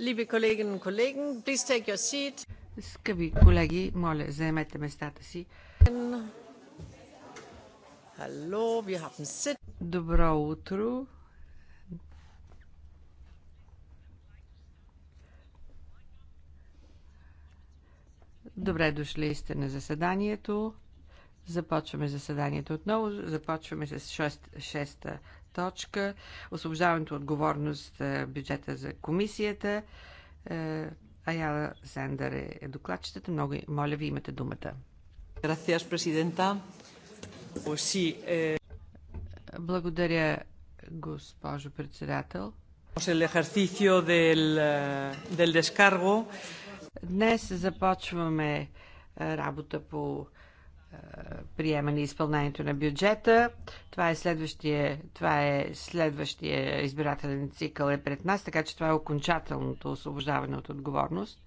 Liebe Kolleginnen und Kollegen, please take your seat. Скъпи колеги, моля, заемете местата си. Hello, sit. Добро утро. Добре дошли сте на заседанието. Започваме заседанието отново. Започваме с шест 6 точка освобождаването отговорност е, бюджета за комисията. Е, Аяла Сендър е, е докладчетата. Много моля ви, имате думата. Gracias, президента. Eh, Благодаря, госпожо председател. El ejercicio del, del Днес започваме работа по приемане и изпълнението на бюджета. Това е следващия, това е следващия избирателен цикъл е пред нас, така че това е окончателното освобождаване от отговорност.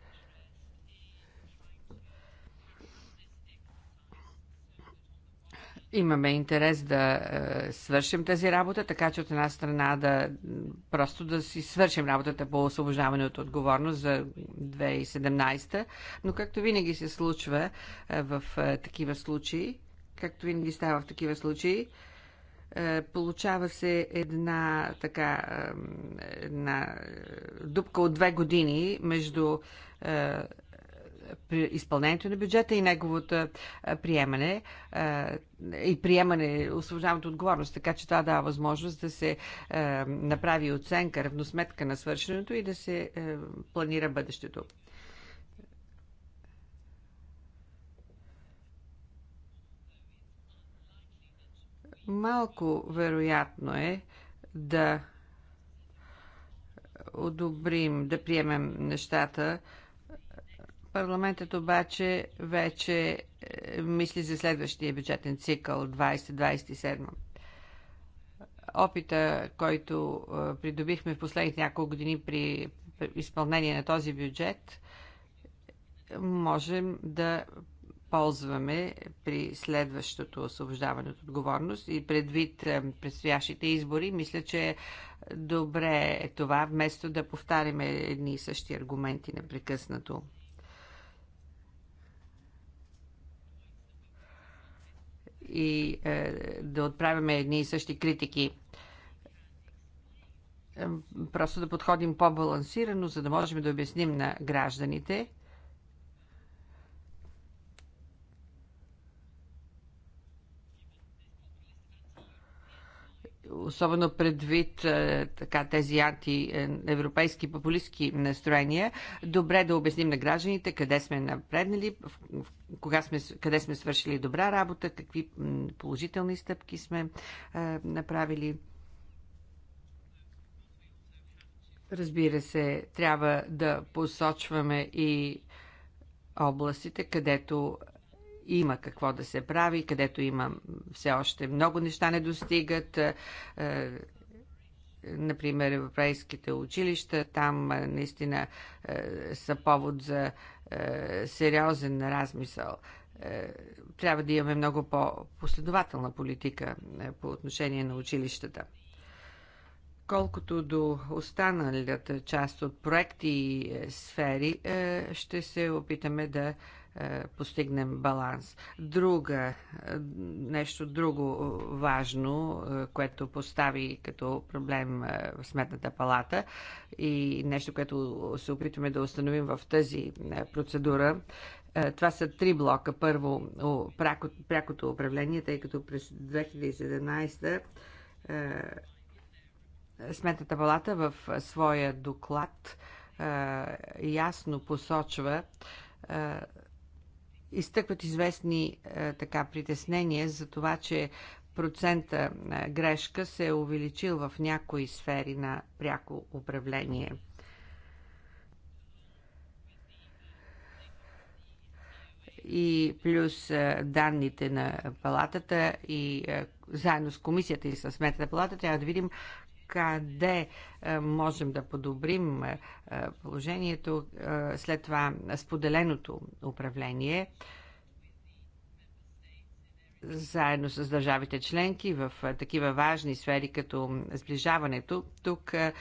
Имаме интерес да е, свършим тази работа, така че от една страна да просто да си свършим работата по освобождаване от отговорност за 2017, но както винаги се случва е, в е, такива случаи, както винаги става в такива случаи, е, получава се една така е, една е, дупка от две години между при изпълнението на бюджета и неговото приемане и приемане, освобождаването отговорност, така че това дава възможност да се направи оценка, равносметка на свършеното и да се планира бъдещето. Малко вероятно е да одобрим, да приемем нещата, Парламентът обаче вече е, мисли за следващия бюджетен цикъл 2027. Опита, който е, придобихме в последните няколко години при изпълнение на този бюджет, можем да ползваме при следващото освобождаване от отговорност и предвид е, предстоящите избори, мисля, че добре е това, вместо да повтаряме едни и същи аргументи непрекъснато. и е, да отправяме едни и същи критики. Просто да подходим по-балансирано, за да можем да обясним на гражданите особено предвид е, така, тези антиевропейски е, популистски настроения, добре да обясним на гражданите къде сме напреднали, кога сме, къде сме свършили добра работа, какви положителни стъпки сме е, направили. Разбира се, трябва да посочваме и областите, където има какво да се прави, където има все още много неща не достигат. Е, е, например, европейските училища, там е, наистина са повод за сериозен размисъл. Трябва да имаме много по-последователна политика по отношение на училищата. Колкото до останалата част от проекти и сфери, ще се опитаме да е, постигнем баланс. Друга, е, нещо друго важно, е, което постави като проблем в Сметната палата и нещо, което се опитваме да установим в тази процедура, това са три блока. Първо, прякото управление, тъй като през 2017 Сметната палата в своя доклад ясно посочва изтъкват известни е, така притеснения за това, че процента е, грешка се е увеличил в някои сфери на пряко управление. и плюс е, данните на палатата и заедно с комисията и с сметната палата трябва да видим къде е, можем да подобрим е, положението, е, след това споделеното управление заедно с държавите членки в такива важни сфери като сближаването. Тук е,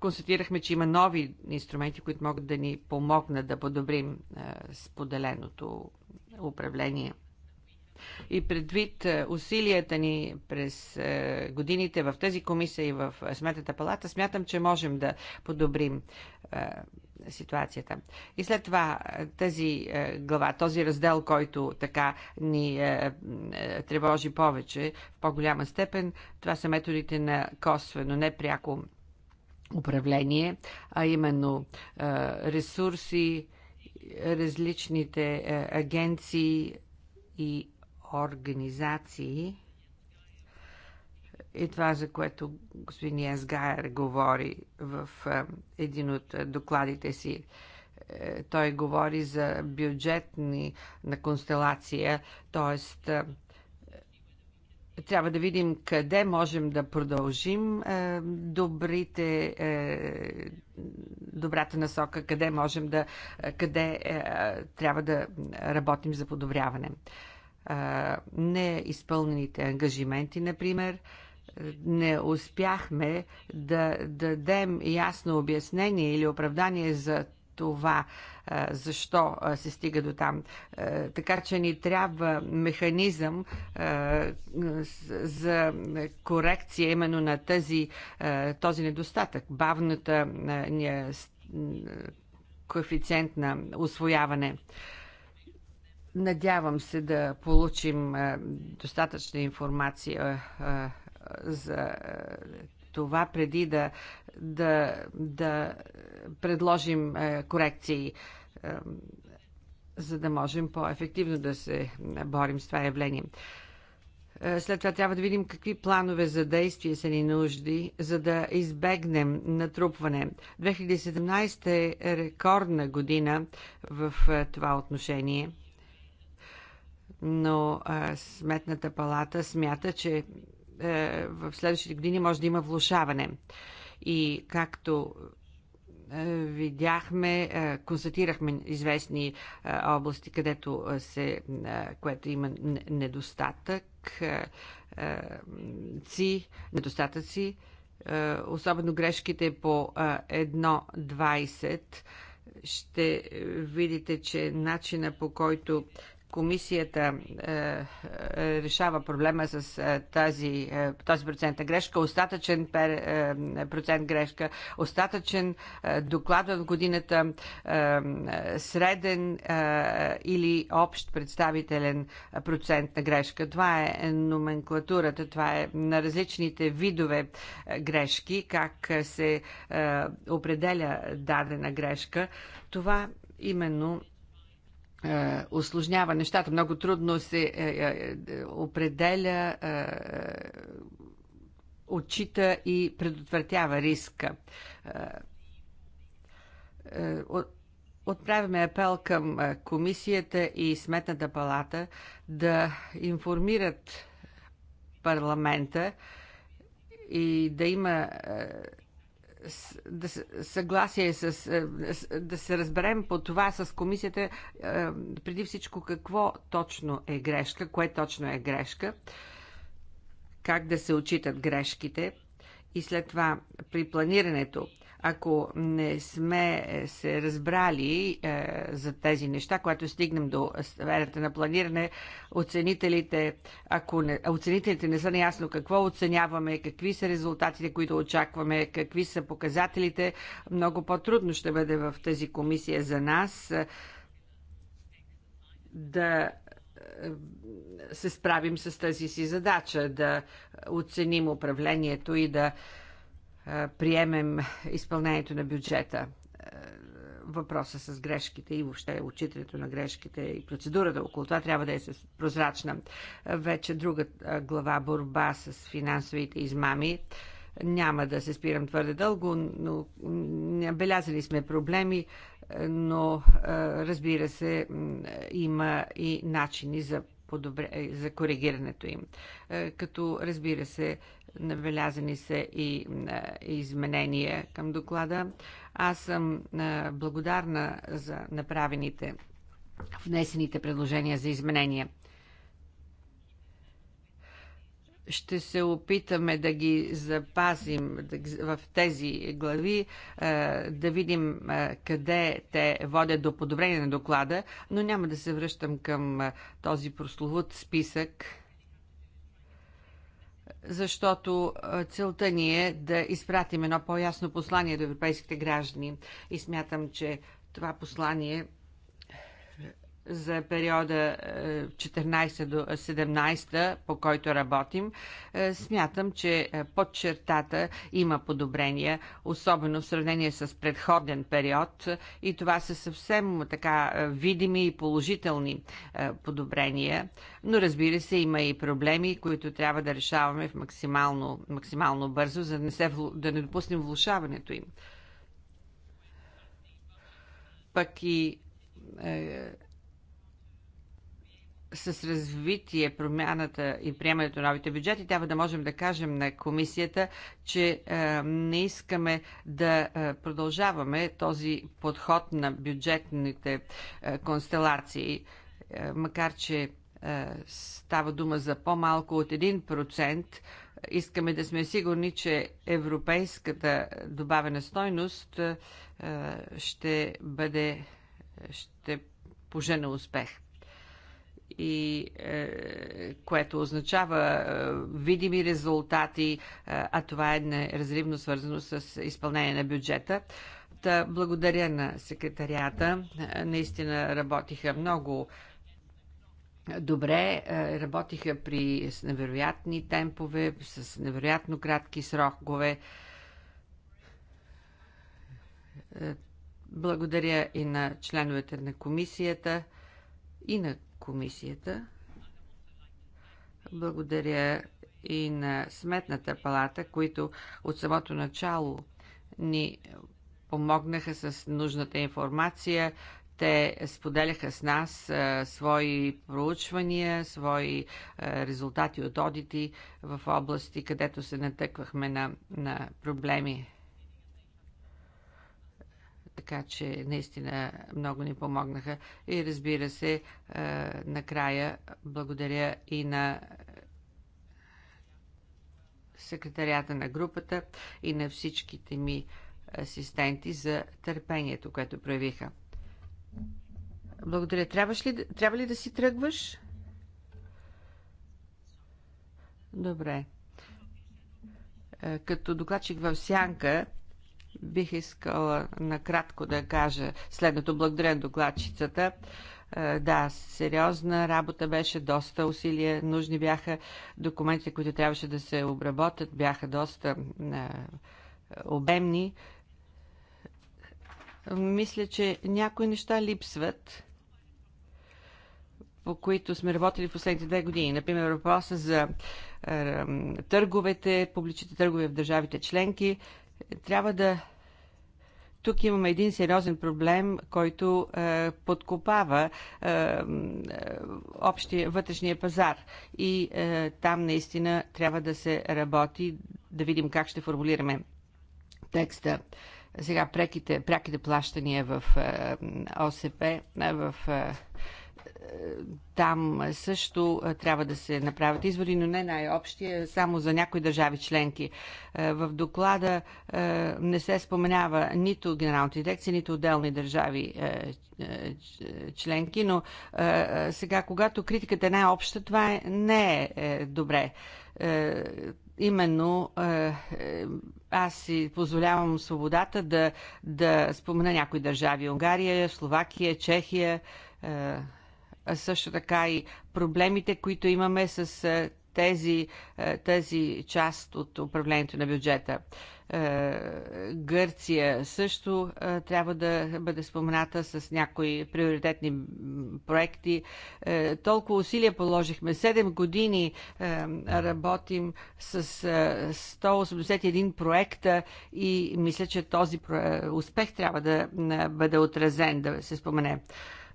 констатирахме, че има нови инструменти, които могат да ни помогнат да подобрим е, споделеното управление. И предвид е, усилията ни през е, годините в тази комисия и в е, Сметната палата, смятам, че можем да подобрим ситуацията. И след това тази глава, този раздел, който така ни тревожи повече, в по-голяма степен, това са методите на косвено, непряко управление, а именно ресурси, различните агенции и организации и това, за което господин Язгайер говори в един от докладите си. Е, той говори за бюджетни на констелация, т.е. трябва да видим къде можем да продължим е, добрите, е, добрата насока, къде можем да, къде трябва да работим за подобряване неизпълнените ангажименти, например, не успяхме да дадем ясно обяснение или оправдание за това, защо се стига до там. Така че ни трябва механизъм за корекция именно на тази, този недостатък. Бавната коефициент на освояване. Надявам се да получим е, достатъчна информация е, е, за това преди да, да, да предложим корекции, за да можем по-ефективно да се борим с това явление. След това трябва да видим какви планове за действие са ни нужди, за да избегнем натрупване. 2017 е рекордна година в това отношение – но а, Сметната палата смята, че а, е, в следващите години може да има влушаване. И както е, видяхме, е, констатирахме известни области, където се, което има недостатък, ци, недостатъци, особено грешките по 1.20, ще видите, че начина по който комисията е, е, решава проблема с е, тази, тази процентна грешка, остатъчен пер, процент грешка, остатъчен доклад от годината, среден или общ представителен процент на грешка. Това е номенклатурата, това е на различните видове грешки, как се определя дадена грешка. Това именно осложнява е, нещата. Много трудно се е, е, определя, отчита и предотвратява риска. Отправяме апел към комисията и Сметната палата да информират парламента и да има да съгласие с, да се разберем по това с комисията е, преди всичко какво точно е грешка, кое точно е грешка, как да се отчитат грешките и след това при планирането ако не сме е, се разбрали е, за тези неща, когато стигнем до сферата на планиране, оценителите, ако не, оценителите не са наясно какво оценяваме, какви са резултатите, които очакваме, какви са показателите, много по-трудно ще бъде в тази комисия за нас е, да е, се справим с тази си задача, да оценим управлението и да приемем изпълнението на бюджета. Въпроса с грешките и въобще отчитането на грешките и процедурата около това трябва да е прозрачна. Вече друга глава борба с финансовите измами. Няма да се спирам твърде дълго, но набелязали сме проблеми, но разбира се, има и начини за, подобре, за коригирането им. Като разбира се, Набелязани са и изменения към доклада. Аз съм благодарна за направените, внесените предложения за изменения. Ще се опитаме да ги запазим в тези глави, да видим къде те водят до подобрение на доклада, но няма да се връщам към този прословут списък защото целта ни е да изпратим едно по-ясно послание до европейските граждани и смятам, че това послание за периода 14 е, до 17, по който работим, е, смятам, че е, под чертата има подобрения, особено в сравнение с предходен период и това са съвсем така видими и положителни подобрения, но разбира се има и проблеми, които трябва да решаваме в максимално, максимално бързо, за да не, се, да не допуснем влушаването им. Пък и с развитие промяната и приемането на новите бюджети, трябва да можем да кажем на комисията, че е, не искаме да е, продължаваме този подход на бюджетните е, констелации, е, макар че е, става дума за по-малко от 1%. Искаме да сме сигурни, че европейската добавена стойност е, е, ще бъде ще пожена успех и е, което означава е, видими резултати, е, а това е неразривно свързано с изпълнение на бюджета. Та, благодаря на секретарията. Е, наистина работиха много добре, е, работиха при с невероятни темпове, с невероятно кратки срокове. Е, благодаря и на членовете на комисията и на комисията. Благодаря и на Сметната палата, които от самото начало ни помогнаха с нужната информация. Те споделяха с нас а, свои проучвания, свои а, резултати от одити в области, където се натъквахме на, на проблеми така че наистина много ни помогнаха. И разбира се, накрая благодаря и на секретарята на групата и на всичките ми асистенти за търпението, което проявиха. Благодаря. Трябваш ли, трябва ли да си тръгваш? Добре. Като докладчик в Сянка, Бих искала накратко да кажа следното. Благодаря на докладчицата. Е, да, сериозна работа беше, доста усилия нужни бяха. Документите, които трябваше да се обработят, бяха доста е, обемни. Мисля, че някои неща липсват по които сме работили в последните две години. Например, въпроса за е, търговете, публичните търгове в държавите членки. Трябва да. Тук имаме един сериозен проблем, който е, подкопава е, е, общия вътрешния пазар. И е, там наистина трябва да се работи, да видим как ще формулираме текста. Сега преките, пряките плащания в е, ОСП, е, в. Е, там също трябва да се направят изводи, но не най-общия, само за някои държави членки. В доклада не се споменава нито генералните дирекции, нито отделни държави членки, но сега, когато критиката е най-обща, това е, не е, е добре именно е, аз си позволявам свободата да, да спомена някои държави. Унгария, Словакия, Чехия също така и проблемите, които имаме с тези, тази част от управлението на бюджета. Гърция също трябва да бъде спомената с някои приоритетни проекти. Толкова усилия положихме. Седем години работим с 181 проекта и мисля, че този успех трябва да бъде отразен, да се спомене.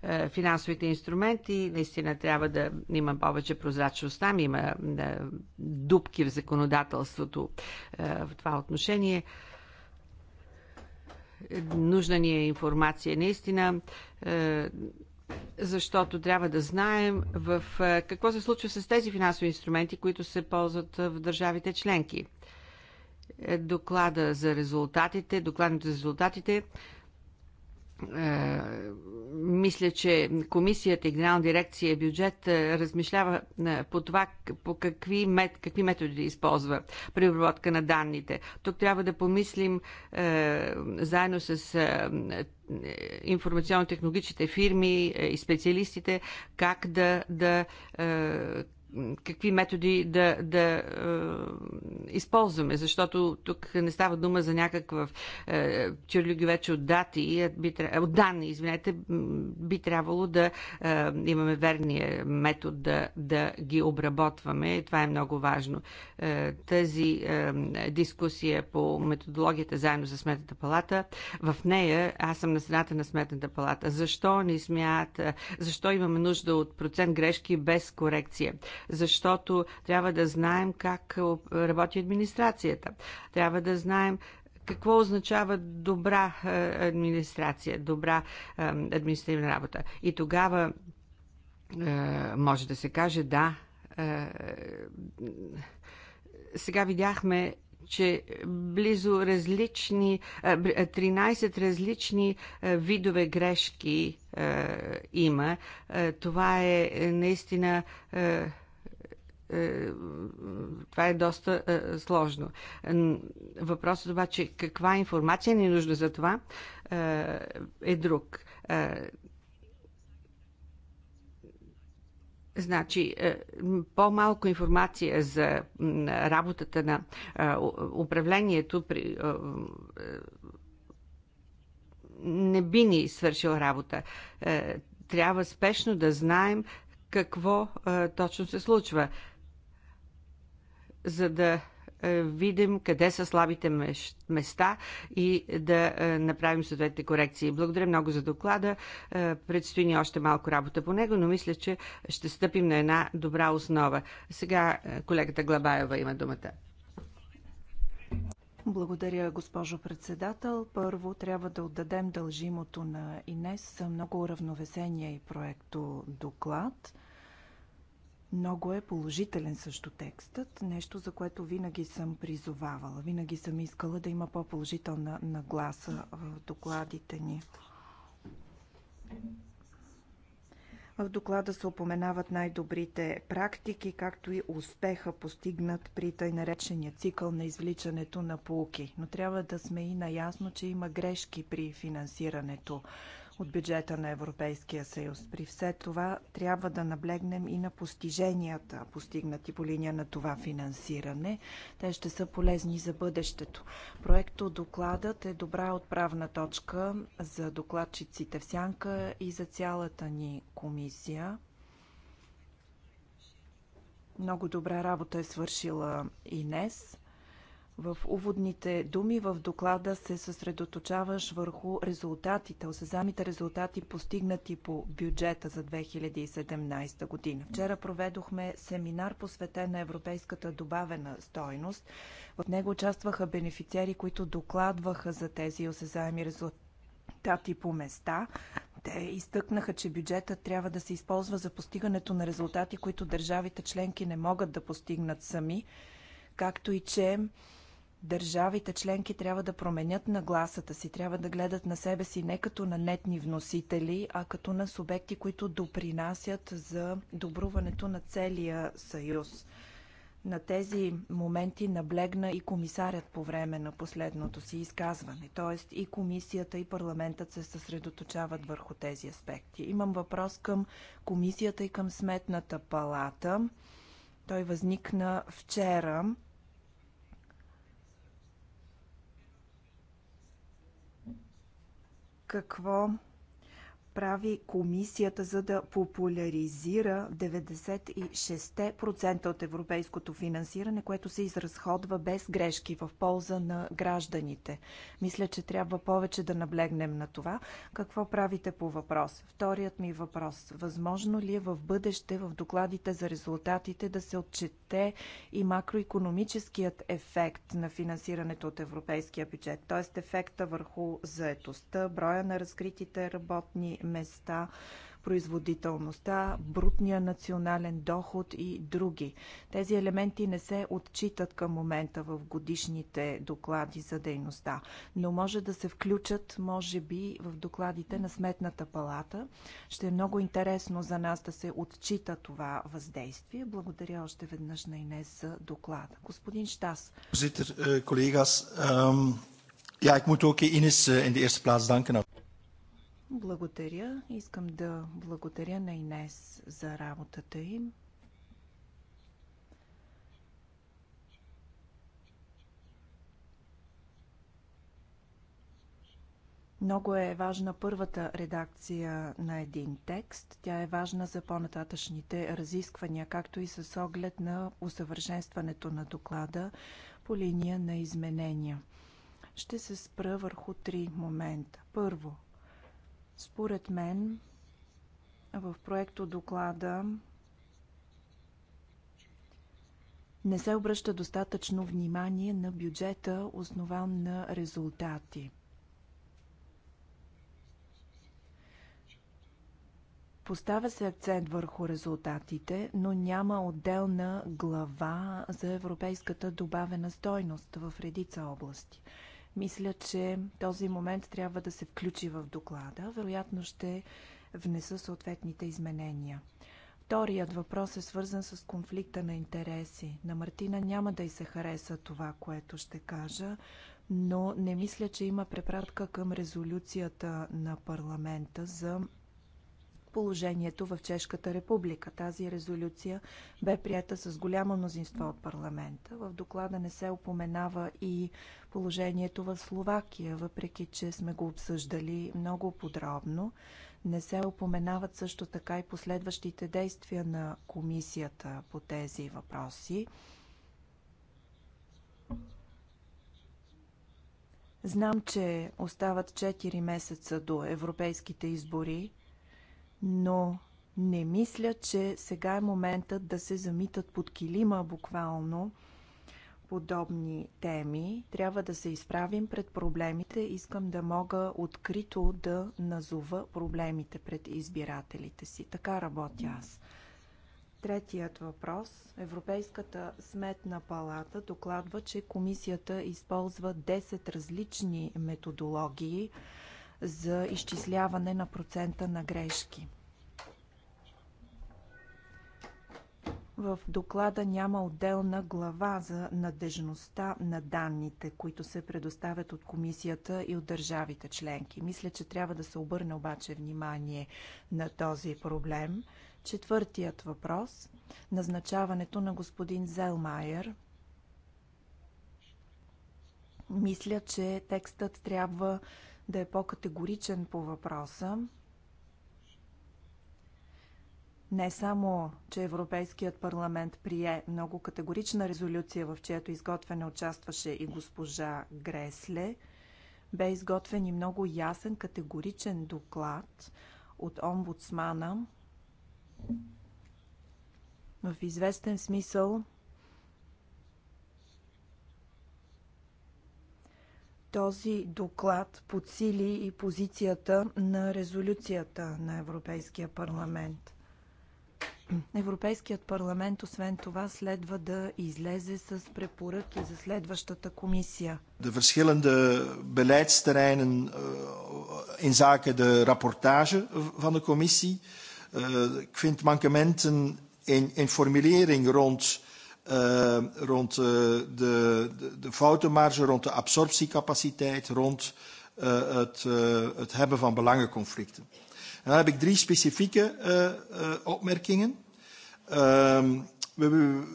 Е, финансовите инструменти. Наистина трябва да има повече прозрачност. Там има е, дупки в законодателството е, в това отношение нужна ни е информация наистина, защото трябва да знаем в какво се случва с тези финансови инструменти, които се ползват в държавите членки. Доклада за резултатите, докладните за резултатите е, мисля, че комисията и генерална дирекция бюджет е, размишлява е, по това по какви, мет, какви методи да използва при обработка на данните. Тук трябва да помислим е, заедно с е, информационно-технологичните фирми и специалистите как да, да е, какви методи да, да е, използваме, защото тук не става дума за някакъв е, чирлюги вече от дати, би, от данни, извинете, би трябвало да е, имаме верния метод да, да ги обработваме. Това е много важно. Е, тази е, дискусия по методологията заедно за Сметната палата, в нея аз съм на страната на Сметната палата. Защо не смят, защо имаме нужда от процент грешки без корекция? защото трябва да знаем как работи администрацията. Трябва да знаем какво означава добра е, администрация, добра е, административна работа. И тогава е, може да се каже да. Сега видяхме че близо различни, 13 различни видове грешки има. Това е наистина е, това е доста е, сложно. Въпросът обаче каква информация ни е нужна за това е, е друг. Е, Значи, е, по-малко информация за работата на е, управлението при не би ни свършил работа. Трябва спешно да знаем какво точно се случва за да е, видим къде са слабите места и е, да е, направим съответните корекции. Благодаря много за доклада. Предстои ни още малко работа по него, но мисля, че ще стъпим на една добра основа. Сега колегата Глабаева има думата. Благодаря, госпожо председател. Първо трябва да отдадем дължимото на Инес много уравновесения и проекто доклад – много е положителен също текстът, нещо за което винаги съм призовавала. Винаги съм искала да има по-положителна нагласа в докладите ни. В доклада се опоменават най-добрите практики, както и успеха постигнат при тъй наречения цикъл на извличането на полки. Но трябва да сме и наясно, че има грешки при финансирането от бюджета на Европейския съюз. При все това трябва да наблегнем и на постиженията, постигнати по линия на това финансиране. Те ще са полезни за бъдещето. Проекто докладът е добра отправна точка за докладчиците в Сянка и за цялата ни комисия. Много добра работа е свършила и днес. В уводните думи в доклада се съсредоточаваш върху резултатите, осезамите резултати, постигнати по бюджета за 2017 година. Вчера проведохме семинар посветен на европейската добавена стойност. В него участваха бенефициери, които докладваха за тези осезаеми резултати по места. Те изтъкнаха, че бюджетът трябва да се използва за постигането на резултати, които държавите членки не могат да постигнат сами, както и че държавите членки трябва да променят нагласата си, трябва да гледат на себе си не като на нетни вносители, а като на субекти, които допринасят за добруването на целия съюз. На тези моменти наблегна и комисарят по време на последното си изказване, т.е. и комисията и парламентът се съсредоточават върху тези аспекти. Имам въпрос към комисията и към сметната палата. Той възникна вчера какво прави комисията, за да популяризира 96% от европейското финансиране, което се изразходва без грешки в полза на гражданите? Мисля, че трябва повече да наблегнем на това. Какво правите по въпрос? Вторият ми въпрос. Възможно ли е в бъдеще в докладите за резултатите да се отчете и макроекономическият ефект на финансирането от европейския бюджет, т.е. ефекта върху заетостта, броя на разкритите работни места, производителността, брутния национален доход и други. Тези елементи не се отчитат към момента в годишните доклади за дейността, но може да се включат, може би, в докладите на Сметната палата. Ще е много интересно за нас да се отчита това въздействие. Благодаря още веднъж на Инес за доклада. Господин Штас. Voorzitter, аз... Eh, ehm, ja, ik moet ook Ines eh, in de eerste plaats danken. Благодаря. Искам да благодаря на Инес за работата им. Много е важна първата редакция на един текст. Тя е важна за по-нататъчните разисквания, както и с оглед на усъвършенстването на доклада по линия на изменения. Ще се спра върху три момента. Първо, според мен в проекто доклада не се обръща достатъчно внимание на бюджета, основан на резултати. Поставя се акцент върху резултатите, но няма отделна глава за европейската добавена стойност в редица области. Мисля, че този момент трябва да се включи в доклада. Вероятно ще внеса съответните изменения. Вторият въпрос е свързан с конфликта на интереси. На Мартина няма да й се хареса това, което ще кажа, но не мисля, че има препратка към резолюцията на парламента за положението в Чешката република. Тази резолюция бе прията с голямо мнозинство от парламента. В доклада не се упоменава и положението в Словакия, въпреки че сме го обсъждали много подробно. Не се опоменават също така и последващите действия на комисията по тези въпроси. Знам, че остават 4 месеца до европейските избори, но не мисля, че сега е моментът да се замитат под килима буквално подобни теми. Трябва да се изправим пред проблемите. Искам да мога открито да назова проблемите пред избирателите си. Така работя аз. Третият въпрос. Европейската сметна палата докладва, че комисията използва 10 различни методологии за изчисляване на процента на грешки. В доклада няма отделна глава за надежността на данните, които се предоставят от комисията и от държавите членки. Мисля, че трябва да се обърне обаче внимание на този проблем. Четвъртият въпрос – назначаването на господин Зелмайер – мисля, че текстът трябва да е по-категоричен по въпроса. Не само, че Европейският парламент прие много категорична резолюция, в чието изготвяне участваше и госпожа Гресле, бе изготвен и много ясен категоричен доклад от омбудсмана. В известен смисъл Този доклад подсили и позицията на резолюцията на Европейския парламент. Европейският парламент, освен това, следва да излезе с препоръки за следващата комисия. De verschillende beleidsterreinen uh, in zaken de rapportage van de commissie. Uh, ik vind mankementen in, in formulering rond rond de, de, de foutenmarge, rond de absorptiecapaciteit, rond uh, het, uh, het hebben van belangenconflicten. En dan heb ik drie specifieke uh, uh, opmerkingen. we,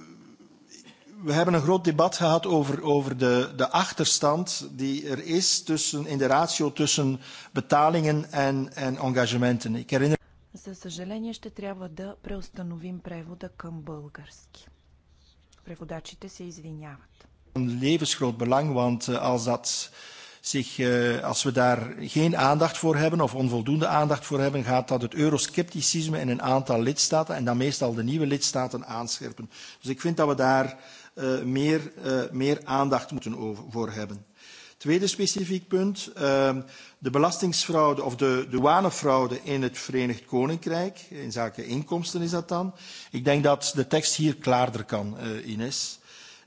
we hebben een groot debat gehad over, over de, de achterstand die er is tussen, in de ratio tussen betalingen en, en engagementen. Ik herinner... За съжаление ще трябва да преустановим превода към български. Преводачите се извиняват. Levensgroot belang, want als dat zich, als we daar geen aandacht voor hebben of onvoldoende aandacht voor hebben, gaat dat het euroscepticisme in een aantal lidstaten en dan meestal de nieuwe lidstaten aanscherpen. Dus ik vind dat we daar uh, meer, uh, meer aandacht moeten over, voor hebben. Tweede specifiek punt, uh, De belastingsfraude of de douanefraude in het Verenigd Koninkrijk, in zaken inkomsten is dat dan. Ik denk dat de tekst hier klaarder kan, uh, Ines.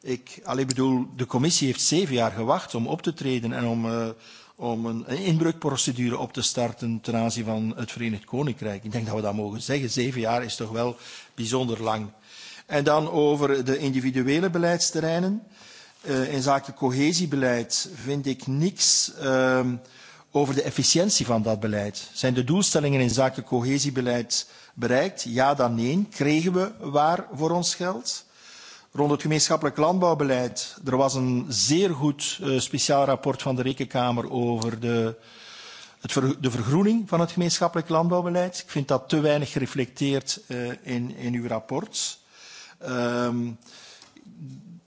Ik alleen bedoel, de commissie heeft zeven jaar gewacht om op te treden en om, uh, om een inbreukprocedure op te starten ten aanzien van het Verenigd Koninkrijk. Ik denk dat we dat mogen zeggen. Zeven jaar is toch wel bijzonder lang. En dan over de individuele beleidsterreinen. Uh, in zaken cohesiebeleid vind ik niks. Uh, over de efficiëntie van dat beleid. Zijn de doelstellingen in zaken cohesiebeleid bereikt? Ja dan nee. Kregen we waar voor ons geld? Rond het gemeenschappelijk landbouwbeleid, er was een zeer goed speciaal rapport van de Rekenkamer over de, het ver, de vergroening van het gemeenschappelijk landbouwbeleid. Ik vind dat te weinig gereflecteerd uh, in, in uw rapport. Um,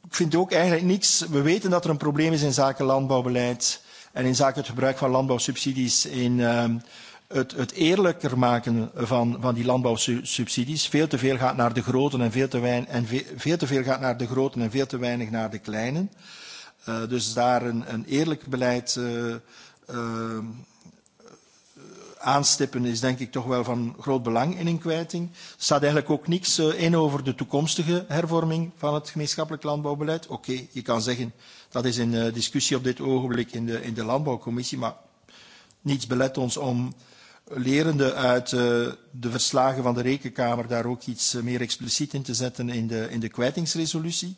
ik vind ook eigenlijk niks. We weten dat er een probleem is in zaken landbouwbeleid. En in zaken het gebruik van landbouwsubsidies in het, het eerlijker maken van, van die landbouwsubsidies. Veel te veel gaat naar de groten en veel te, wein, en ve, veel te veel gaat naar de groten en veel te weinig naar de kleinen. Uh, dus daar een, een eerlijk beleid uh, uh, aanstippen is denk ik toch wel van groot belang in een kwijting. Er staat eigenlijk ook niks in over de toekomstige hervorming van het gemeenschappelijk landbouwbeleid. Oké, okay, je kan zeggen Dat is een discussie op dit ogenblik in de, in de landbouwcommissie, maar niets belet ons om lerende uit de verslagen van de Rekenkamer daar ook iets meer expliciet in te zetten in de, in de kwijtingsresolutie.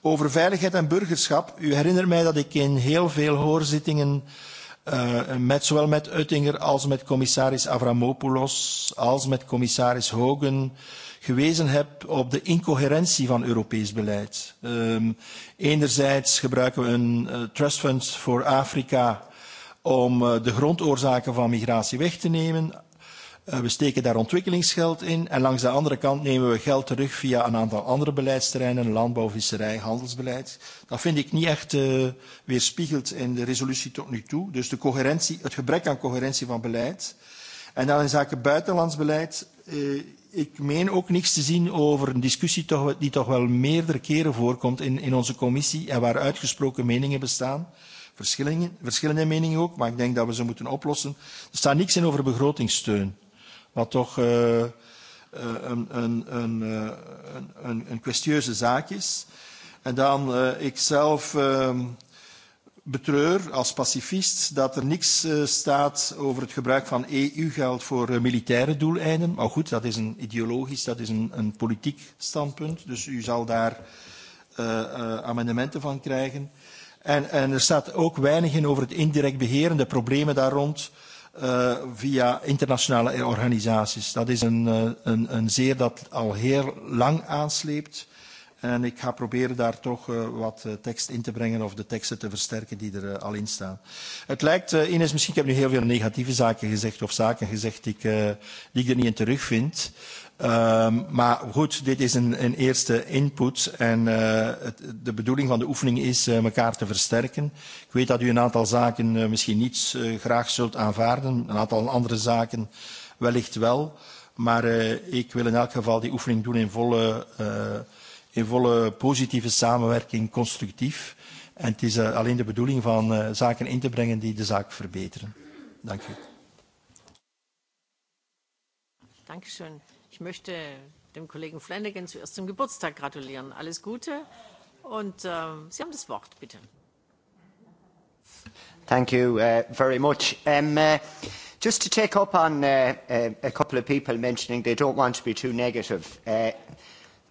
Over veiligheid en burgerschap. U herinnert mij dat ik in heel veel hoorzittingen uh, met, zowel met Uttinger als met commissaris Avramopoulos als met commissaris Hogan gewezen heb op de incoherentie van Europees beleid. Um, enerzijds gebruiken we een uh, trust fund voor Afrika om uh, de grondoorzaken van migratie weg te nemen. Uh, we steken daar ontwikkelingsgeld in. En langs de andere kant nemen we geld terug via een aantal andere beleidsterreinen, landbouw, visserij, handelsbeleid. Dat vind ik niet echt uh, weerspiegeld in de resolutie tot nu toe. Dus de coherentie, het gebrek aan coherentie van beleid. En dan in zaken buitenlands beleid ik meen ook niks te zien over een discussie toch, die toch wel meerdere keren voorkomt in, in onze commissie en waar uitgesproken meningen bestaan. Verschillende, meningen ook, maar ik denk dat we ze moeten oplossen. Er staat niks in over begrotingssteun, wat toch uh, uh, een, een, een, een, een kwestieuze zaak is. En dan uh, ikzelf. Uh, betreur als pacifist dat er niks staat over het gebruik van EU-geld voor militaire doeleinden. Maar goed, dat is een ideologisch, dat is een, een politiek standpunt. Dus u zal daar uh, uh, amendementen van krijgen. En, en er staat ook weinig in over het indirect beheer en de problemen daar rond uh, via internationale organisaties. Dat is een, uh, een, een zeer dat al heel lang aansleept. En ik ga proberen daar toch wat tekst in te brengen of de teksten te versterken die er al in staan. Het lijkt, Ines, misschien ik heb nu heel veel negatieve zaken gezegd of zaken gezegd die ik, die ik er niet in terugvind. Um, maar goed, dit is een, een eerste input en uh, het, de bedoeling van de oefening is uh, elkaar te versterken. Ik weet dat u een aantal zaken uh, misschien niet uh, graag zult aanvaarden, een aantal andere zaken wellicht wel. Maar uh, ik wil in elk geval die oefening doen in volle uh, in volle positieve samenwerking constructief. En het is uh, alleen de bedoeling van uh, zaken in te brengen die de zaak verbeteren. Dank u. Dank Dankeschön. Ik möchte dem Kollegen Flanagan zuerst zum Geburtstag gratulieren. Alles Gute En äh, Sie haben das Wort, bitte. Thank you uh, very much. Um, uh, just to take up on uh, uh, a couple of people mentioning they don't want to be too negative. Uh,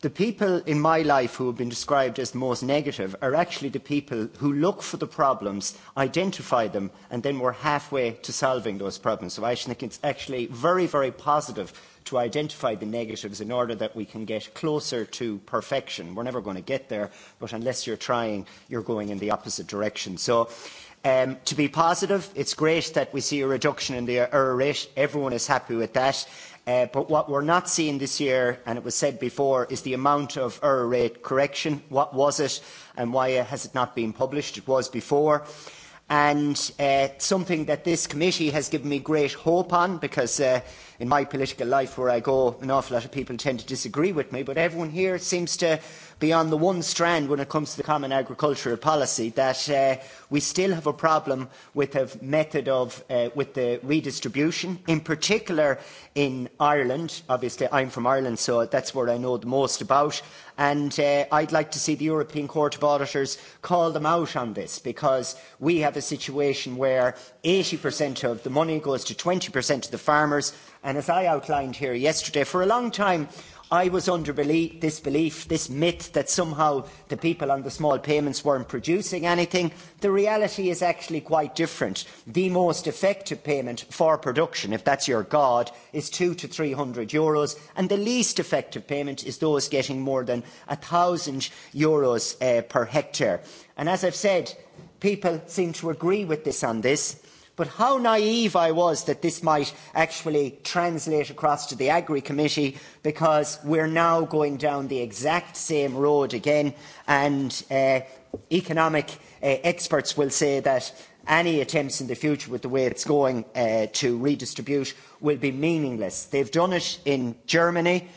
The people in my life who have been described as the most negative are actually the people who look for the problems, identify them, and then we're halfway to solving those problems. So I think it's actually very, very positive to identify the negatives in order that we can get closer to perfection. We're never going to get there, but unless you're trying, you're going in the opposite direction. So um, to be positive, it's great that we see a reduction in the error rate. Everyone is happy with that But what we're not seeing this year, and it was said before, is the amount of error rate correction. What was it, and why has it not been published? It was before. And something that this committee has given me great hope on, because in my political life where I go, an awful lot of people tend to disagree with me, but everyone here seems to be on the one strand when it comes to the common agricultural policy that uh, we still have a problem with the method of, uh, with the redistribution, in particular in Ireland. Obviously, I'm from Ireland, so that's where I know the most about. And uh, I'd like to see the European Court of Auditors call them out on this because we have a situation where 80% of the money goes to 20% of the farmers And as I outlined here yesterday, for a long time, I was under belief, this belief, this myth that somehow the people on the small payments weren't producing anything. The reality is actually quite different. The most effective payment for production, if that's your God, is two to three hundred euros, and the least effective payment is those getting more than a thousand euros per hectare. And as I've said, people seem to agree with this on this But how naive I was that this might actually translate across to the Agri Committee because we're now going down the exact same road again and uh, economic uh, experts will say that any attempts in the future with the way it's going uh, to redistribute will be meaningless. They've done it in Germany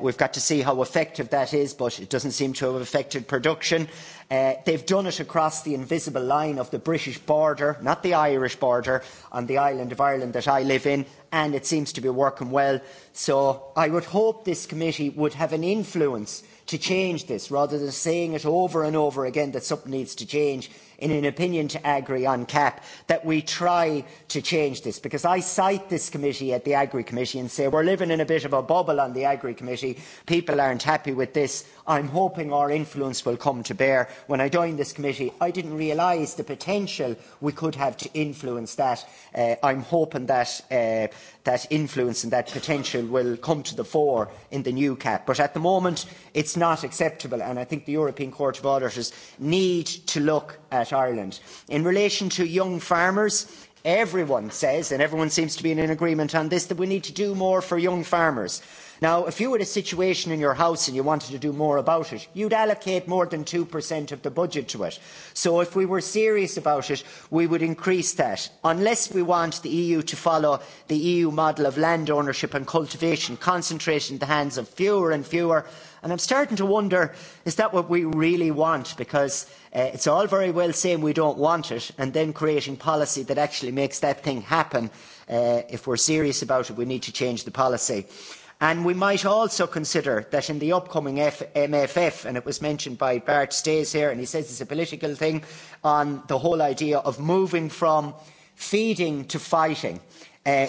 we've got to see how effective that is, but it doesn't seem to have affected production. they've done it across the invisible line of the British border, not the Irish border, on the island of Ireland that I live in, and it seems to be working well. So I would hope this committee would have an influence to change this, rather than saying it over and over again that something needs to change in an opinion to Agri on CAP that we try to change this because I cite this committee at the Agri Committee and say we're living in a bit of a bubble on the Agri Committee. People aren't happy with this. I'm hoping our influence will come to bear. When I joined this committee, I didn't realise the potential we could have to influence that. Uh, I'm hoping that uh, that influence and that potential will come to the fore in the new cap. But at the moment, it is not acceptable, and I think the European Court of Auditors need to look at Ireland. In relation to young farmers, everyone says, and everyone seems to be in agreement on this, that we need to do more for young farmers Now, if you had a situation in your house and you wanted to do more about it, you'd allocate more than 2% of the budget to it. So if we were serious about it, we would increase that. Unless we want the EU to follow the EU model of land ownership and cultivation, concentrated in the hands of fewer and fewer, And I'm starting to wonder, is that what we really want? Because uh, it's all very well saying we don't want it and then creating policy that actually makes that thing happen. Uh, if we're serious about it, we need to change the policy. Uh, And we might also consider that in the upcoming MFF, and it was mentioned by Bart Stays here, and he says it's a political thing, on the whole idea of moving from feeding to fighting.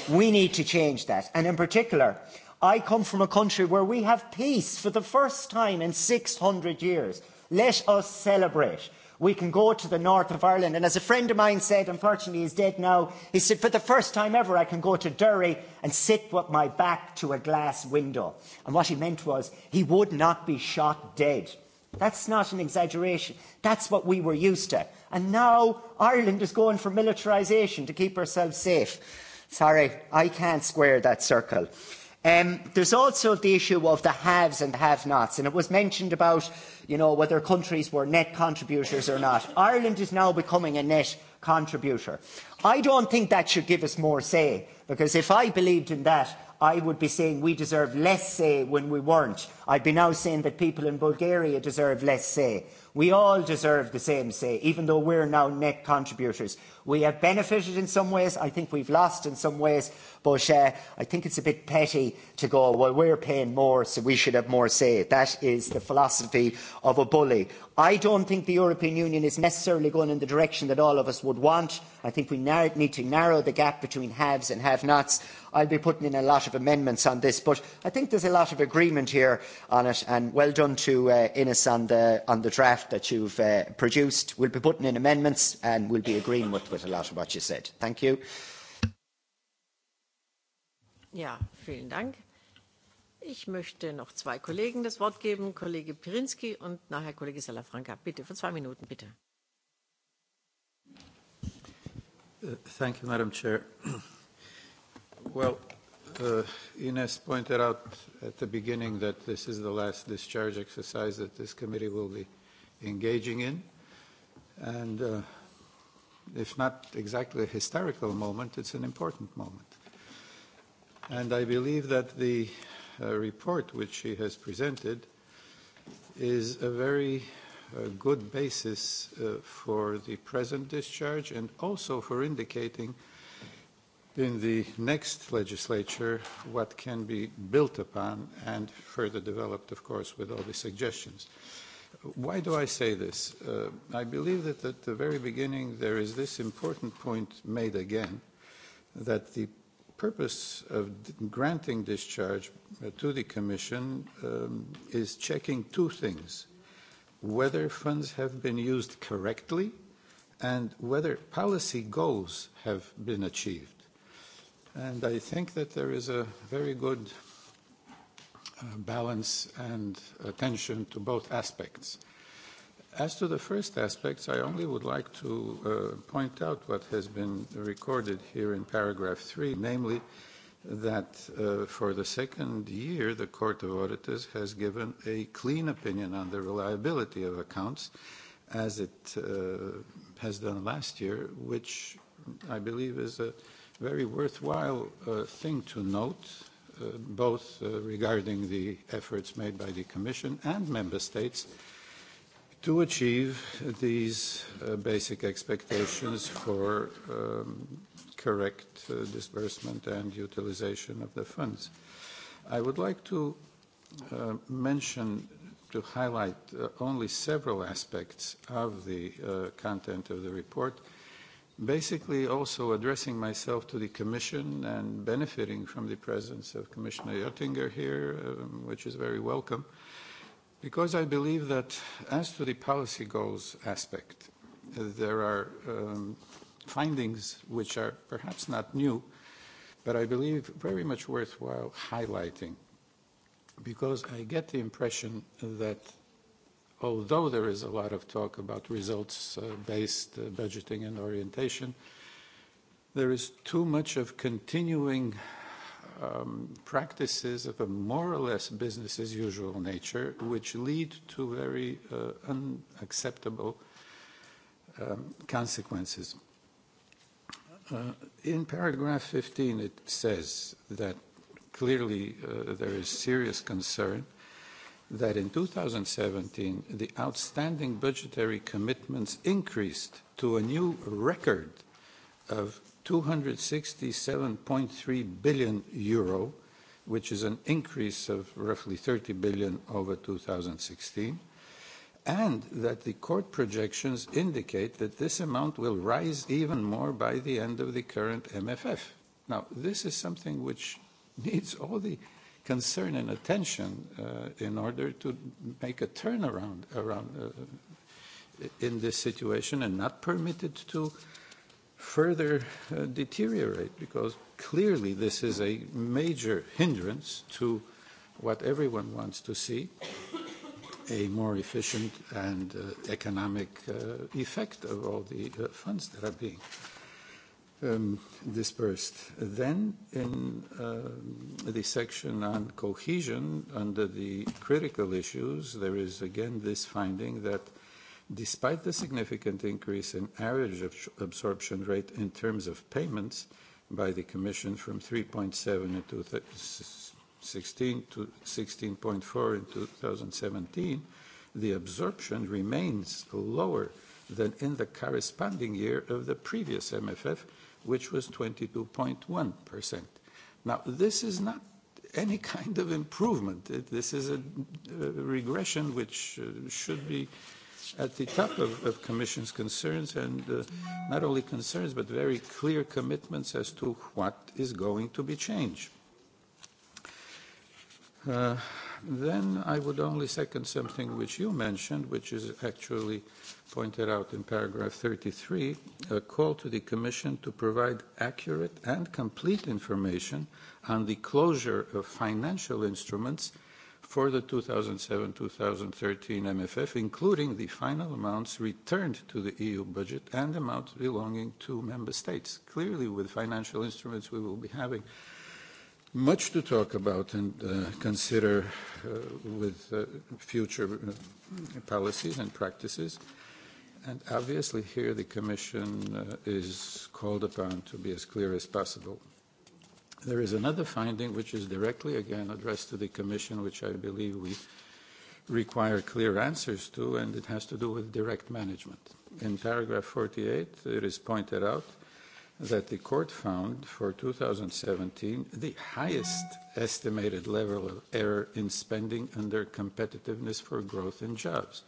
we need to change that. And in particular, I come from a country where we have peace for the first time in six hundred years. Let us celebrate we can go to the north of Ireland. And as a friend of mine said, unfortunately he's dead now, he said, for the first time ever I can go to Derry and sit with my back to a glass window. And what he meant was he would not be shot dead. That's not an exaggeration. That's what we were used to. And now Ireland is going for militarisation to keep ourselves safe. Sorry, I can't square that circle. Um, there's also the issue of the haves and have-nots, and it was mentioned about you know, whether countries were net contributors or not. Ireland is now becoming a net contributor. I don't think that should give us more say, because if I believed in that, I would be saying we deserve less say when we weren't. I'd be now saying that people in Bulgaria deserve less say. We all deserve the same say, even though we're now net contributors. We have benefited in some ways. I think we've lost in some ways. But uh, I think it's a bit petty to go, well, we're paying more, so we should have more say. That is the philosophy of a bully. I don't think the European Union is necessarily going in the direction that all of us would want. I think we need to narrow the gap between haves and have-nots. I'll be putting in a lot of amendments on this, but I think there's a lot of agreement here on it, and well done to uh, Innes on the, on the draft that you've uh, produced. We'll be putting in amendments and we'll be agreeing with, with a lot of what you said. Thank you. Ja, vielen Dank. Ich möchte noch zwei Kollegen das Wort geben, Kollege Pirinski und nachher Kollege Salafranca. Bitte, für zwei Minuten, bitte. Uh, Thank you, Madam Chair. Well, uh, Ines pointed out at the beginning that this is the last discharge exercise that this committee will be engaging in. And uh, if not exactly a historical moment, it's an important moment. And I believe that the uh, report which she has presented is a very uh, good basis uh, for the present discharge and also for indicating – in the next legislature what can be built upon and further developed, of course, with all the suggestions. Why do I say this? Uh, I believe that at the very beginning there is this important point made again that the purpose of granting discharge to the Commission um, is checking two things whether funds have been used correctly and whether policy goals have been achieved And I think that there is a very good balance and attention to both aspects. As to the first aspects, I only would like to uh, point out what has been recorded here in paragraph three, namely that uh, for the second year, the Court of Auditors has given a clean opinion on the reliability of accounts, as it uh, has done last year, which I believe is a very worthwhile uh, thing to note, uh, both uh, regarding the efforts made by the Commission and Member States to achieve these uh, basic expectations for um, correct uh, disbursement and utilization of the funds. I would like to uh, mention to highlight uh, only several aspects of the uh, content of the report. Uh, basically also addressing myself to the Commission and benefiting from the presence of Commissioner Oettinger here, um, which is very welcome, because I believe that as to the policy goals aspect, uh, there are um, findings which are perhaps not new, but I believe very much worthwhile highlighting, because I get the impression that although there is a lot of talk about results-based budgeting and orientation, there is too much of continuing practices of a more or less business as usual nature, which lead to very uh, unacceptable um, consequences. Uh, in paragraph 15, it says that clearly uh, there is serious concern that in 2017, the outstanding budgetary commitments increased to a new record of 267.3 billion euro, which is an increase of roughly 30 billion over 2016, and that the court projections indicate that this amount will rise even more by the end of the current MFF. Now, this is something which needs all the concern and attention uh, in order to make a turnaround around uh, in this situation and not permit it to further uh, deteriorate because clearly this is a major hindrance to what everyone wants to see a more efficient and uh, economic uh, effect of all the uh, funds that are being uh, um, dispersed. Then in uh, the section on cohesion, under the critical issues, there is again this finding that despite the significant increase in average absorption rate in terms of payments by the Commission from 3.7 in 2016 to 16.4 in 2017, the absorption remains lower than in the corresponding year of the previous MFF which was 22.1%. Now, this is not any kind of improvement. This is a regression which should be at the top of, of Commission's concerns and uh, not only concerns but very clear commitments as to what is going to be changed. Uh, Then I would only second something which you mentioned, which is actually pointed out in paragraph 33, a call to the Commission to provide accurate and complete information on the closure of financial instruments for the 2007-2013 MFF, including the final amounts returned to the EU budget and amounts belonging to member states. Clearly, with financial instruments, we will be having much to talk about and uh, consider uh, with uh, future uh, policies and practices. And obviously, here the Commission uh, is called upon to be as clear as possible. There is another finding which is directly again addressed to the Commission, which I believe we require clear answers to, and it has to do with direct management. In paragraph 48, it is pointed out that the court found for 2017 the highest estimated level of error in spending under competitiveness for growth and jobs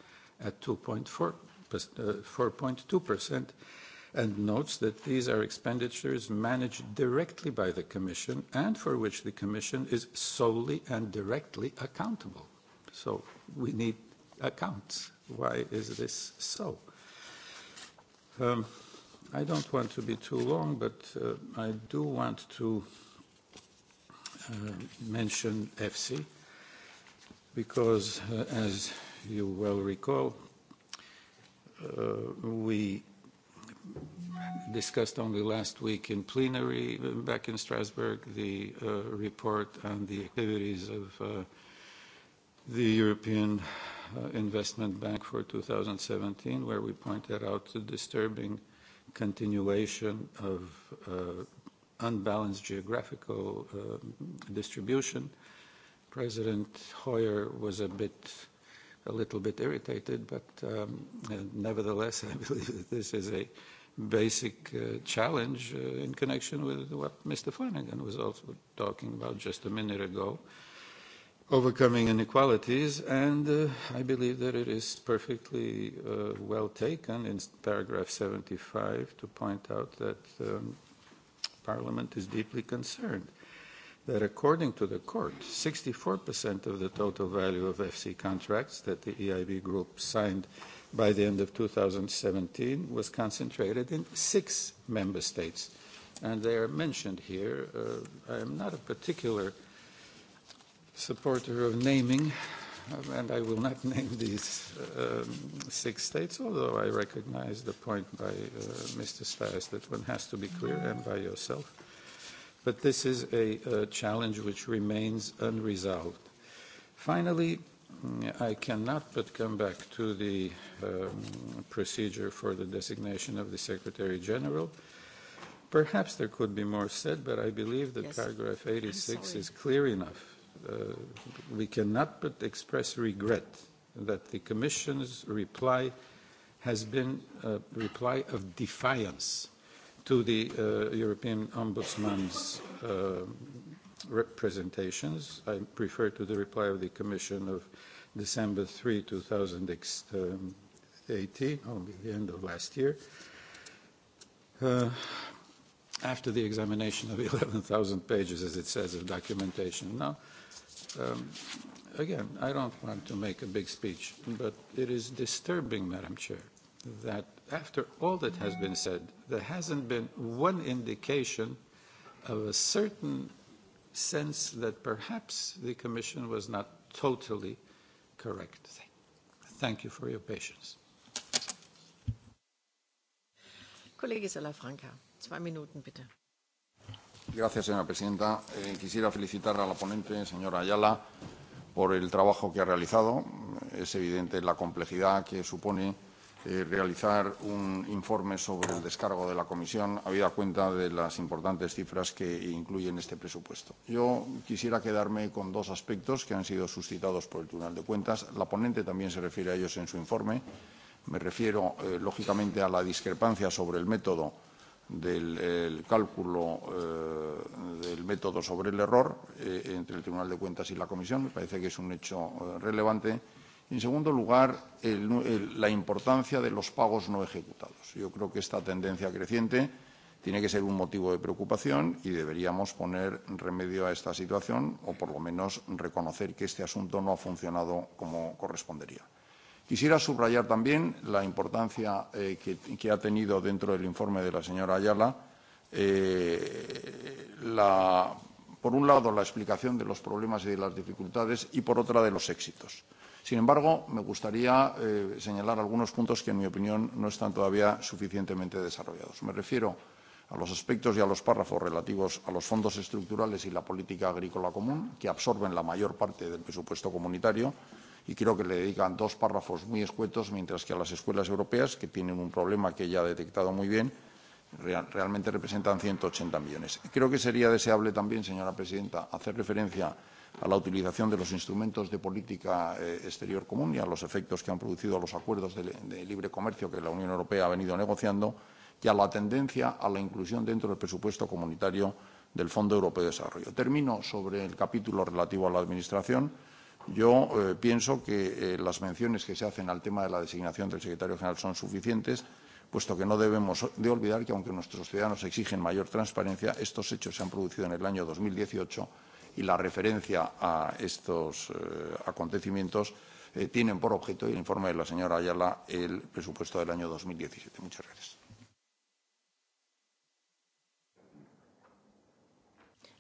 at 4.2%, and notes that these are expenditures managed directly by the Commission and for which the Commission is solely and directly accountable. So we need accounts. Why is this so? Um, I don't want to be too long, but uh, I do want to uh, mention EFSI because, uh, as you well recall, uh, we discussed only last week in plenary back in Strasbourg the uh, report on the activities of uh, the European uh, Investment Bank for 2017, where we pointed out the disturbing – continuation of uh, unbalanced geographical uh, distribution. President Hoyer was a bit, a little bit irritated, but um, nevertheless, I believe that this is a basic uh, challenge uh, in connection with what Mr. Flanagan was also talking about just a minute ago. Uh, overcoming inequalities, and uh, I believe that it is perfectly uh, well taken in paragraph 75 to point out that um, Parliament is deeply concerned that according to the court, 64% of the total value of FC contracts that the EIB group signed by the end of 2017 was concentrated in six member states. And they are mentioned here. Uh, I am not a particular supporter of naming, and I will not name these um, six states, although I recognize the point by uh, Mr. Stas that one has to be clear and by yourself. But this is a uh, challenge which remains unresolved. Finally, I cannot but come back to the um, procedure for the designation of the Secretary General. Perhaps there could be more said, but I believe that paragraph 86 is clear enough we cannot but express regret that the Commission's reply has been a reply of defiance to the uh, European Ombudsman's uh, representations. I refer to the reply of the Commission of December 3, 2018, the end of last year. Uh, after the examination of 11,000 pages, as it says, of documentation. Now, Um, again, I don't want to make a big speech, but it is disturbing, Madam Chair, that after all that has been said, there hasn't been one indication of a certain sense that perhaps the Commission was not totally correct. Thank you for your patience. Kollege Salafranca, two minutes, please. Gracias, señora presidenta. Eh, quisiera felicitar a la ponente, señora Ayala, por el trabajo que ha realizado. Es evidente la complejidad que supone eh, realizar un informe sobre el descargo de la Comisión, habida cuenta de las importantes cifras que incluye en este presupuesto. Yo quisiera quedarme con dos aspectos que han sido suscitados por el Tribunal de Cuentas. La ponente también se refiere a ellos en su informe. Me refiero, eh, lógicamente, a la discrepancia sobre el método del cálculo del método sobre el error entre el Tribunal de Cuentas y la Comisión. Me parece que es un hecho relevante. En segundo lugar, el, el, la importancia de los pagos no ejecutados. Yo creo que esta tendencia creciente tiene que ser un motivo de preocupación y deberíamos poner remedio a esta situación o, por lo menos, reconocer que este asunto no ha funcionado como correspondería. Quisiera subrayar también la importancia eh, que, que ha tenido dentro del informe de la señora Ayala, eh, la, por un lado, la explicación de los problemas y de las dificultades y, por otra, de los éxitos. Sin embargo, me gustaría eh, señalar algunos puntos que, en mi opinión, no están todavía suficientemente desarrollados. Me refiero a los aspectos y a los párrafos relativos a los fondos estructurales y la política agrícola común, que absorben la mayor parte del presupuesto comunitario, y creo que le dedican dos párrafos muy escuetos, mientras que a las escuelas europeas, que tienen un problema que ya ha detectado muy bien, real, realmente representan 180 millones. Creo que sería deseable también, señora presidenta, hacer referencia a la utilización de los instrumentos de política eh, exterior común y a los efectos que han producido los acuerdos de, de libre comercio que la Unión Europea ha venido negociando y a la tendencia a la inclusión dentro del presupuesto comunitario del Fondo Europeo de Desarrollo. Termino sobre el capítulo relativo a la Administración Yo eh, pienso que eh, las menciones que se hacen al tema de la designación del secretario general son suficientes, puesto que no debemos de olvidar que, aunque nuestros ciudadanos exigen mayor transparencia, estos hechos se han producido en el año 2018 y la referencia a estos eh, acontecimientos eh, tienen por objeto, y el informe de la señora Ayala, el presupuesto del año 2017. Muchas gracias.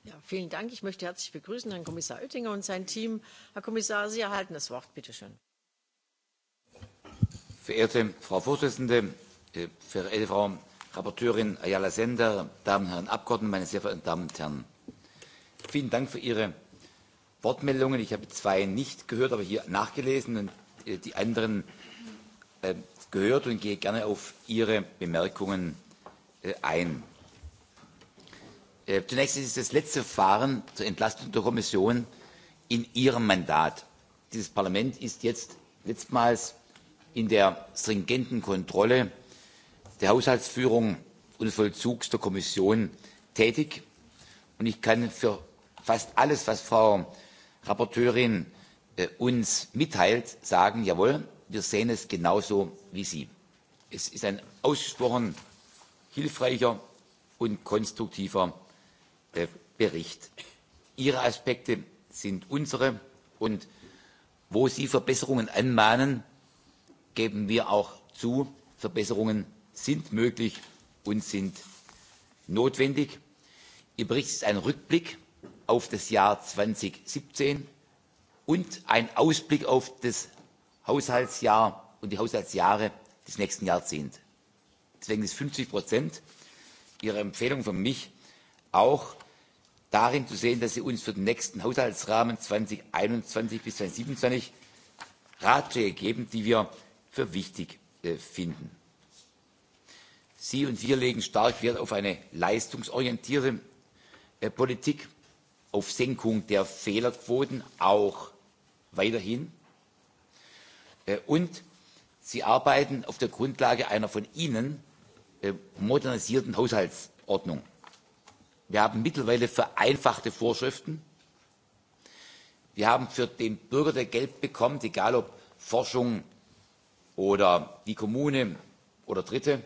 Ja, vielen Dank. Ich möchte herzlich begrüßen Herrn Kommissar Oettinger und sein Team. Herr Kommissar, Sie erhalten das Wort. Bitte schön. Verehrte Frau Vorsitzende, verehrte Frau Rapporteurin Ayala Sender, Damen und Herren Abgeordnete, meine sehr verehrten Damen und Herren. Vielen Dank für Ihre Wortmeldungen. Ich habe zwei nicht gehört, aber hier nachgelesen und die anderen gehört und gehe gerne auf Ihre Bemerkungen ein. Zunächst ist es das letzte Verfahren zur Entlastung der Kommission in ihrem Mandat. Dieses Parlament ist jetzt letztmals in der stringenten Kontrolle der Haushaltsführung und des Vollzugs der Kommission tätig. Und ich kann für fast alles, was Frau Rapporteurin uns mitteilt, sagen, jawohl, wir sehen es genauso wie Sie. Es ist ein ausgesprochen hilfreicher und konstruktiver bericht. ihre aspekte sind unsere und wo sie verbesserungen anmahnen geben wir auch zu verbesserungen sind möglich und sind notwendig. ihr bericht ist ein rückblick auf das jahr zweitausendsiebzehn und ein ausblick auf das haushaltsjahr und die haushaltsjahre des nächsten jahrzehnts. deswegen sind fünfzig ihrer empfehlung für mich auch darin zu sehen, dass Sie uns für den nächsten Haushaltsrahmen zweitausendeinundzwanzig bis 2027 Ratschläge geben, die wir für wichtig finden. Sie und wir legen stark Wert auf eine leistungsorientierte Politik, auf Senkung der Fehlerquoten auch weiterhin. Und Sie arbeiten auf der Grundlage einer von Ihnen modernisierten Haushaltsordnung. Wir haben mittlerweile vereinfachte Vorschriften. Wir haben für den Bürger, der Geld bekommt, egal ob Forschung oder die Kommune oder Dritte,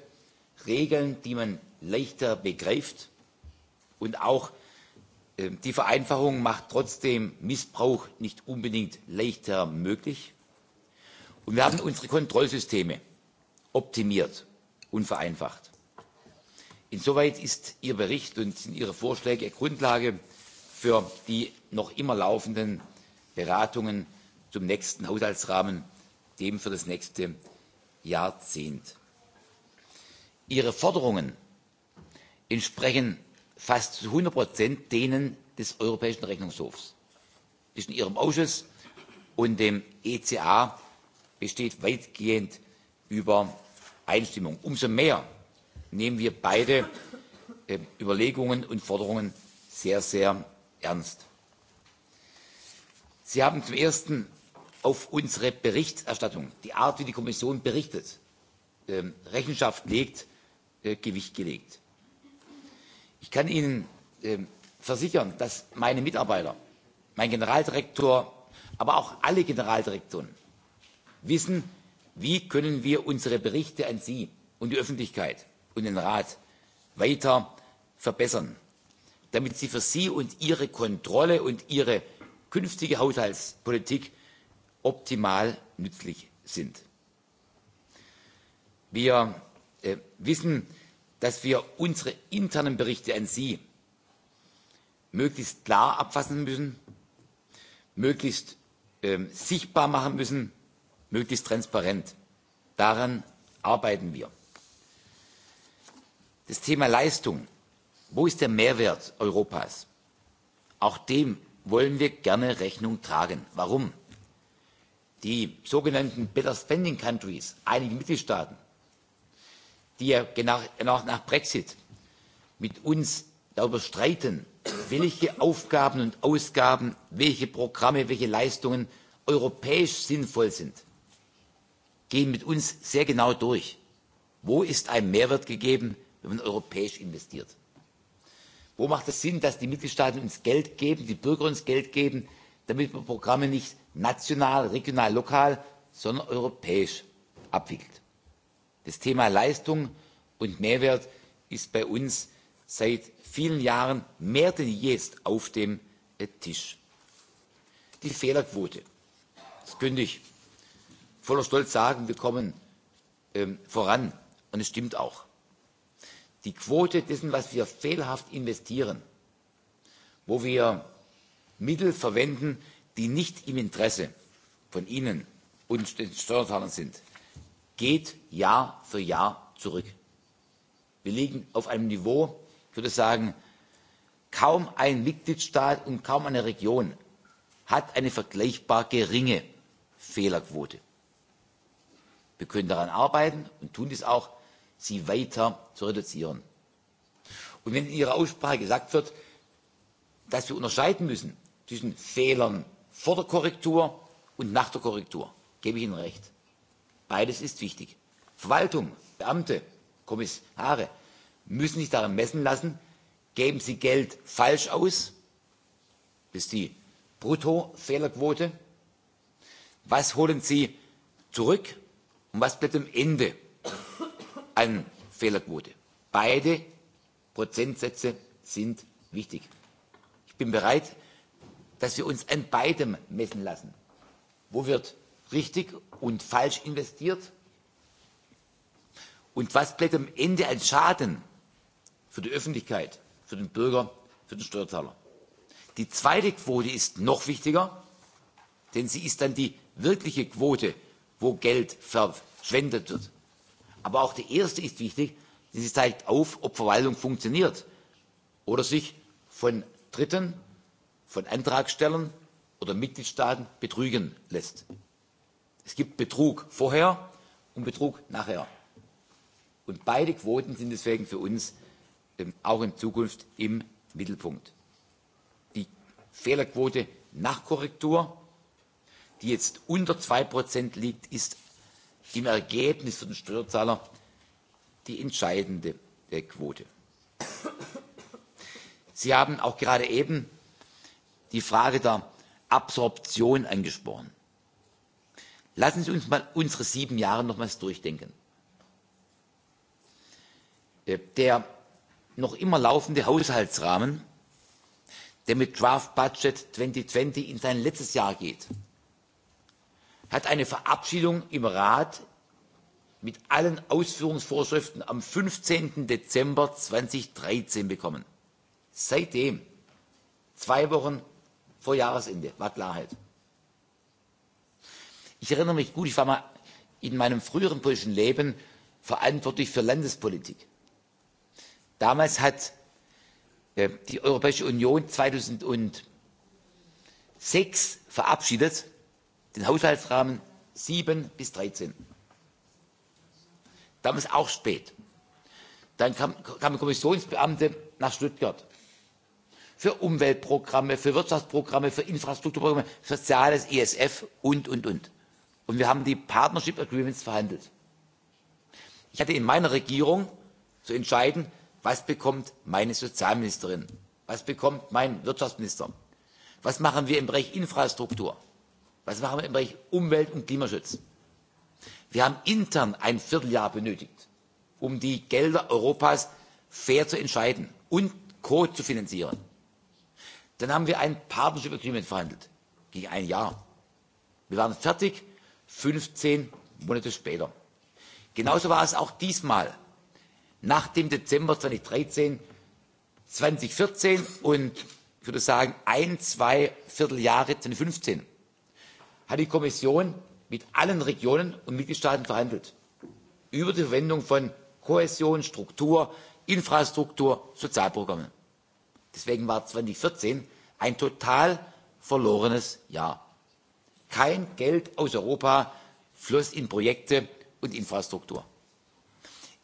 Regeln, die man leichter begreift. Und auch die Vereinfachung macht trotzdem Missbrauch nicht unbedingt leichter möglich. Und wir haben unsere Kontrollsysteme optimiert und vereinfacht insoweit ist ihr bericht und sind ihre vorschläge grundlage für die noch immer laufenden beratungen zum nächsten haushaltsrahmen dem für das nächste jahrzehnt. ihre forderungen entsprechen fast zu einhundert denen des europäischen rechnungshofs. zwischen ihrem ausschuss und dem eca besteht weitgehend übereinstimmung. umso mehr nehmen wir beide Überlegungen und Forderungen sehr, sehr ernst. Sie haben zum Ersten auf unsere Berichterstattung, die Art, wie die Kommission berichtet, Rechenschaft legt, Gewicht gelegt. Ich kann Ihnen versichern, dass meine Mitarbeiter, mein Generaldirektor, aber auch alle Generaldirektoren wissen, wie können wir unsere Berichte an Sie und die Öffentlichkeit und den Rat weiter verbessern, damit sie für sie und ihre Kontrolle und ihre künftige Haushaltspolitik optimal nützlich sind. Wir wissen, dass wir unsere internen Berichte an Sie möglichst klar abfassen müssen, möglichst sichtbar machen müssen, möglichst transparent. Daran arbeiten wir. Das Thema Leistung. Wo ist der Mehrwert Europas? Auch dem wollen wir gerne Rechnung tragen. Warum? Die sogenannten Better Spending Countries, einige Mitgliedstaaten, die ja nach, nach Brexit mit uns darüber streiten, welche Aufgaben und Ausgaben, welche Programme, welche Leistungen europäisch sinnvoll sind, gehen mit uns sehr genau durch. Wo ist ein Mehrwert gegeben? wenn man europäisch investiert. Wo macht es Sinn, dass die Mitgliedstaaten uns Geld geben, die Bürger uns Geld geben, damit man Programme nicht national, regional, lokal, sondern europäisch abwickelt? Das Thema Leistung und Mehrwert ist bei uns seit vielen Jahren mehr denn je auf dem Tisch. Die Fehlerquote. Das könnte ich voller Stolz sagen, wir kommen voran und es stimmt auch die quote dessen was wir fehlerhaft investieren wo wir mittel verwenden die nicht im interesse von ihnen und den steuerzahlern sind geht jahr für jahr zurück. wir liegen auf einem niveau ich würde sagen kaum ein mitgliedstaat und kaum eine region hat eine vergleichbar geringe fehlerquote. wir können daran arbeiten und tun dies sie weiter zu reduzieren. Und wenn in Ihrer Aussprache gesagt wird, dass wir unterscheiden müssen zwischen Fehlern vor der Korrektur und nach der Korrektur, gebe ich Ihnen recht. Beides ist wichtig. Verwaltung, Beamte, Kommissare müssen sich daran messen lassen, geben sie Geld falsch aus, das ist die Bruttofehlerquote, was holen sie zurück und was bleibt am Ende an Fehlerquote. Beide Prozentsätze sind wichtig. Ich bin bereit, dass wir uns an beidem messen lassen. Wo wird richtig und falsch investiert? Und was bleibt am Ende als Schaden für die Öffentlichkeit, für den Bürger, für den Steuerzahler? Die zweite Quote ist noch wichtiger, denn sie ist dann die wirkliche Quote, wo Geld verschwendet wird. Aber auch die erste ist wichtig, denn sie zeigt auf, ob Verwaltung funktioniert oder sich von Dritten, von Antragstellern oder Mitgliedstaaten betrügen lässt. Es gibt Betrug vorher und Betrug nachher. Und beide Quoten sind deswegen für uns auch in Zukunft im Mittelpunkt. Die Fehlerquote nach Korrektur, die jetzt unter 2% liegt, ist im Ergebnis für den Steuerzahler die entscheidende Quote. Sie haben auch gerade eben die Frage der Absorption angesprochen. Lassen Sie uns mal unsere sieben Jahre nochmals durchdenken. Der noch immer laufende Haushaltsrahmen, der mit Draft Budget 2020 in sein letztes Jahr geht, hat eine Verabschiedung im Rat mit allen Ausführungsvorschriften am fünfzehn Dezember zweitausenddreizehn bekommen. Seitdem, zwei Wochen vor Jahresende, war Klarheit. Ich erinnere mich gut, ich war mal in meinem früheren politischen Leben verantwortlich für Landespolitik. Damals hat die Europäische Union zweitausendsechs verabschiedet, den haushaltsrahmen sieben bis dreizehn damals auch spät. dann kamen kommissionsbeamte nach stuttgart für umweltprogramme für wirtschaftsprogramme für infrastrukturprogramme soziales esf und und und. und wir haben die partnership agreements verhandelt. ich hatte in meiner regierung zu entscheiden was bekommt meine sozialministerin was bekommt mein wirtschaftsminister was machen wir im bereich infrastruktur Was machen wir im Bereich Umwelt- und Klimaschutz? Wir haben intern ein Vierteljahr benötigt, um die Gelder Europas fair zu entscheiden und Co. zu finanzieren. Dann haben wir ein Partnership Agreement verhandelt. Ging ein Jahr. Wir waren fertig, 15 Monate später. Genauso war es auch diesmal. Nach dem Dezember 2013, 2014 und ich würde sagen ein, zwei Vierteljahre 2015 hat die kommission mit allen regionen und mitgliedstaaten verhandelt über die verwendung von kohäsion struktur infrastruktur sozialprogrammen. deswegen war zweitausendvierzehn ein total verlorenes jahr. kein geld aus europa floss in projekte und infrastruktur.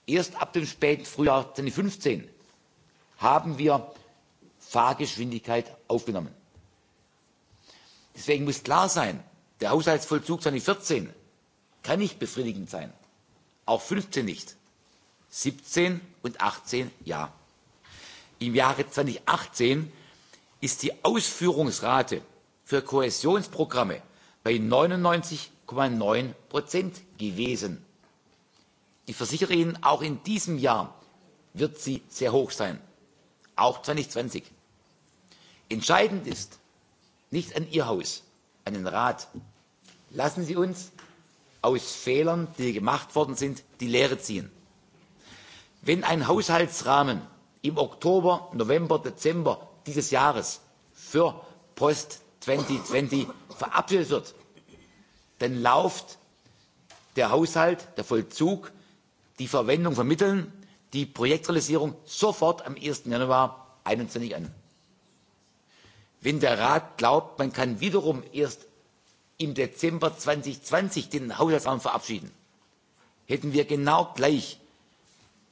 erst ab dem späten frühjahr zweitausendfünfzehn haben wir fahrgeschwindigkeit aufgenommen. deswegen muss klar Der Haushaltsvollzug 2014 kann nicht befriedigend sein. Auch 15 nicht. 17 und 18 ja. Im Jahre 2018 ist die Ausführungsrate für Kohäsionsprogramme bei 99,9 Prozent gewesen. Ich versichere Ihnen, auch in diesem Jahr wird sie sehr hoch sein. Auch 2020. Entscheidend ist nicht an Ihr Haus, an den Rat, lassen sie uns aus fehlern die gemacht worden sind die lehre ziehen. wenn ein haushaltsrahmen im oktober november dezember dieses jahres für post zweitausendzwanzig verabschiedet wird dann läuft der haushalt der vollzug die verwendung von mitteln die projektrealisierung sofort am. eins januar zweitausendeinundzwanzig an. wenn der rat glaubt man kann wiederum im Dezember 2020 den Haushaltsrahmen verabschieden, hätten wir genau gleich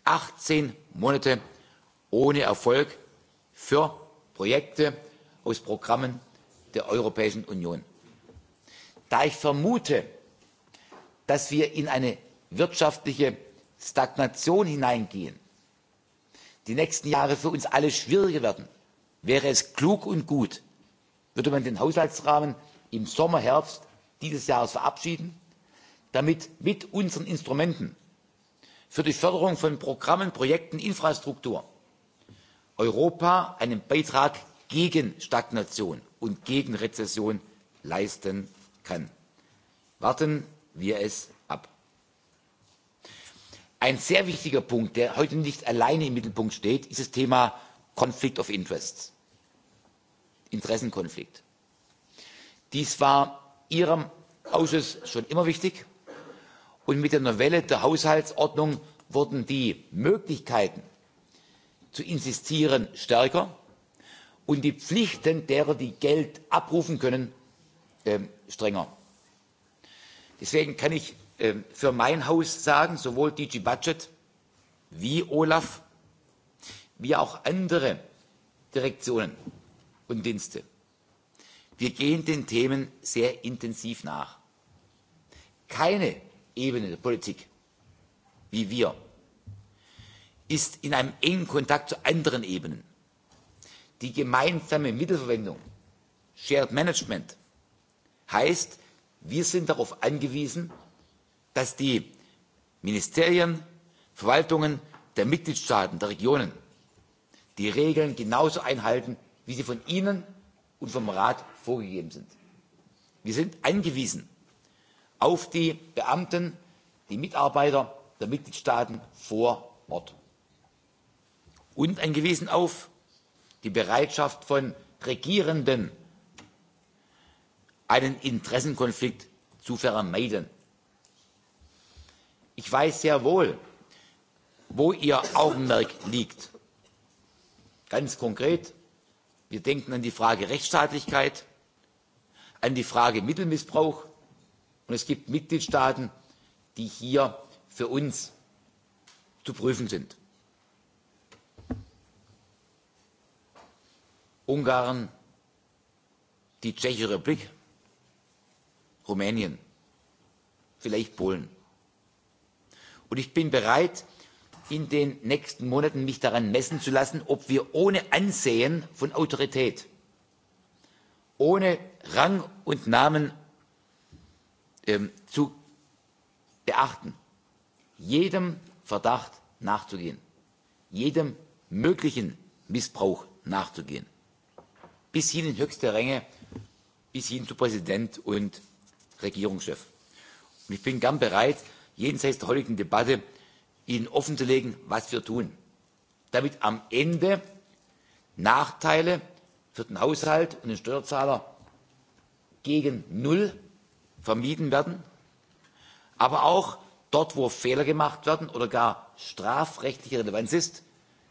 18 Monate ohne Erfolg für Projekte aus Programmen der Europäischen Union. Da ich vermute, dass wir in eine wirtschaftliche Stagnation hineingehen, die nächsten Jahre für uns alle schwieriger werden, wäre es klug und gut, würde man den Haushaltsrahmen im sommer herbst dieses jahres verabschieden damit mit unseren instrumenten für die förderung von programmen projekten infrastruktur europa einen beitrag gegen stagnation und gegen rezession leisten kann. warten wir es ab! ein sehr wichtiger punkt der heute nicht alleine im mittelpunkt steht ist das thema conflict of interests interessenkonflikt dies war ihrem ausschuss schon immer wichtig und mit der novelle der haushaltsordnung wurden die möglichkeiten zu insistieren stärker und die pflichten derer die geld abrufen können strenger. deswegen kann ich für mein haus sagen sowohl DG budget wie olaf wie auch andere direktionen und dienste Wir gehen den Themen sehr intensiv nach. Keine Ebene der Politik wie wir ist in einem engen Kontakt zu anderen Ebenen. Die gemeinsame Mittelverwendung, Shared Management, heißt, wir sind darauf angewiesen, dass die Ministerien, Verwaltungen der Mitgliedstaaten, der Regionen die Regeln genauso einhalten, wie sie von Ihnen und vom Rat vorgegeben sind. Wir sind angewiesen auf die Beamten, die Mitarbeiter der Mitgliedstaaten vor Ort und angewiesen auf die Bereitschaft von Regierenden, einen Interessenkonflikt zu vermeiden. Ich weiß sehr wohl, wo Ihr Augenmerk liegt. Ganz konkret, wir denken an die Frage Rechtsstaatlichkeit, an die Frage Mittelmissbrauch. Und es gibt Mitgliedstaaten, die hier für uns zu prüfen sind. Ungarn, die Tschechische Republik, Rumänien, vielleicht Polen. Und ich bin bereit, in den nächsten Monaten mich daran messen zu lassen, ob wir ohne Ansehen von Autorität ohne Rang und Namen zu beachten, jedem Verdacht nachzugehen, jedem möglichen Missbrauch nachzugehen, bis hin in höchste Ränge, bis hin zu Präsident und Regierungschef. Und ich bin gern bereit, jenseits der heutigen Debatte Ihnen offenzulegen, was wir tun, damit am Ende Nachteile für den Haushalt und den Steuerzahler gegen Null vermieden werden, aber auch dort, wo Fehler gemacht werden oder gar strafrechtliche Relevanz ist,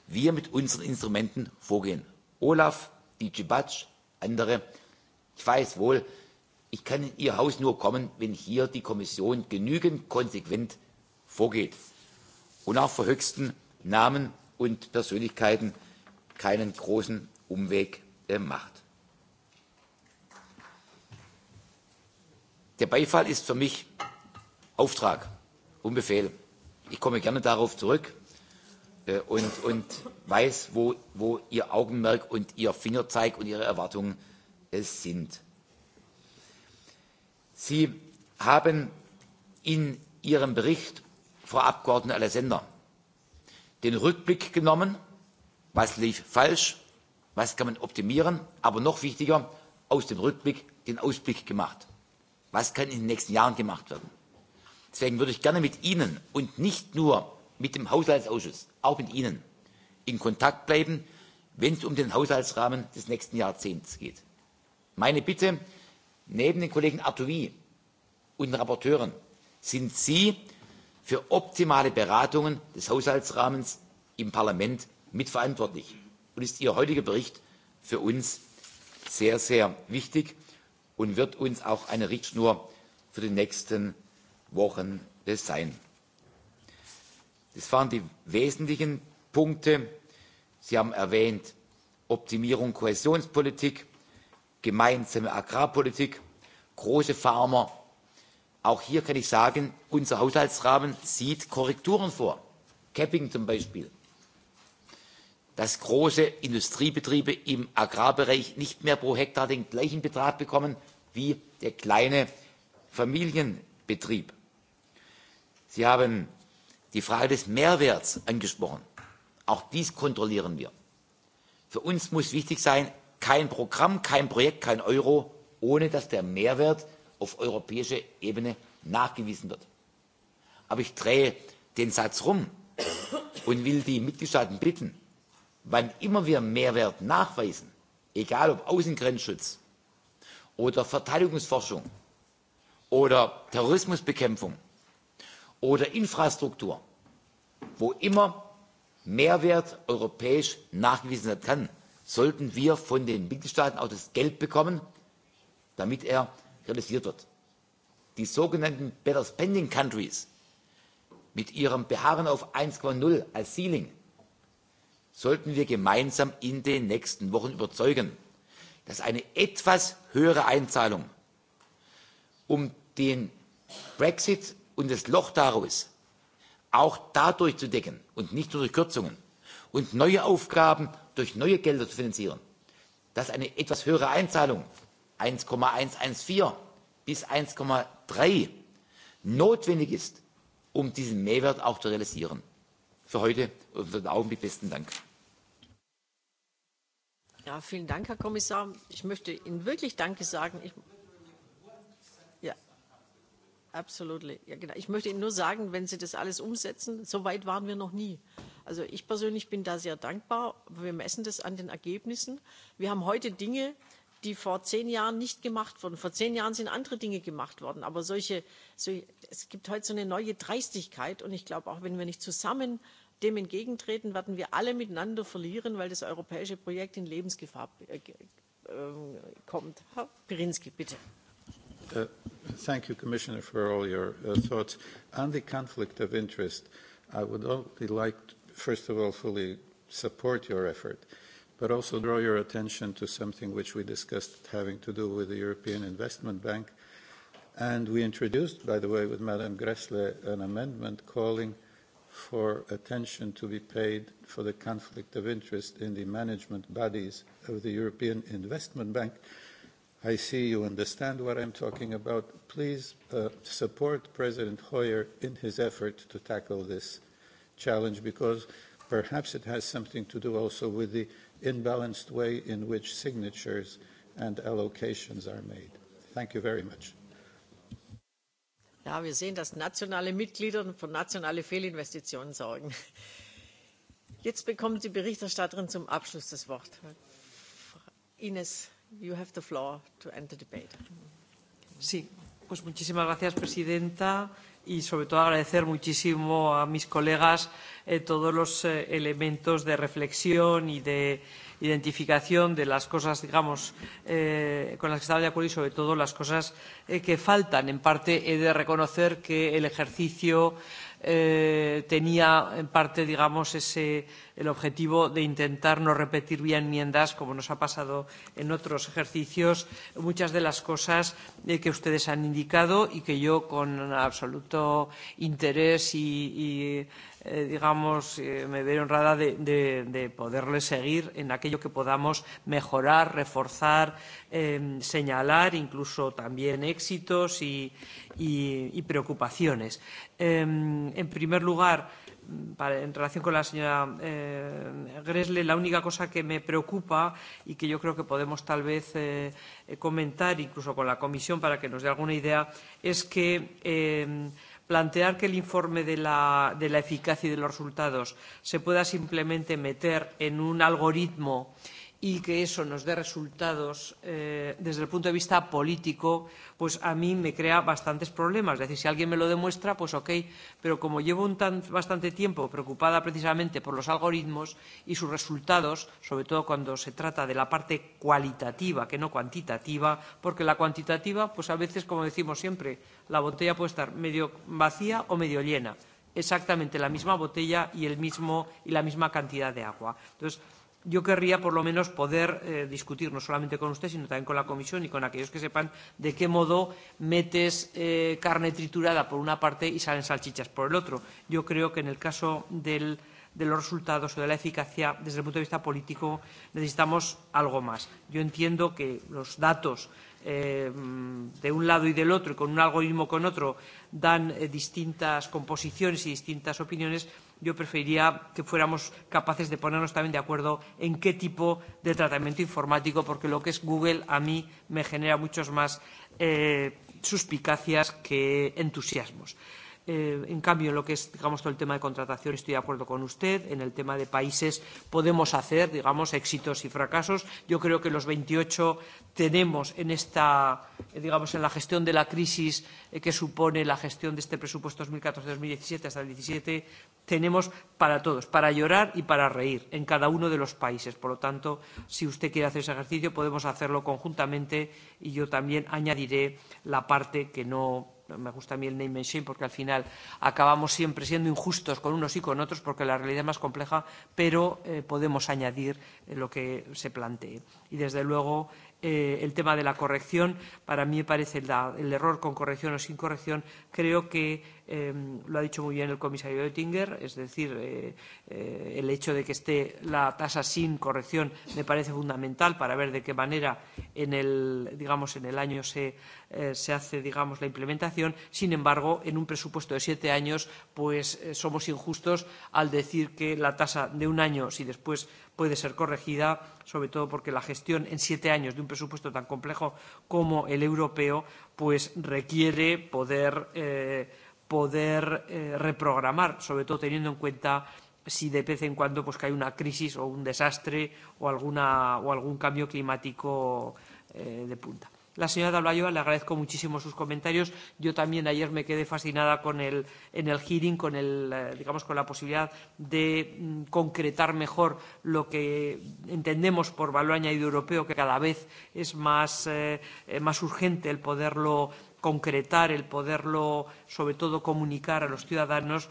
wir mit unseren Instrumenten vorgehen. Olaf, DG Batsch, andere. Ich weiß wohl, ich kann in Ihr Haus nur kommen, wenn hier die Kommission genügend konsequent vorgeht und auch vor höchsten Namen und Persönlichkeiten keinen großen Umweg äh, macht. Der Beifall ist für mich Auftrag und Befehl. Ich komme gerne darauf zurück und, und weiß, wo, wo Ihr Augenmerk und Ihr Fingerzeig und Ihre Erwartungen es sind. Sie haben in Ihrem Bericht, Frau Abgeordnete Alessander, den Rückblick genommen, was lief falsch, was kann man optimieren? aber noch wichtiger aus dem rückblick den ausblick gemacht was kann in den nächsten jahren gemacht werden? deswegen würde ich gerne mit ihnen und nicht nur mit dem haushaltsausschuss auch mit ihnen in kontakt bleiben wenn es um den haushaltsrahmen des nächsten jahrzehnts geht. meine bitte neben den kollegen arthuis und den berichterstattern sind sie für optimale beratungen des haushaltsrahmens im parlament mitverantwortlich und ist ihr heutiger bericht für uns sehr sehr wichtig und wird uns auch eine richtschnur für die nächsten wochen sein. das waren die wesentlichen punkte. sie haben erwähnt optimierung kohäsionspolitik gemeinsame agrarpolitik große farmer auch hier kann ich sagen unser haushaltsrahmen sieht korrekturen vor capping zum beispiel dass große Industriebetriebe im Agrarbereich nicht mehr pro Hektar den gleichen Betrag bekommen wie der kleine Familienbetrieb. Sie haben die Frage des Mehrwerts angesprochen. Auch dies kontrollieren wir. Für uns muss wichtig sein, kein Programm, kein Projekt, kein Euro, ohne dass der Mehrwert auf europäischer Ebene nachgewiesen wird. Aber ich drehe den Satz rum und will die Mitgliedstaaten bitten, wann immer wir Mehrwert nachweisen, egal ob Außengrenzschutz oder Verteidigungsforschung oder Terrorismusbekämpfung oder Infrastruktur, wo immer Mehrwert europäisch nachgewiesen werden kann, sollten wir von den Mitgliedstaaten auch das Geld bekommen, damit er realisiert wird. Die sogenannten Better Spending Countries mit ihrem Beharren auf 1,0 als Ceiling sollten wir gemeinsam in den nächsten wochen überzeugen dass eine etwas höhere einzahlung um den brexit und das loch daraus auch dadurch zu decken und nicht nur durch kürzungen und neue aufgaben durch neue gelder zu finanzieren dass eine etwas höhere einzahlung eins einhundertvierzehn bis eins drei notwendig ist um diesen mehrwert auch zu realisieren. für heute und für den augenblick besten dank. Ja, vielen Dank, Herr Kommissar. Ich möchte Ihnen wirklich Danke sagen. Ich, absolutely. Ja, genau. Ich möchte Ihnen nur sagen, wenn Sie das alles umsetzen, so weit waren wir noch nie. Also ich persönlich bin da sehr dankbar. Wir messen das an den Ergebnissen. Wir haben heute Dinge, die vor zehn Jahren nicht gemacht wurden. Vor zehn Jahren sind andere Dinge gemacht worden. Aber solche, so, es gibt heute so eine neue Dreistigkeit. Und ich glaube, auch wenn wir nicht zusammen dem entgegentreten, werden wir alle miteinander verlieren, weil das europäische Projekt in Lebensgefahr kommt. Herr Pirinski, bitte. Thank you, Commissioner, for all your uh, thoughts. On the conflict of interest, I would only like, first of all, fully support your effort, but also draw your attention to something which we discussed having to do with the European Investment Bank. And we introduced, by the way, with Madame Gressle, an amendment calling – for attention to be paid for the conflict of interest in the management bodies of the European Investment Bank. I see you understand what I'm talking about. Please uh, support President Hoyer in his effort to tackle this challenge because perhaps it has something to do also with the imbalanced way in which signatures and allocations are made. Thank you very much. Ja, wir sehen, dass nationale Mitglieder für nationale Fehlinvestitionen sorgen. Jetzt bekommt die Berichterstatterin zum Abschluss das Wort. Ines, you have the floor to end the debate. Sí, pues muchísimas gracias, Presidenta y sobre todo agradecer muchísimo a mis colegas eh, todos los eh, elementos de reflexión y de, identificación de las cosas, digamos, eh, con las que estaba de acuerdo y sobre todo las cosas eh, que faltan. En parte he de reconocer que el ejercicio eh, tenía en parte, digamos, ese el objetivo de intentar no repetir vía enmiendas, como nos ha pasado en otros ejercicios, muchas de las cosas eh, que ustedes han indicado y que yo con absoluto interés y, y eh, digamos, eh, me veo honrada de, de, de poderles seguir en aquello que podamos mejorar, reforzar, eh, señalar incluso también éxitos y, y, y preocupaciones. Eh, en primer lugar, para, en relación con la señora eh, Gresle, la única cosa que me preocupa y que yo creo que podemos tal vez eh, comentar, incluso con la comisión, para que nos dé alguna idea, es que. Eh, plantear que el informe de la, de la eficacia y de los resultados se pueda simplemente meter en un algoritmo eh, y que eso nos dé resultados eh, desde el punto de vista político, pues a mí me crea bastantes problemas. Es decir, si alguien me lo demuestra, pues ok, pero como llevo un tan, bastante tiempo preocupada precisamente por los algoritmos y sus resultados, sobre todo cuando se trata de la parte cualitativa, que no cuantitativa, porque la cuantitativa, pues a veces, como decimos siempre, la botella puede estar medio vacía o medio llena exactamente la misma botella y, el mismo, y la misma cantidad de agua. Entonces, yo querría por lo menos poder eh, discutir no solamente con usted, sino también con la comisión y con aquellos que sepan de qué modo metes eh, carne triturada por una parte y salen salchichas por el otro. Yo creo que en el caso del, de los resultados o de la eficacia, desde el punto de vista político, necesitamos algo más. Yo entiendo que los datos eh, de un lado y del otro, y con un algoritmo con otro, dan eh, distintas composiciones y distintas opiniones, yo preferiría que fuéramos capaces de ponernos también de acuerdo en qué tipo de tratamiento informático, porque lo que es Google a mí me genera muchos más eh, suspicacias que entusiasmos. Eh, en cambio, en lo que es, digamos, todo el tema de contratación, estoy de acuerdo con usted. En el tema de países podemos hacer, digamos, éxitos y fracasos. Yo creo que los 28 tenemos en esta, digamos, en la gestión de la crisis eh, que supone la gestión de este presupuesto 2014-2017 hasta el 2017, tenemos para todos, para llorar y para reír en cada uno de los países. Por lo tanto, si usted quiere hacer ese ejercicio, podemos hacerlo conjuntamente y yo también añadiré la parte que no me gusta a mí el name and shame porque al final acabamos siempre siendo injustos con unos y con otros porque la realidad es más compleja, pero eh, podemos añadir eh, lo que se plantee. Y desde luego eh, el tema de la corrección. Para mí me parece el, el error con corrección o sin corrección. Creo que eh, lo ha dicho muy bien el comisario Oettinger, es decir, eh, eh, el hecho de que esté la tasa sin corrección me parece fundamental para ver de qué manera en el, digamos, en el año se, eh, se hace digamos, la implementación. Sin embargo, en un presupuesto de siete años, pues eh, somos injustos al decir que la tasa de un año, si después puede ser corregida, sobre todo porque la gestión en siete años de un presupuesto tan complejo como el europeo, pues requiere poder, eh, poder eh, reprogramar, sobre todo teniendo en cuenta si de vez en cuando pues hay una crisis o un desastre o alguna o algún cambio climático eh, de punta la señora Dalbayoa, le agradezco muchísimo sus comentarios. Yo también ayer me quedé fascinada con el, en el hearing, con, el, digamos, con la posibilidad de concretar mejor lo que entendemos por valor añadido europeo, que cada vez es más, eh, más urgente el poderlo concretar, el poderlo, sobre todo, comunicar a los ciudadanos.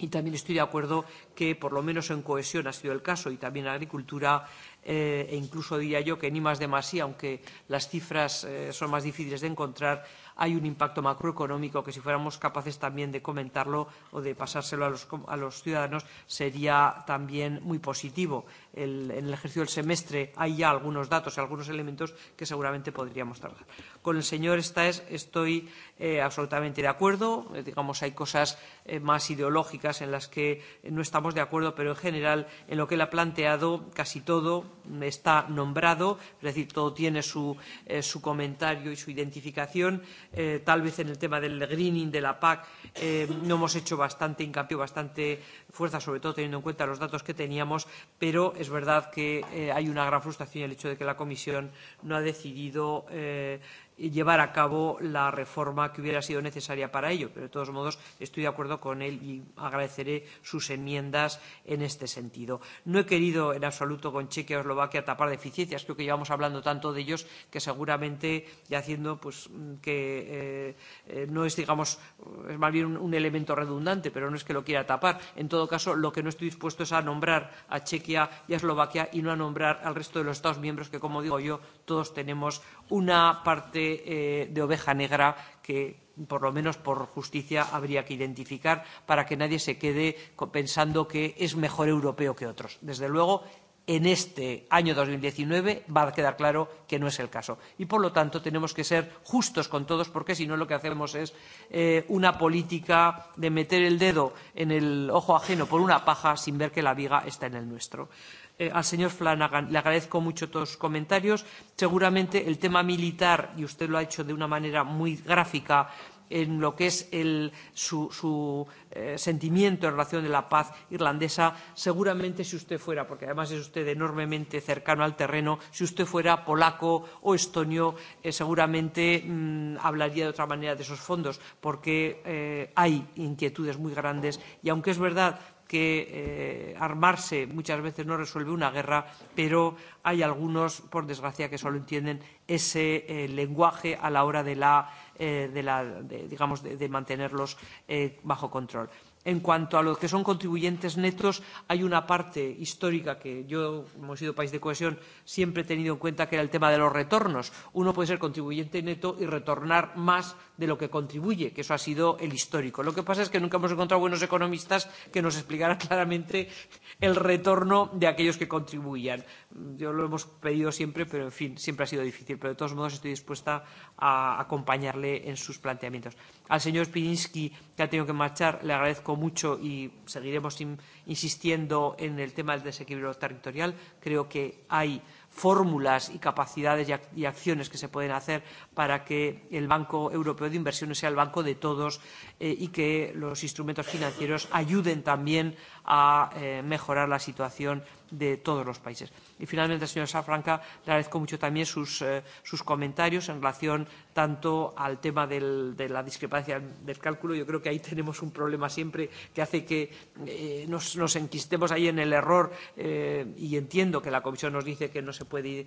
Y también estoy de acuerdo que, por lo menos en cohesión ha sido el caso, y también en agricultura, eh, e incluso diría yo que ni más de más sí, aunque las cifras eh, son más difíciles de encontrar, hay un impacto macroeconómico que si fuéramos capaces también de comentarlo o de pasárselo a los, a los ciudadanos sería también muy positivo. El, en el ejercicio del semestre hay ya algunos datos y algunos elementos que seguramente podríamos trabajar. Con el señor Staes estoy eh, absolutamente de acuerdo. Eh, digamos, hay cosas eh, más ideológicas en las que no estamos de acuerdo, pero en general en lo que él ha planteado casi todo está nombrado, es decir, todo tiene su, eh, su comentario y su identificación. Eh, tal vez en el tema del greening de la PAC eh, no hemos hecho bastante hincapié, bastante fuerza, sobre todo teniendo en cuenta los datos que teníamos, pero es verdad que eh, hay una gran frustración en el hecho de que la Comisión no ha decidido. Eh, llevar a cabo la reforma que hubiera sido necesaria para ello. Pero, de todos modos, estoy de acuerdo con él y agradeceré sus enmiendas en este sentido. No he querido en absoluto con Chequia y Eslovaquia tapar deficiencias. Creo que llevamos hablando tanto de ellos que seguramente y haciendo pues, que eh, eh, no es, digamos, es más bien un, un elemento redundante, pero no es que lo quiera tapar. En todo caso, lo que no estoy dispuesto es a nombrar a Chequia y a Eslovaquia y no a nombrar al resto de los Estados miembros que, como digo yo, todos tenemos una parte de, eh, de oveja negra que por lo menos por justicia habría que identificar para que nadie se quede pensando que es mejor europeo que otros. Desde luego, en este año 2019 va a quedar claro que no es el caso. Y por lo tanto tenemos que ser justos con todos porque si no lo que hacemos es eh, una política de meter el dedo en el ojo ajeno por una paja sin ver que la viga está en el nuestro al señor Flanagan le agradezco mucho todos sus comentarios. Seguramente el tema militar, y usted lo ha hecho de una manera muy gráfica, en lo que es el, su, su eh, sentimiento en relación a la paz irlandesa, seguramente si usted fuera, porque además es usted enormemente cercano al terreno, si usted fuera polaco o estonio, eh, seguramente mmm, hablaría de otra manera de esos fondos, porque eh, hay inquietudes muy grandes y aunque es verdad que eh, armarse muchas veces no resuelve una guerra, pero hay algunos, por desgracia, que solo entienden ese eh, lenguaje a la hora de, la, eh, de, la, de, digamos, de, de mantenerlos eh, bajo control. En cuanto a los que son contribuyentes netos, hay una parte histórica que yo, como he sido país de cohesión, siempre he tenido en cuenta, que era el tema de los retornos. Uno puede ser contribuyente neto y retornar más de lo que contribuye, que eso ha sido el histórico. Lo que pasa es que nunca hemos encontrado buenos economistas que nos explicaran claramente el retorno de aquellos que contribuyan. Yo lo hemos pedido siempre, pero en fin, siempre ha sido difícil. Pero de todos modos estoy dispuesta a acompañarle en sus planteamientos. Al señor Spirinski, que ha tenido que marchar, le agradezco mucho y seguiremos insistiendo en el tema del desequilibrio territorial. Creo que hay fórmulas y capacidades y, acciones que se pueden hacer para que el Banco Europeo de Inversiones sea el banco de todos eh, y que los instrumentos financieros ayuden también a eh, mejorar la situación de todos los países. Y finalmente, señora Safranca, le agradezco mucho también sus, eh, sus comentarios en relación tanto al tema del, de la discrepancia del cálculo. Yo creo que ahí tenemos un problema siempre que hace que eh, nos, nos enquistemos ahí en el error eh, y entiendo que la Comisión nos dice que no se puede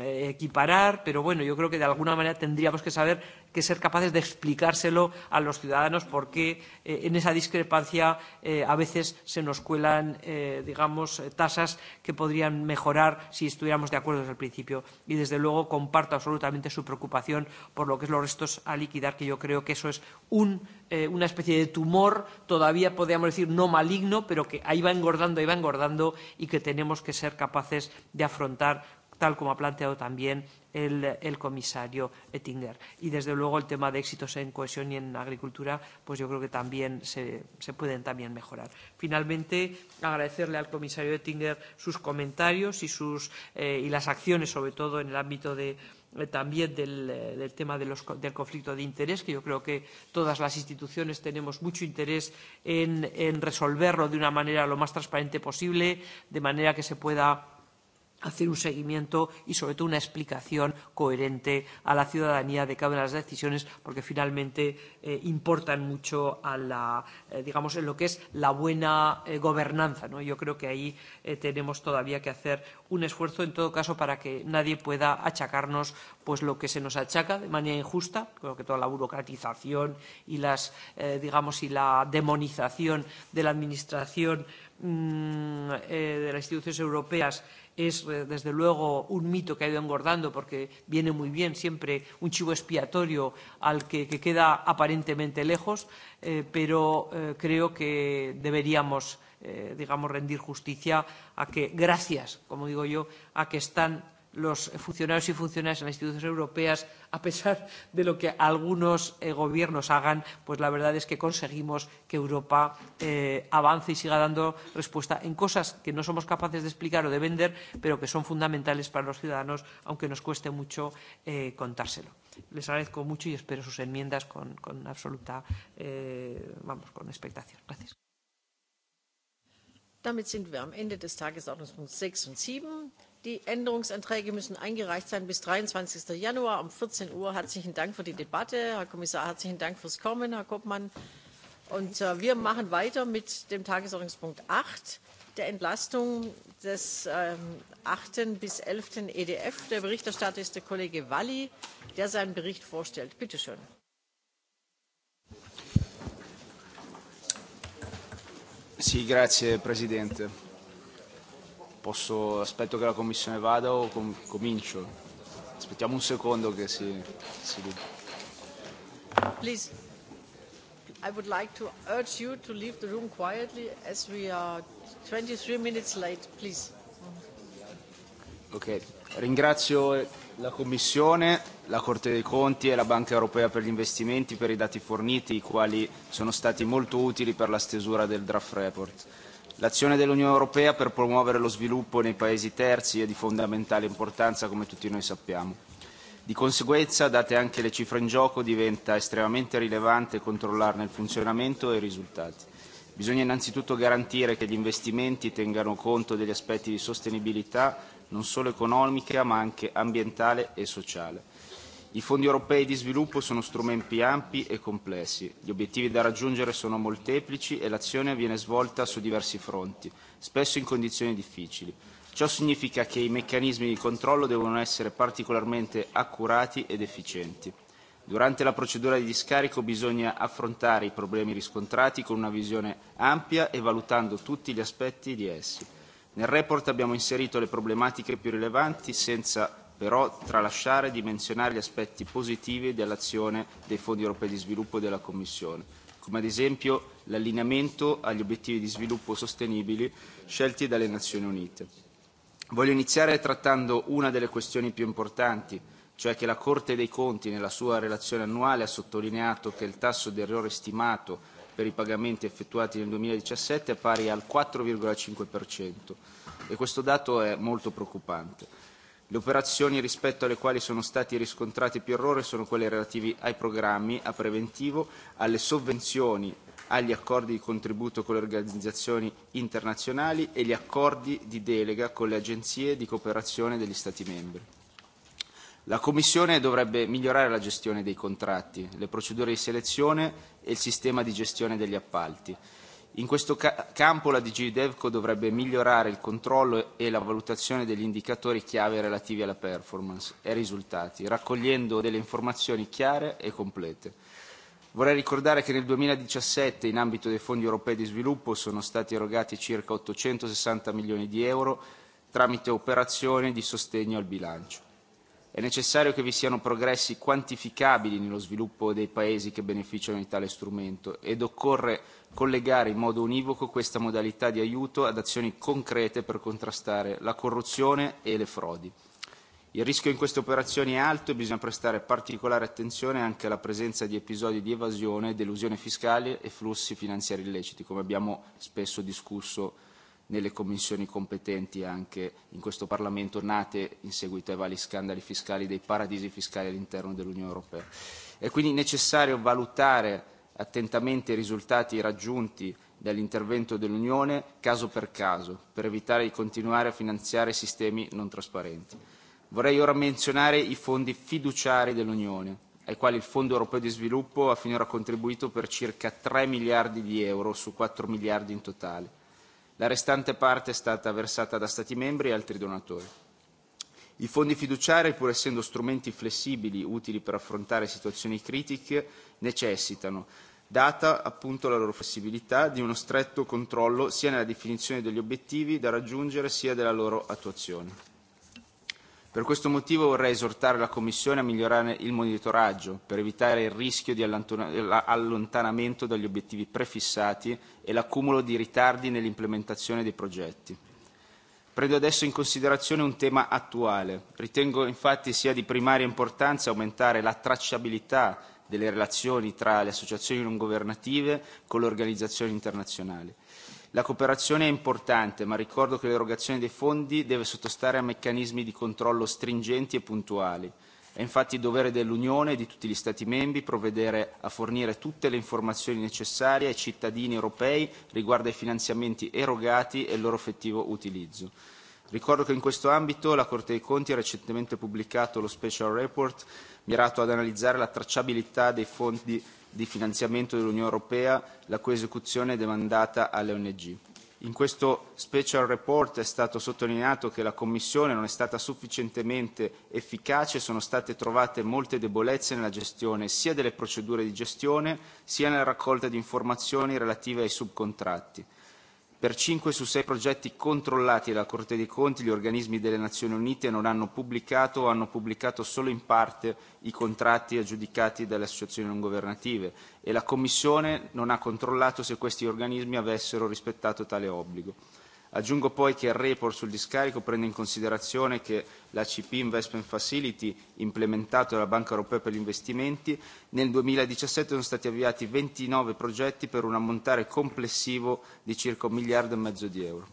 eh, equiparar, pero bueno, yo creo que de alguna manera tendríamos que saber que ser capaces de explicárselo a los ciudadanos porque eh, en esa discrepancia eh, a veces se nos cuelan, eh, digamos, tasas que podrían mejorar votar si estuviéramos de acuerdo desde el principio. Y desde luego comparto absolutamente su preocupación por lo que es los restos a liquidar, que yo creo que eso es un, eh, una especie de tumor, todavía podríamos decir no maligno, pero que ahí va engordando, ahí va engordando y que tenemos que ser capaces de afrontar tal como ha planteado también el, el comisario Ettinger. Y, desde luego, el tema de éxitos en cohesión y en agricultura, pues yo creo que también se, se pueden también mejorar. Finalmente, agradecerle al comisario Ettinger sus comentarios y, sus, eh, y las acciones, sobre todo en el ámbito de, también del, del tema de los, del conflicto de interés, que yo creo que todas las instituciones tenemos mucho interés en, en resolverlo de una manera lo más transparente posible, de manera que se pueda hacer un seguimiento y sobre todo una explicación coherente a la ciudadanía de cada una de las decisiones porque finalmente eh, importan mucho a la, eh, digamos en lo que es la buena eh, gobernanza ¿no? yo creo que ahí eh, tenemos todavía que hacer un esfuerzo en todo caso para que nadie pueda achacarnos pues lo que se nos achaca de manera injusta creo que toda la burocratización y las eh, digamos y la demonización de la administración mmm, eh, de las instituciones europeas es desde luego un mito que ha ido engordando porque viene muy bien siempre un chivo expiatorio al que, que queda aparentemente lejos, eh, pero eh, creo que deberíamos, eh, digamos, rendir justicia a que, gracias, como digo yo, a que están los funcionarios y funcionarias en las instituciones europeas, a pesar de lo que algunos eh, gobiernos hagan, pues la verdad es que conseguimos que Europa eh, avance y siga dando respuesta en cosas que no somos capaces de explicar o de vender, pero que son fundamentales para los ciudadanos, aunque nos cueste mucho eh, contárselo. Les agradezco mucho y espero sus enmiendas con, con absoluta, eh, vamos, con expectación. Gracias. Damit sind wir am Ende des Tagesordnungspunkts 6 und 7. Die Änderungsanträge müssen eingereicht sein bis 23. Januar um 14 Uhr. Herzlichen Dank für die Debatte. Herr Kommissar, herzlichen Dank fürs Kommen, Herr Koppmann. Und wir machen weiter mit dem Tagesordnungspunkt 8, der Entlastung des 8. bis 11. EDF. Der Berichterstatter ist der Kollege Valli, der seinen Bericht vorstellt. Bitte schön. Sì, grazie Presidente. Posso, aspetto che la commissione vada o com- comincio? Aspettiamo un secondo che si... si... Please. I would like to urge you to leave the room quietly as we are 23 minutes late, please. Ok, ringrazio la Commissione, la Corte dei Conti e la Banca Europea per gli investimenti per i dati forniti, i quali sono stati molto utili per la stesura del draft report. L'azione dell'Unione europea per promuovere lo sviluppo nei paesi terzi è di fondamentale importanza, come tutti noi sappiamo. Di conseguenza, date anche le cifre in gioco, diventa estremamente rilevante controllarne il funzionamento e i risultati. Bisogna innanzitutto garantire che gli investimenti tengano conto degli aspetti di sostenibilità non solo economica ma anche ambientale e sociale. I fondi europei di sviluppo sono strumenti ampi e complessi, gli obiettivi da raggiungere sono molteplici e l'azione viene svolta su diversi fronti, spesso in condizioni difficili. Ciò significa che i meccanismi di controllo devono essere particolarmente accurati ed efficienti. Durante la procedura di discarico bisogna affrontare i problemi riscontrati con una visione ampia e valutando tutti gli aspetti di essi. Nel report abbiamo inserito le problematiche più rilevanti senza però tralasciare di menzionare gli aspetti positivi dell'azione dei fondi europei di sviluppo della Commissione, come ad esempio l'allineamento agli obiettivi di sviluppo sostenibili scelti dalle Nazioni Unite. Voglio iniziare trattando una delle questioni più importanti, cioè che la Corte dei Conti nella sua relazione annuale ha sottolineato che il tasso di errore stimato per i pagamenti effettuati nel 2017 è pari al 4,5% e questo dato è molto preoccupante. Le operazioni rispetto alle quali sono stati riscontrati più errori sono quelle relativi ai programmi a preventivo, alle sovvenzioni, agli accordi di contributo con le organizzazioni internazionali e gli accordi di delega con le agenzie di cooperazione degli Stati membri. La Commissione dovrebbe migliorare la gestione dei contratti, le procedure di selezione e il sistema di gestione degli appalti. In questo ca- campo la DG DevCo dovrebbe migliorare il controllo e la valutazione degli indicatori chiave relativi alla performance e ai risultati, raccogliendo delle informazioni chiare e complete. Vorrei ricordare che nel 2017 in ambito dei fondi europei di sviluppo sono stati erogati circa 860 milioni di euro tramite operazioni di sostegno al bilancio. È necessario che vi siano progressi quantificabili nello sviluppo dei paesi che beneficiano di tale strumento ed occorre collegare in modo univoco questa modalità di aiuto ad azioni concrete per contrastare la corruzione e le frodi. Il rischio in queste operazioni è alto e bisogna prestare particolare attenzione anche alla presenza di episodi di evasione delusione fiscale e flussi finanziari illeciti, come abbiamo spesso discusso nelle commissioni competenti anche in questo Parlamento, nate in seguito ai vari scandali fiscali dei paradisi fiscali all'interno dell'Unione Europea. È quindi necessario valutare attentamente i risultati raggiunti dall'intervento dell'Unione caso per caso, per evitare di continuare a finanziare sistemi non trasparenti. Vorrei ora menzionare i fondi fiduciari dell'Unione, ai quali il Fondo europeo di sviluppo ha finora contribuito per circa 3 miliardi di euro su 4 miliardi in totale. La restante parte è stata versata da Stati membri e altri donatori. I fondi fiduciari, pur essendo strumenti flessibili utili per affrontare situazioni critiche, necessitano, data appunto la loro flessibilità, di uno stretto controllo sia nella definizione degli obiettivi da raggiungere sia della loro attuazione. Per questo motivo vorrei esortare la Commissione a migliorare il monitoraggio per evitare il rischio di allontanamento dagli obiettivi prefissati e l'accumulo di ritardi nell'implementazione dei progetti. Prendo adesso in considerazione un tema attuale. Ritengo infatti sia di primaria importanza aumentare la tracciabilità delle relazioni tra le associazioni non governative con le organizzazioni internazionali. La cooperazione è importante, ma ricordo che l'erogazione dei fondi deve sottostare a meccanismi di controllo stringenti e puntuali. È infatti dovere dell'Unione e di tutti gli Stati membri provvedere a fornire tutte le informazioni necessarie ai cittadini europei riguardo ai finanziamenti erogati e il loro effettivo utilizzo. Ricordo che in questo ambito la Corte dei Conti ha recentemente pubblicato lo Special Report mirato ad analizzare la tracciabilità dei fondi di finanziamento dell'Unione Europea, la cui esecuzione è demandata alle ONG. In questo special report è stato sottolineato che la Commissione non è stata sufficientemente efficace e sono state trovate molte debolezze nella gestione sia delle procedure di gestione sia nella raccolta di informazioni relative ai subcontratti. Per 5 su 6 progetti controllati dalla Corte dei Conti, gli organismi delle Nazioni Unite non hanno pubblicato o hanno pubblicato solo in parte i contratti aggiudicati dalle associazioni non governative e la Commissione non ha controllato se questi organismi avessero rispettato tale obbligo. Aggiungo poi che il report sul discarico prende in considerazione che l'ACP Investment Facility, implementato dalla Banca europea per gli investimenti, nel 2017 sono stati avviati 29 progetti per un ammontare complessivo di circa un miliardo e mezzo di euro.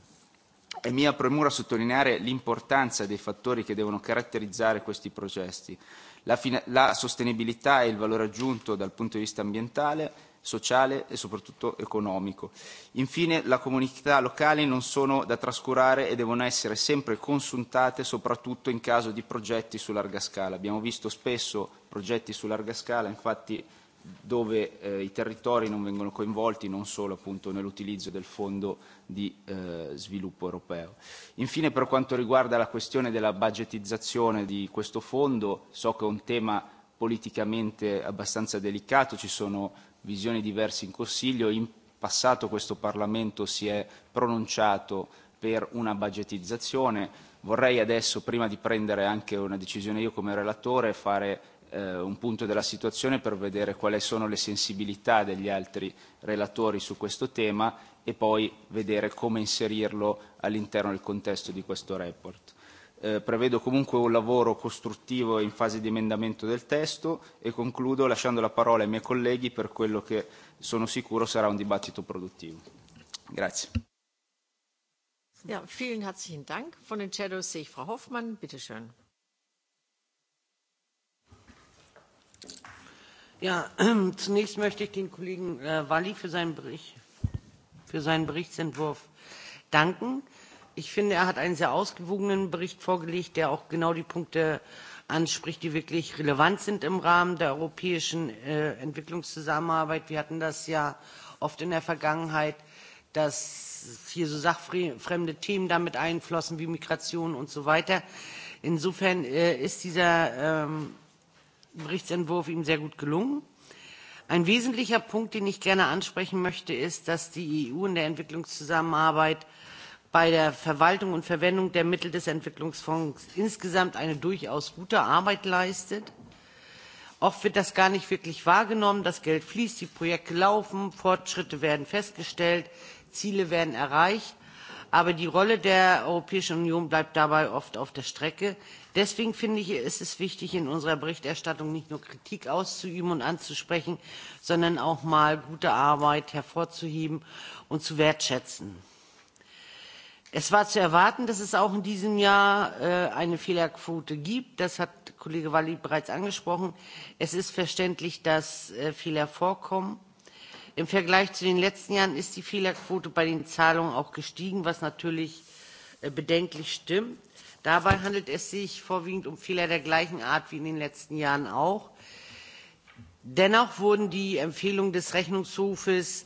È mia premura sottolineare l'importanza dei fattori che devono caratterizzare questi progetti, la, la sostenibilità e il valore aggiunto dal punto di vista ambientale, sociale e soprattutto economico. Infine, le comunità locali non sono da trascurare e devono essere sempre consultate, soprattutto in caso di progetti su larga scala. Abbiamo visto spesso progetti su larga scala, infatti dove eh, i territori non vengono coinvolti non solo appunto nell'utilizzo del fondo di eh, sviluppo europeo. Infine per quanto riguarda la questione della budgetizzazione di questo fondo, so che è un tema politicamente abbastanza delicato, ci sono visioni diverse in Consiglio. In passato questo Parlamento si è pronunciato per una budgetizzazione. Vorrei adesso, prima di prendere anche una decisione io come relatore, fare eh, un punto della situazione per vedere quali sono le sensibilità degli altri relatori su questo tema e poi vedere come inserirlo all'interno del contesto di questo report prevedo comunque un lavoro costruttivo in fase di emendamento del testo e concludo lasciando la parola ai miei colleghi per quello che sono sicuro sarà un dibattito produttivo. Grazie. Ja, vielen herzlichen Dank. Von den Shadows sehe ich Frau Hoffmann. Bitte schön. Ja, zunächst möchte ich den Kollegen äh, Walli für seinen, Bericht, für seinen Berichtsentwurf danken. Ich finde, er hat einen sehr ausgewogenen Bericht vorgelegt, der auch genau die Punkte anspricht, die wirklich relevant sind im Rahmen der europäischen Entwicklungszusammenarbeit. Wir hatten das ja oft in der Vergangenheit, dass hier so sachfremde Themen damit einflossen wie Migration und so weiter. Insofern ist dieser Berichtsentwurf ihm sehr gut gelungen. Ein wesentlicher Punkt, den ich gerne ansprechen möchte, ist, dass die EU in der Entwicklungszusammenarbeit bei der Verwaltung und Verwendung der Mittel des Entwicklungsfonds insgesamt eine durchaus gute Arbeit leistet. Oft wird das gar nicht wirklich wahrgenommen. Das Geld fließt, die Projekte laufen, Fortschritte werden festgestellt, Ziele werden erreicht. Aber die Rolle der Europäischen Union bleibt dabei oft auf der Strecke. Deswegen finde ich, ist es wichtig, in unserer Berichterstattung nicht nur Kritik auszuüben und anzusprechen, sondern auch mal gute Arbeit hervorzuheben und zu wertschätzen. Es war zu erwarten, dass es auch in diesem Jahr eine Fehlerquote gibt. Das hat Kollege Walli bereits angesprochen. Es ist verständlich, dass Fehler vorkommen. Im Vergleich zu den letzten Jahren ist die Fehlerquote bei den Zahlungen auch gestiegen, was natürlich bedenklich stimmt. Dabei handelt es sich vorwiegend um Fehler der gleichen Art wie in den letzten Jahren auch. Dennoch wurden die Empfehlungen des Rechnungshofes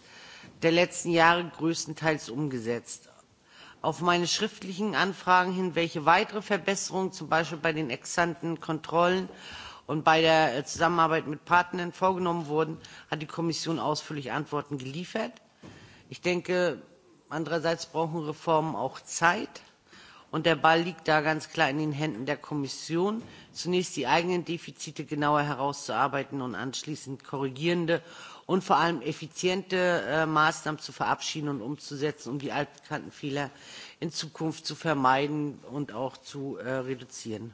der letzten Jahre größtenteils umgesetzt auf meine schriftlichen Anfragen hin, welche weitere Verbesserungen zum Beispiel bei den exanten Kontrollen und bei der Zusammenarbeit mit Partnern vorgenommen wurden, hat die Kommission ausführlich Antworten geliefert. Ich denke, andererseits brauchen Reformen auch Zeit. Und der Ball liegt da ganz klar in den Händen der Kommission, zunächst die eigenen Defizite genauer herauszuarbeiten und anschließend korrigierende und vor allem effiziente Maßnahmen zu verabschieden und umzusetzen, um die altbekannten Fehler in Zukunft zu vermeiden und auch zu reduzieren.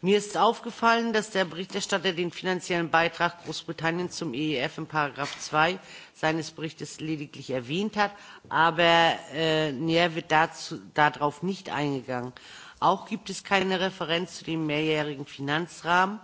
Mir ist aufgefallen, dass der Berichterstatter den finanziellen Beitrag Großbritanniens zum EEF in Paragraph 2 seines Berichtes lediglich erwähnt hat, aber äh, näher wird dazu, darauf nicht eingegangen. Auch gibt es keine Referenz zu dem mehrjährigen Finanzrahmen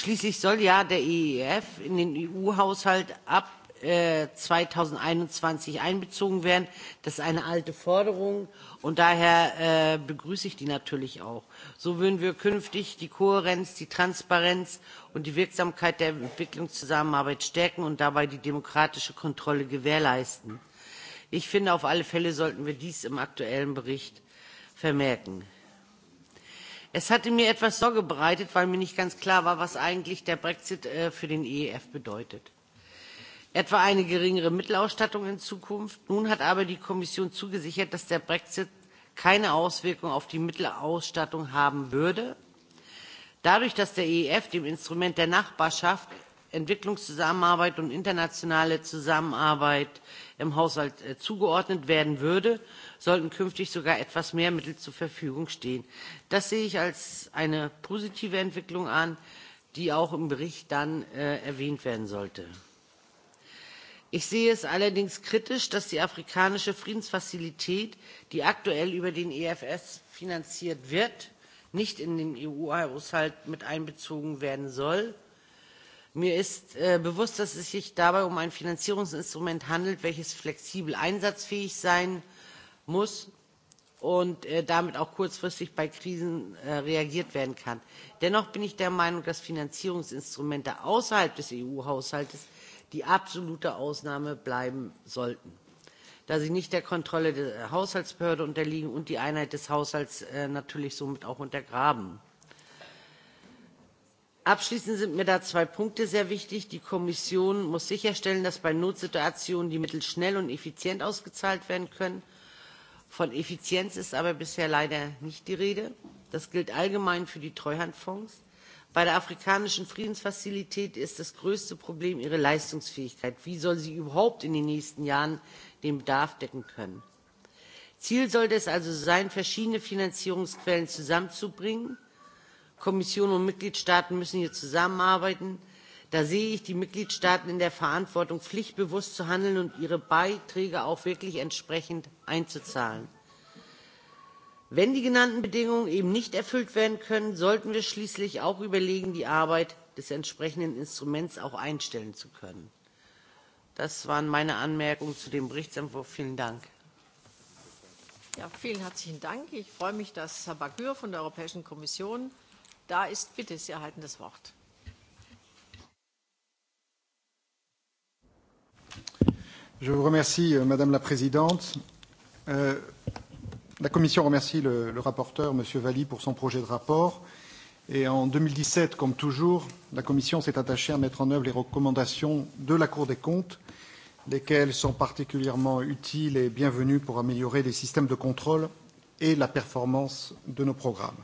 Schließlich soll ja der EEF in den EU-Haushalt ab 2021 einbezogen werden. Das ist eine alte Forderung und daher begrüße ich die natürlich auch. So würden wir künftig die Kohärenz, die Transparenz und die Wirksamkeit der Entwicklungszusammenarbeit stärken und dabei die demokratische Kontrolle gewährleisten. Ich finde, auf alle Fälle sollten wir dies im aktuellen Bericht vermerken. Es hatte mir etwas Sorge bereitet, weil mir nicht ganz klar war, was eigentlich der Brexit für den EEF bedeutet. Etwa eine geringere Mittelausstattung in Zukunft. Nun hat aber die Kommission zugesichert, dass der Brexit keine Auswirkung auf die Mittelausstattung haben würde. Dadurch, dass der EEF dem Instrument der Nachbarschaft Entwicklungszusammenarbeit und internationale Zusammenarbeit im Haushalt zugeordnet werden würde, sollten künftig sogar etwas mehr Mittel zur Verfügung stehen. Das sehe ich als eine positive Entwicklung an, die auch im Bericht dann äh, erwähnt werden sollte. Ich sehe es allerdings kritisch, dass die afrikanische Friedensfazilität, die aktuell über den EFS finanziert wird, nicht in den EU-Haushalt mit einbezogen werden soll. Mir ist bewusst, dass es sich dabei um ein Finanzierungsinstrument handelt, welches flexibel einsatzfähig sein muss und damit auch kurzfristig bei Krisen reagiert werden kann. Dennoch bin ich der Meinung, dass Finanzierungsinstrumente außerhalb des EU-Haushaltes die absolute Ausnahme bleiben sollten, da sie nicht der Kontrolle der Haushaltsbehörde unterliegen und die Einheit des Haushalts natürlich somit auch untergraben. Abschließend sind mir da zwei Punkte sehr wichtig. Die Kommission muss sicherstellen, dass bei Notsituationen die Mittel schnell und effizient ausgezahlt werden können – Von Effizienz ist aber bisher leider nicht die Rede. Das gilt allgemein für die Treuhandfonds. Bei der afrikanischen Friedensfazilität ist das größte Problem ihre Leistungsfähigkeit. Wie soll sie überhaupt in den nächsten Jahren den Bedarf decken können? Ziel sollte es also sein, verschiedene Finanzierungsquellen zusammenzubringen. Kommission und Mitgliedstaaten müssen hier zusammenarbeiten Da sehe ich die Mitgliedstaaten in der Verantwortung, pflichtbewusst zu handeln und ihre Beiträge auch wirklich entsprechend einzuzahlen. Wenn die genannten Bedingungen eben nicht erfüllt werden können, sollten wir schließlich auch überlegen, die Arbeit des entsprechenden Instruments auch einstellen zu können. Das waren meine Anmerkungen zu dem Berichtsentwurf. Vielen Dank. Ja, vielen herzlichen Dank. Ich freue mich, dass Herr Bagür von der Europäischen Kommission da ist. Bitte, Sie erhalten das Wort. Je vous remercie, Madame la Présidente. La Commission remercie le, le rapporteur, M. Valli, pour son projet de rapport. Et en 2017, comme toujours, la Commission s'est attachée à mettre en œuvre les recommandations de la Cour des comptes, lesquelles sont particulièrement utiles et bienvenues pour améliorer les systèmes de contrôle et la performance de nos programmes.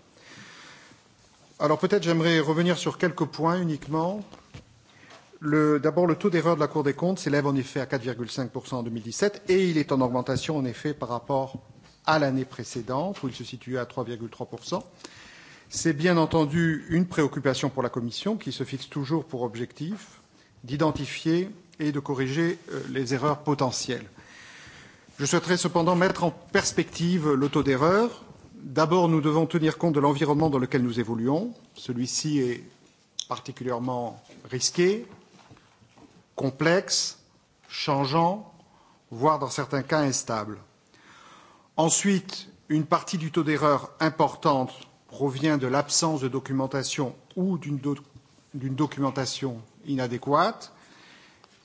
Alors peut-être j'aimerais revenir sur quelques points uniquement D'abord, le taux d'erreur de la Cour des comptes s'élève en effet à 4,5% en 2017 et il est en augmentation en effet par rapport à l'année précédente où il se situait à 3,3%. C'est bien entendu une préoccupation pour la Commission qui se fixe toujours pour objectif d'identifier et de corriger les erreurs potentielles. Je souhaiterais cependant mettre en perspective le taux d'erreur. D'abord, nous devons tenir compte de l'environnement dans lequel nous évoluons. Celui-ci est particulièrement risqué, complexe, changeant, voire dans certains cas instable. Ensuite, une partie du taux d'erreur importante provient de l'absence de documentation ou d'une documentation inadéquate.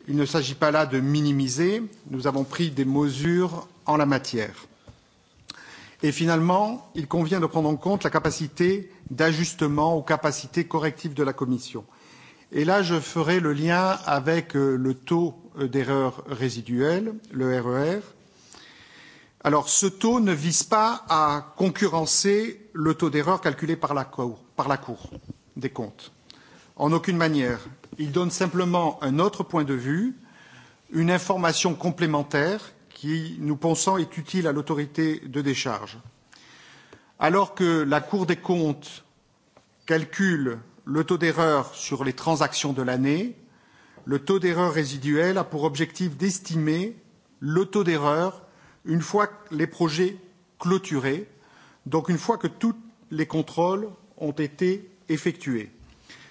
Il ne s'agit pas là de minimiser, nous avons pris des mesures en la matière. Et finalement, il convient de prendre en compte la capacité d'ajustement aux capacités correctives de la Commission. Et là, je ferai le lien avec le taux d'erreur résiduelle, le RER. Alors, ce taux ne vise pas à concurrencer le taux d'erreur calculé par la, cour, par la Cour des comptes, en aucune manière. Il donne simplement un autre point de vue, une information complémentaire qui, nous pensons, est utile à l'autorité de décharge. Alors que la Cour des comptes calcule le taux d'erreur sur les transactions de l'année. Le taux d'erreur résiduel a pour objectif d'estimer le taux d'erreur une fois les projets clôturés, donc une fois que tous les contrôles ont été effectués.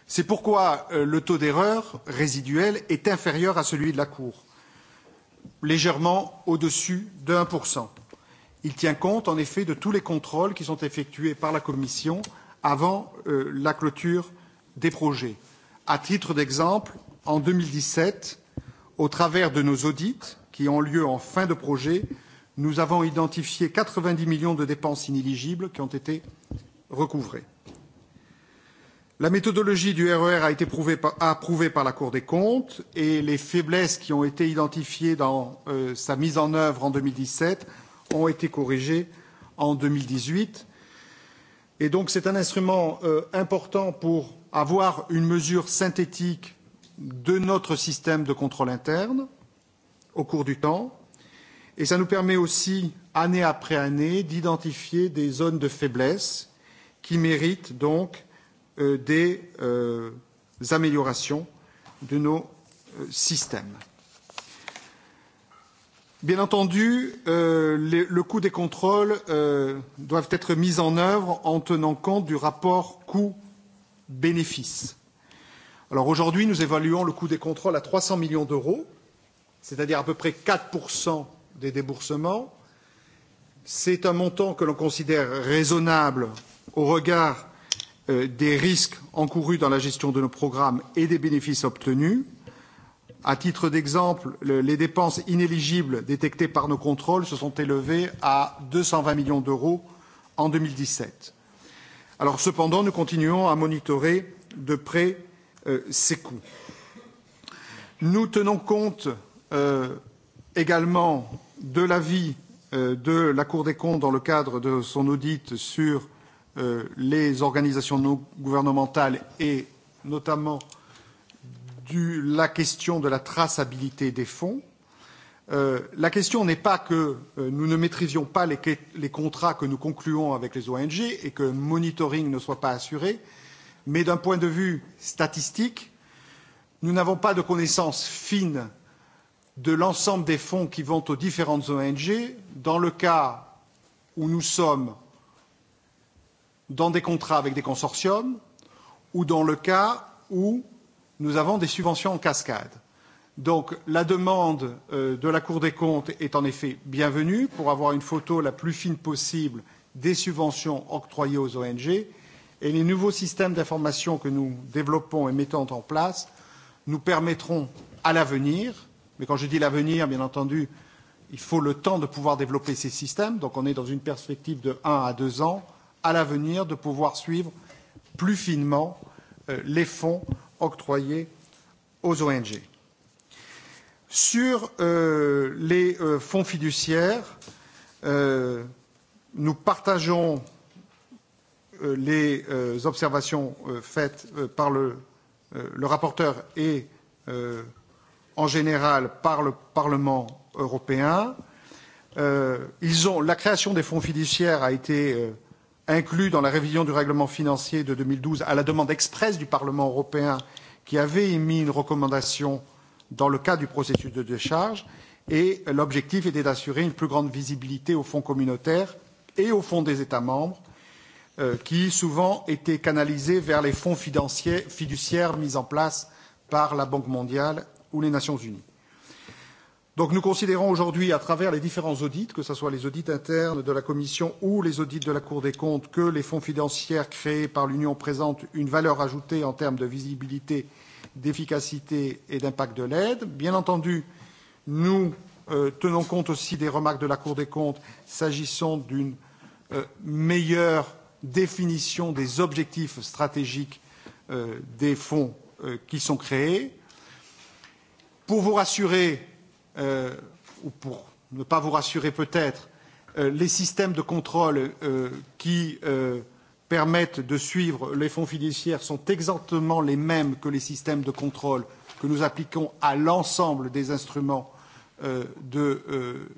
C'est pourquoi le taux d'erreur résiduel est inférieur à celui de la Cour, légèrement au-dessus de 1%. Il tient compte en effet de tous les contrôles qui sont effectués par la Commission avant la clôture des projets. À titre d'exemple, en 2017, au travers de nos audits qui ont lieu en fin de projet, nous avons identifié 90 millions de dépenses inéligibles qui ont été recouvrées. La méthodologie du RER a été approuvée par la Cour des comptes et les faiblesses qui ont été identifiées dans sa mise en œuvre en 2017 ont été corrigées en 2018. Et donc c'est un instrument important pour avoir une mesure synthétique de notre système de contrôle interne au cours du temps. Et ça nous permet aussi, année après année, d'identifier des zones de faiblesse qui méritent donc des améliorations de nos systèmes. Bien entendu, le coût des contrôles doivent être mis en œuvre en tenant compte du rapport coût bénéfices. Alors aujourd'hui, nous évaluons le coût des contrôles à 300 millions d'euros, c'est-à-dire à peu près 4 des déboursements. C'est un montant que l'on considère raisonnable au regard des risques encourus dans la gestion de nos programmes et des bénéfices obtenus. À titre d'exemple, les dépenses inéligibles détectées par nos contrôles se sont élevées à 220 millions d'euros en 2017 cependant, nous continuons à monitorer de près ces coûts. Nous tenons compte également de l'avis de la Cour des comptes dans le cadre de son audit sur les organisations non gouvernementales et notamment de la question de la traçabilité des fonds la question n'est pas que nous ne maîtrisions pas les, contrats que nous concluons avec les ONG et que le monitoring ne soit pas assuré, mais d'un point de vue statistique, nous n'avons pas de connaissance fine de l'ensemble des fonds qui vont aux différentes ONG. Dans le cas où nous sommes dans des contrats avec des consortiums ou dans le cas où nous avons des subventions en cascade. Donc la demande de la Cour des comptes est en effet bienvenue pour avoir une photo la plus fine possible des subventions octroyées aux ONG et les nouveaux systèmes d'information que nous développons et mettons en place nous permettront à l'avenir, mais quand je dis l'avenir, bien entendu, il faut le temps de pouvoir développer ces systèmes, donc on est dans une perspective de un à deux ans, à l'avenir de pouvoir suivre plus finement les fonds octroyés aux ONG. Sur les fonds fiduciaires, nous partageons les observations faites par le, rapporteur et en général par le Parlement européen. la création des fonds fiduciaires a été inclus dans la révision du règlement financier de deux mille douze à la demande expresse du Parlement européen qui avait émis une recommandation euh, dans le cadre du processus de décharge et l'objectif était d'assurer une plus grande visibilité aux fonds communautaires et aux fonds des États membres qui souvent étaient canalisés vers les fonds fiduciaires mis en place par la Banque mondiale ou les Nations unies. Donc nous considérons aujourd'hui, à travers les différents audits, que ce soit les audits internes de la Commission ou les audits de la Cour des comptes, que les fonds fiduciaires créés par l'Union présentent une valeur ajoutée en termes de visibilité d'efficacité et d'impact de l'aide. Bien entendu, nous tenons compte aussi des remarques de la Cour des comptes s'agissant d'une meilleure définition des objectifs stratégiques des fonds qui sont créés. Pour vous rassurer, ou pour ne pas vous rassurer peut-être, les systèmes de contrôle qui permettent de suivre les fonds fiduciaires sont exactement les mêmes que les systèmes de contrôle que nous appliquons à l'ensemble des instruments de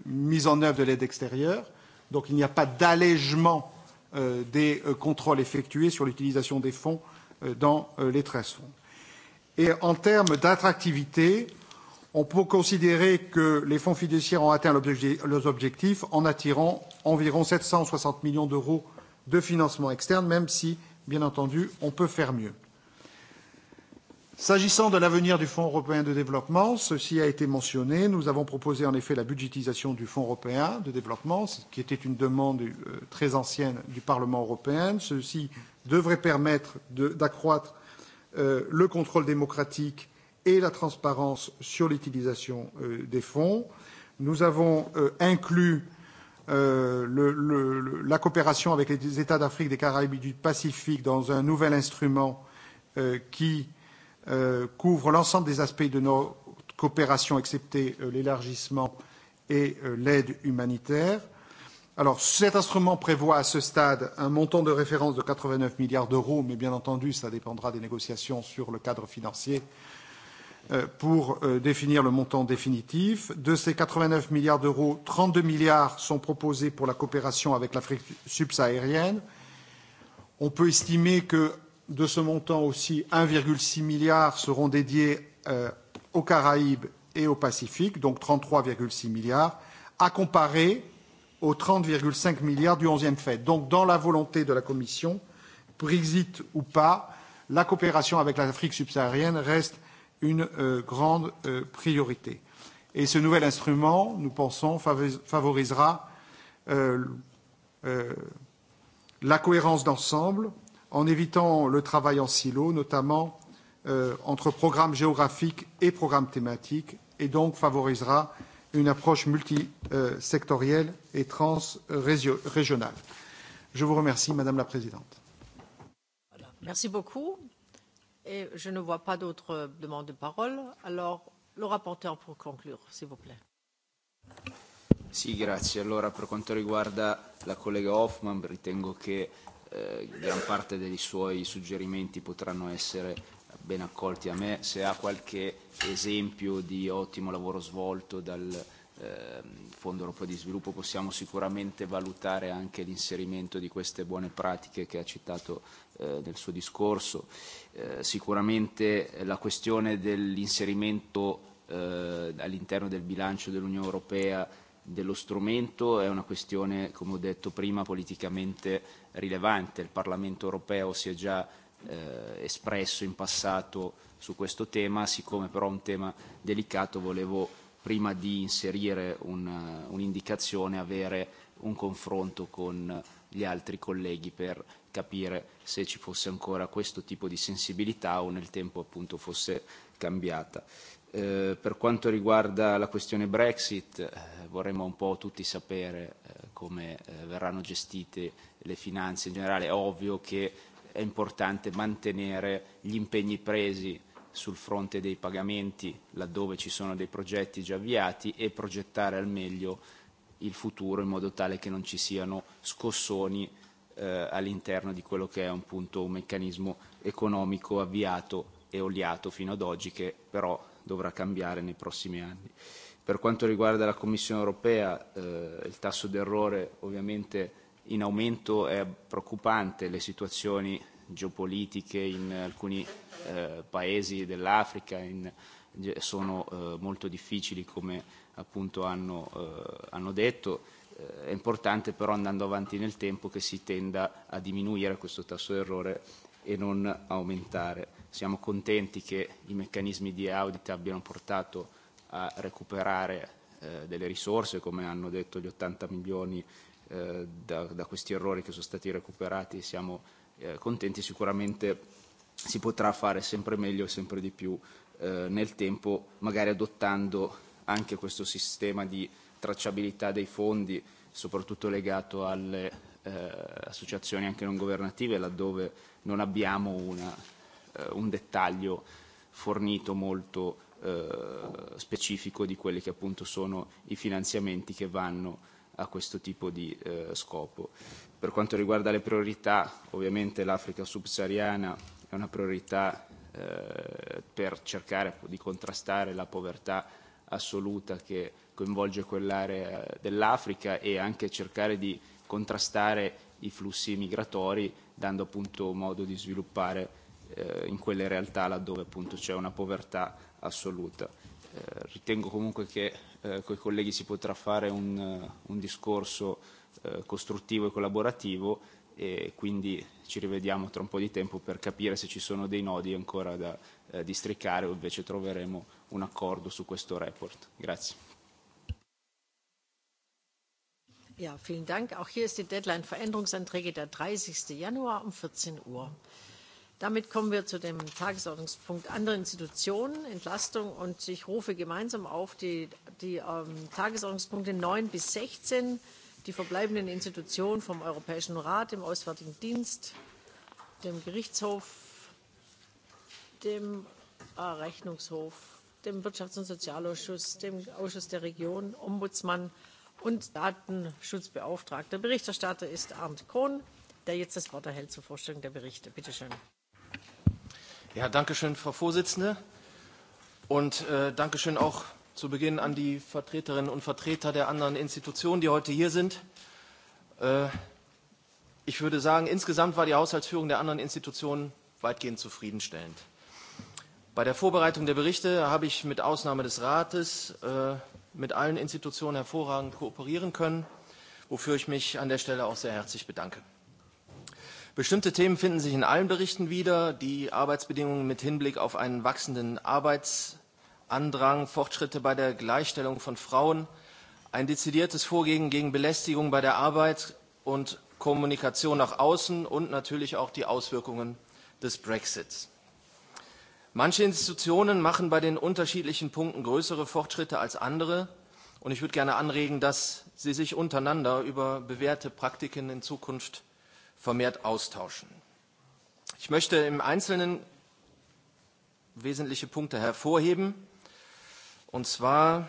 mise en œuvre de l'aide extérieure. Donc il n'y a pas d'allègement des contrôles effectués sur l'utilisation des fonds dans les 13 fonds. Et en termes d'attractivité, on peut considérer que les fonds fiduciaires ont atteint leurs objectifs en attirant environ 760 millions d'euros de financement externe, même si, bien entendu, on peut faire mieux. S'agissant de l'avenir du Fonds européen de développement, ceci a été mentionné. Nous avons proposé en effet la budgétisation du Fonds européen de développement, ce qui était une demande très ancienne du Parlement européen. Ceci devrait permettre d'accroître le contrôle démocratique et la transparence sur l'utilisation des fonds. Nous avons inclus la coopération avec les États d'Afrique, des Caraïbes et du Pacifique dans un nouvel instrument qui couvre l'ensemble des aspects de nos coopération, excepté l'élargissement et l'aide humanitaire. Alors, cet instrument prévoit à ce stade un montant de référence de 89 milliards d'euros, mais bien entendu, cela dépendra des négociations sur le cadre financier pour définir le montant définitif. De ces 89 milliards d'euros, 32 milliards sont proposés pour la coopération avec l'Afrique subsaharienne. On peut estimer que de ce montant aussi, 1,6 milliard seront dédiés aux Caraïbes et au Pacifique, donc 33,6 milliards, à comparer aux 30,5 milliards du 11e FED. Donc, dans la volonté de la Commission, Brexit ou pas, la coopération avec l'Afrique subsaharienne reste une euh, grande euh, priorité. Et ce nouvel instrument, nous pensons, favorisera euh, euh, la cohérence d'ensemble en évitant le travail en silo, notamment euh, entre programmes géographiques et programmes thématiques, et donc favorisera une approche multisectorielle et transrégionale. Je vous remercie, Madame la Présidente. Merci beaucoup. Et je ne vois pas d'autres demandes de parole. Alors, le rapporteur pour conclure, s'il vous plaît. Sì, grazie. Allora, per quanto riguarda la collega Hoffman, ritengo che eh, gran parte dei suoi suggerimenti potranno essere ben accolti a me. Se ha qualche esempio di ottimo lavoro svolto dal, eh, eh, Fondo Europeo di Sviluppo possiamo sicuramente valutare anche l'inserimento di queste buone pratiche che ha citato eh, nel suo discorso. Eh, sicuramente la questione dell'inserimento eh, all'interno del bilancio dell'Unione Europea dello strumento è una questione, come ho detto prima, politicamente rilevante. Il Parlamento europeo si è già eh, espresso in passato su questo tema, siccome però è un tema delicato volevo prima di inserire un, un'indicazione, avere un confronto con gli altri colleghi per capire se ci fosse ancora questo tipo di sensibilità o nel tempo appunto fosse cambiata. Eh, per quanto riguarda la questione Brexit, eh, vorremmo un po' tutti sapere eh, come eh, verranno gestite le finanze in generale. È ovvio che è importante mantenere gli impegni presi sul fronte dei pagamenti, laddove ci sono dei progetti già avviati, e progettare al meglio il futuro in modo tale che non ci siano scossoni eh, all'interno di quello che è un, punto, un meccanismo economico avviato e oliato fino ad oggi che però dovrà cambiare nei prossimi anni. Per quanto riguarda la Commissione europea, eh, il tasso d'errore ovviamente in aumento è preoccupante, le situazioni geopolitiche in alcuni eh, paesi dell'Africa in, sono eh, molto difficili come appunto hanno, eh, hanno detto. È importante però andando avanti nel tempo che si tenda a diminuire questo tasso d'errore e non aumentare. Siamo contenti che i meccanismi di audit abbiano portato a recuperare eh, delle risorse, come hanno detto gli 80 milioni eh, da, da questi errori che sono stati recuperati, siamo eh, contenti, sicuramente si potrà fare sempre meglio e sempre di più eh, nel tempo, magari adottando anche questo sistema di tracciabilità dei fondi, soprattutto legato alle eh, associazioni anche non governative, laddove non abbiamo una, eh, un dettaglio fornito molto eh, specifico di quelli che appunto sono i finanziamenti che vanno a questo tipo di eh, scopo. Per quanto riguarda le priorità, ovviamente l'Africa subsahariana è una priorità eh, per cercare di contrastare la povertà assoluta che coinvolge quell'area dell'Africa e anche cercare di contrastare i flussi migratori dando appunto modo di sviluppare eh, in quelle realtà laddove appunto c'è una povertà assoluta ritengo comunque che eh, con i colleghi si potrà fare un, un discorso eh, costruttivo e collaborativo e quindi ci rivediamo tra un po' di tempo per capire se ci sono dei nodi ancora da eh, districare o invece troveremo un accordo su questo report. Grazie. Ja, vielen Dank. Auch hier ist die Deadline für Änderungsanträge der 30. Januar um 14 Uhr. Damit kommen wir zu dem Tagesordnungspunkt andere Institutionen, Entlastung und ich rufe gemeinsam auf die, die ähm, Tagesordnungspunkte 9 bis 16, die verbleibenden Institutionen vom Europäischen Rat, dem Auswärtigen Dienst, dem Gerichtshof, dem äh, Rechnungshof, dem Wirtschafts- und Sozialausschuss, dem Ausschuss der Region, Ombudsmann und Datenschutzbeauftragter. Berichterstatter ist Arndt Kohn, der jetzt das Wort erhält zur Vorstellung der Berichte. Bitte schön. Ja, danke schön, Frau Vorsitzende. Und äh, danke schön auch zu Beginn an die Vertreterinnen und Vertreter der anderen Institutionen, die heute hier sind. Äh, ich würde sagen, insgesamt war die Haushaltsführung der anderen Institutionen weitgehend zufriedenstellend. Bei der Vorbereitung der Berichte habe ich mit Ausnahme des Rates äh, mit allen Institutionen hervorragend kooperieren können, wofür ich mich an der Stelle auch sehr herzlich bedanke. Bestimmte Themen finden sich in allen Berichten wieder. Die Arbeitsbedingungen mit Hinblick auf einen wachsenden Arbeitsandrang, Fortschritte bei der Gleichstellung von Frauen, ein dezidiertes Vorgehen gegen Belästigung bei der Arbeit und Kommunikation nach außen und natürlich auch die Auswirkungen des Brexits. Manche Institutionen machen bei den unterschiedlichen Punkten größere Fortschritte als andere. Und ich würde gerne anregen, dass Sie sich untereinander über bewährte Praktiken in Zukunft vermehrt austauschen. Ich möchte im Einzelnen wesentliche Punkte hervorheben, und zwar,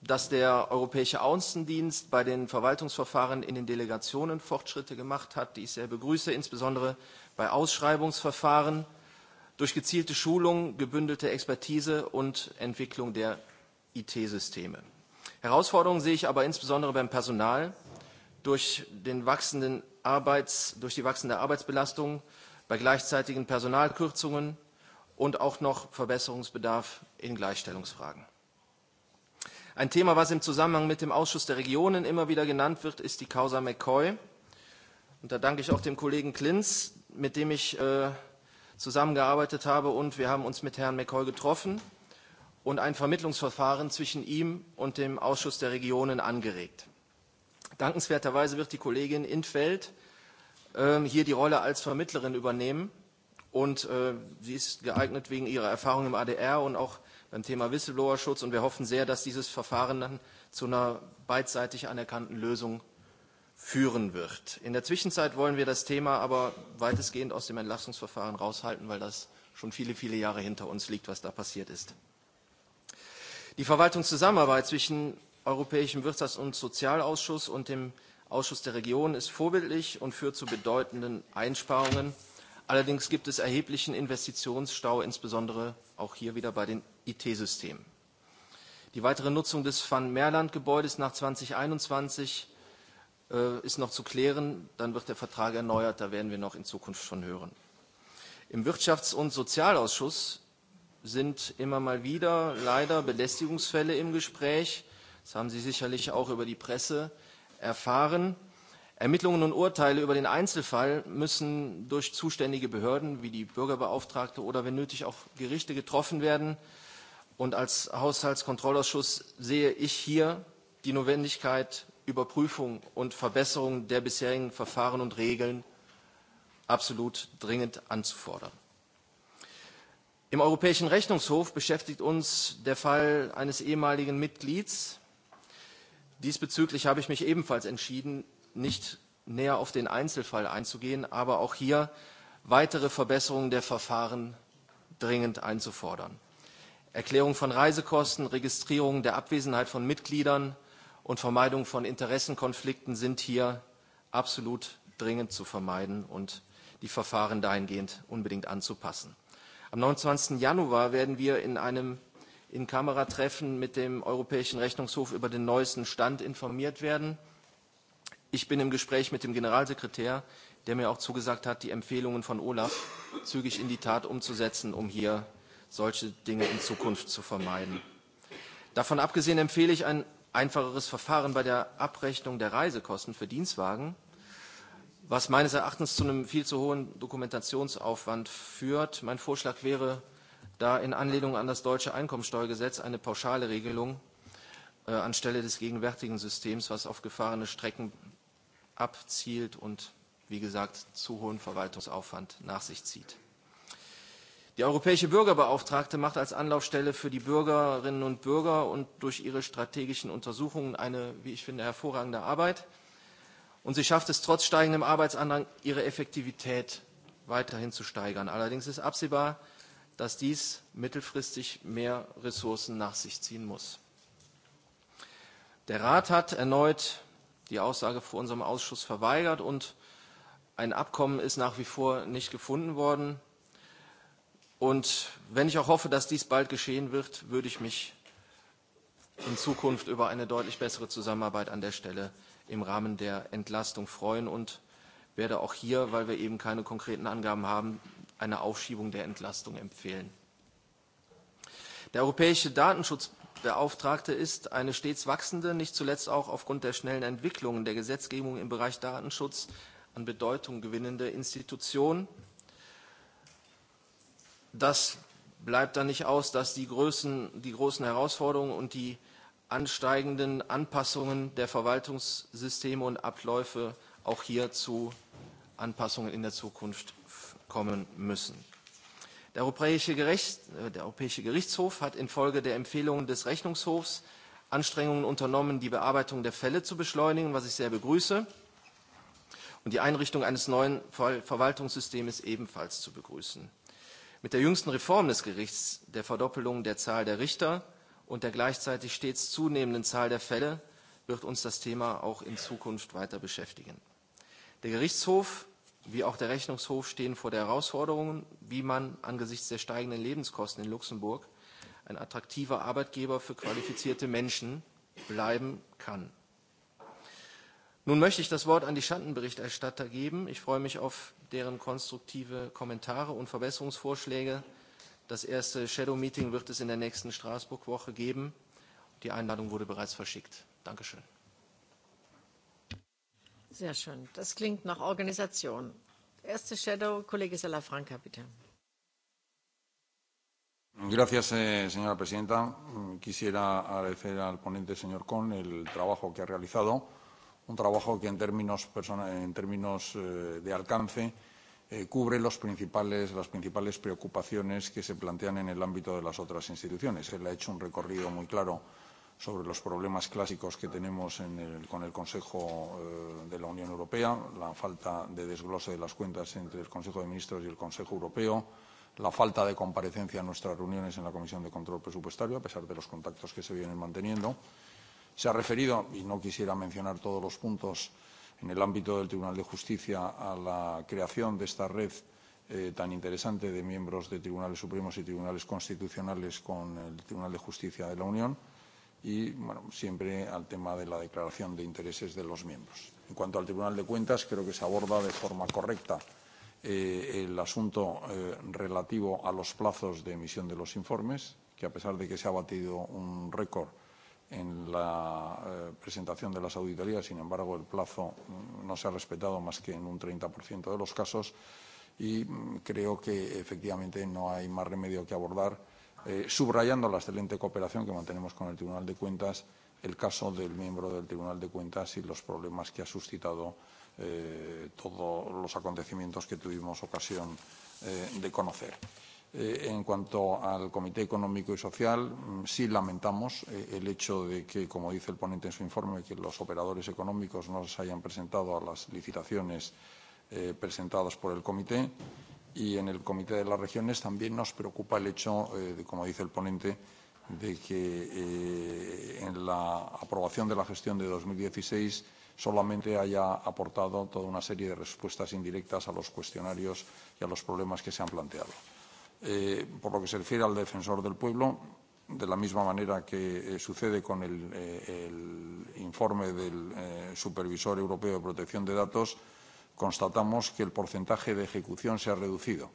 dass der Europäische Außendienst bei den Verwaltungsverfahren in den Delegationen Fortschritte gemacht hat, die ich sehr begrüße, insbesondere bei Ausschreibungsverfahren durch gezielte Schulung, gebündelte Expertise und Entwicklung der IT-Systeme. Herausforderungen sehe ich aber insbesondere beim Personal durch den wachsenden Arbeits, durch die wachsende Arbeitsbelastung, bei gleichzeitigen Personalkürzungen und auch noch Verbesserungsbedarf in Gleichstellungsfragen. Ein Thema, was im Zusammenhang mit dem Ausschuss der Regionen immer wieder genannt wird, ist die Causa McCoy. Und da danke ich auch dem Kollegen Klinz, mit dem ich äh, zusammengearbeitet habe. Und wir haben uns mit Herrn McCoy getroffen und ein Vermittlungsverfahren zwischen ihm und dem Ausschuss der Regionen angeregt. Dankenswerterweise wird die Kollegin Intfeld hier die Rolle als Vermittlerin übernehmen. Und sie ist geeignet wegen ihrer Erfahrung im ADR und auch beim Thema Whistleblower-Schutz. Und wir hoffen sehr, dass dieses Verfahren dann zu einer beidseitig anerkannten Lösung führen wird. In der Zwischenzeit wollen wir das Thema aber weitestgehend aus dem Entlastungsverfahren raushalten, weil das schon viele, viele Jahre hinter uns liegt, was da passiert ist. Die Verwaltungszusammenarbeit zwischen Europäischen Wirtschafts- und Sozialausschuss und dem Ausschuss der Regionen ist vorbildlich und führt zu bedeutenden Einsparungen. Allerdings gibt es erheblichen Investitionsstau, insbesondere auch hier wieder bei den IT-Systemen. Die weitere Nutzung des Van Meerland-Gebäudes nach 2021 ist noch zu klären. Dann wird der Vertrag erneuert. Da werden wir noch in Zukunft von hören. Im Wirtschafts- und Sozialausschuss sind immer mal wieder leider Belästigungsfälle im Gespräch. Das haben Sie sicherlich auch über die Presse erfahren. Ermittlungen und Urteile über den Einzelfall müssen durch zuständige Behörden wie die Bürgerbeauftragte oder wenn nötig auch Gerichte getroffen werden. Und als Haushaltskontrollausschuss sehe ich hier die Notwendigkeit, Überprüfung und Verbesserung der bisherigen Verfahren und Regeln absolut dringend anzufordern. Im Europäischen Rechnungshof beschäftigt uns der Fall eines ehemaligen Mitglieds Diesbezüglich habe ich mich ebenfalls entschieden, nicht näher auf den Einzelfall einzugehen, aber auch hier weitere Verbesserungen der Verfahren dringend einzufordern. Erklärung von Reisekosten, Registrierung der Abwesenheit von Mitgliedern und Vermeidung von Interessenkonflikten sind hier absolut dringend zu vermeiden und die Verfahren dahingehend unbedingt anzupassen. Am 29. Januar werden wir in einem in Kameratreffen mit dem Europäischen Rechnungshof über den neuesten Stand informiert werden. Ich bin im Gespräch mit dem Generalsekretär, der mir auch zugesagt hat, die Empfehlungen von Olaf zügig in die Tat umzusetzen, um hier solche Dinge in Zukunft zu vermeiden. Davon abgesehen empfehle ich ein einfacheres Verfahren bei der Abrechnung der Reisekosten für Dienstwagen, was meines Erachtens zu einem viel zu hohen Dokumentationsaufwand führt. Mein Vorschlag wäre, da in Anlehnung an das deutsche Einkommensteuergesetz eine pauschale Regelung anstelle des gegenwärtigen Systems, was auf gefahrene Strecken abzielt und, wie gesagt, zu hohen Verwaltungsaufwand nach sich zieht. Die Europäische Bürgerbeauftragte macht als Anlaufstelle für die Bürgerinnen und Bürger und durch ihre strategischen Untersuchungen eine, wie ich finde, hervorragende Arbeit. Und sie schafft es trotz steigendem Arbeitsandrang, ihre Effektivität weiterhin zu steigern. Allerdings ist absehbar, dass dies mittelfristig mehr Ressourcen nach sich ziehen muss. Der Rat hat erneut die Aussage vor unserem Ausschuss verweigert und ein Abkommen ist nach wie vor nicht gefunden worden. Und wenn ich auch hoffe, dass dies bald geschehen wird, würde ich mich in Zukunft über eine deutlich bessere Zusammenarbeit an der Stelle im Rahmen der Entlastung freuen und werde auch hier, weil wir eben keine konkreten Angaben haben, eine Aufschiebung der Entlastung empfehlen. Der europäische Datenschutzbeauftragte ist eine stets wachsende, nicht zuletzt auch aufgrund der schnellen Entwicklungen der Gesetzgebung im Bereich Datenschutz an Bedeutung gewinnende Institution. Das bleibt dann nicht aus, dass die, Größen, die großen Herausforderungen und die ansteigenden Anpassungen der Verwaltungssysteme und Abläufe auch hier zu Anpassungen in der Zukunft kommen müssen. Der Europäische, Gerichtshof hat infolge der Empfehlungen des Rechnungshofs Anstrengungen unternommen, die Bearbeitung der Fälle zu beschleunigen, was ich sehr begrüße, und die Einrichtung eines neuen Verwaltungssystems ebenfalls zu begrüßen. Mit der jüngsten Reform des Gerichts, der Verdoppelung der Zahl der Richter und der gleichzeitig stets zunehmenden Zahl der Fälle, wird uns das Thema auch in Zukunft weiter beschäftigen. Der Gerichtshof Wie auch der Rechnungshof stehen vor der Herausforderung, wie man angesichts der steigenden Lebenskosten in Luxemburg ein attraktiver Arbeitgeber für qualifizierte Menschen bleiben kann. Nun möchte ich das Wort an die Schattenberichterstatter geben. Ich freue mich auf deren konstruktive Kommentare und Verbesserungsvorschläge. Das erste Shadow Meeting wird es in der nächsten Straßburg-Woche geben. Die Einladung wurde bereits verschickt. Dankeschön. Sehr schön. Das klingt nach Organisation. Erste Shadow, Kollege Salafranca, bitte. Gracias, señora presidenta. Quisiera agradecer al ponente, señor Cohn, el trabajo que ha realizado. Un trabajo que, en términos, en términos de alcance, cubre los principales, las principales preocupaciones que se plantean en el ámbito de las otras instituciones. Él ha hecho un recorrido muy claro sobre los problemas clásicos que tenemos en el, con el Consejo eh, de la Unión Europea, la falta de desglose de las cuentas entre el Consejo de Ministros y el Consejo Europeo, la falta de comparecencia en nuestras reuniones en la Comisión de Control Presupuestario, a pesar de los contactos que se vienen manteniendo. Se ha referido, y no quisiera mencionar todos los puntos en el ámbito del Tribunal de Justicia, a la creación de esta red eh, tan interesante de miembros de tribunales supremos y tribunales constitucionales con el Tribunal de Justicia de la Unión y bueno, siempre al tema de la declaración de intereses de los miembros. En cuanto al Tribunal de Cuentas, creo que se aborda de forma correcta eh, el asunto eh, relativo a los plazos de emisión de los informes, que a pesar de que se ha batido un récord en la eh, presentación de las auditorías, sin embargo, el plazo no se ha respetado más que en un 30% de los casos y creo que efectivamente no hay más remedio que abordar eh, subrayando la excelente cooperación que mantenemos con el Tribunal de Cuentas, el caso del miembro del Tribunal de Cuentas y los problemas que ha suscitado eh, todos los acontecimientos que tuvimos ocasión eh, de conocer. Eh, en cuanto al Comité Económico y Social, sí lamentamos eh, el hecho de que, como dice el ponente en su informe, que los operadores económicos no se hayan presentado a las licitaciones eh, presentadas por el Comité y en el Comité de las Regiones también nos preocupa el hecho, eh, de, como dice el ponente, de que eh, en la aprobación de la gestión de 2016 solamente haya aportado toda una serie de respuestas indirectas a los cuestionarios y a los problemas que se han planteado. Eh, por lo que se refiere al defensor del pueblo, de la misma manera que eh, sucede con el, eh, el informe del eh, Supervisor Europeo de Protección de Datos, eh, constatamos que el porcentaje de ejecución se ha reducido.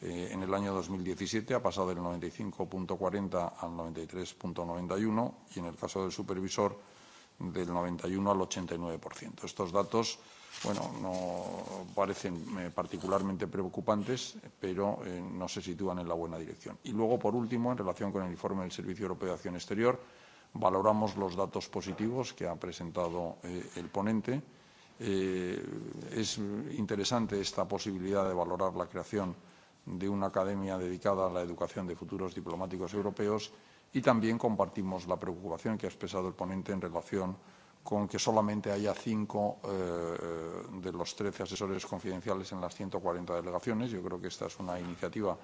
Eh, en el año 2017 ha pasado del 95.40 al 93.91 y en el caso del supervisor del 91 al 89%. Estos datos, bueno, no parecen eh, particularmente preocupantes, pero eh, no se sitúan en la buena dirección. Y luego, por último, en relación con el informe del Servicio Europeo de Acción Exterior, valoramos los datos positivos que ha presentado eh, el ponente es interesante esta posibilidad de valorar la creación de una academia dedicada a la educación de futuros diplomáticos europeos y también compartimos la preocupación que ha expresado el ponente en relación con que solamente haya cinco eh, de los trece asesores confidenciales en las 140 delegaciones. Yo creo que esta es una iniciativa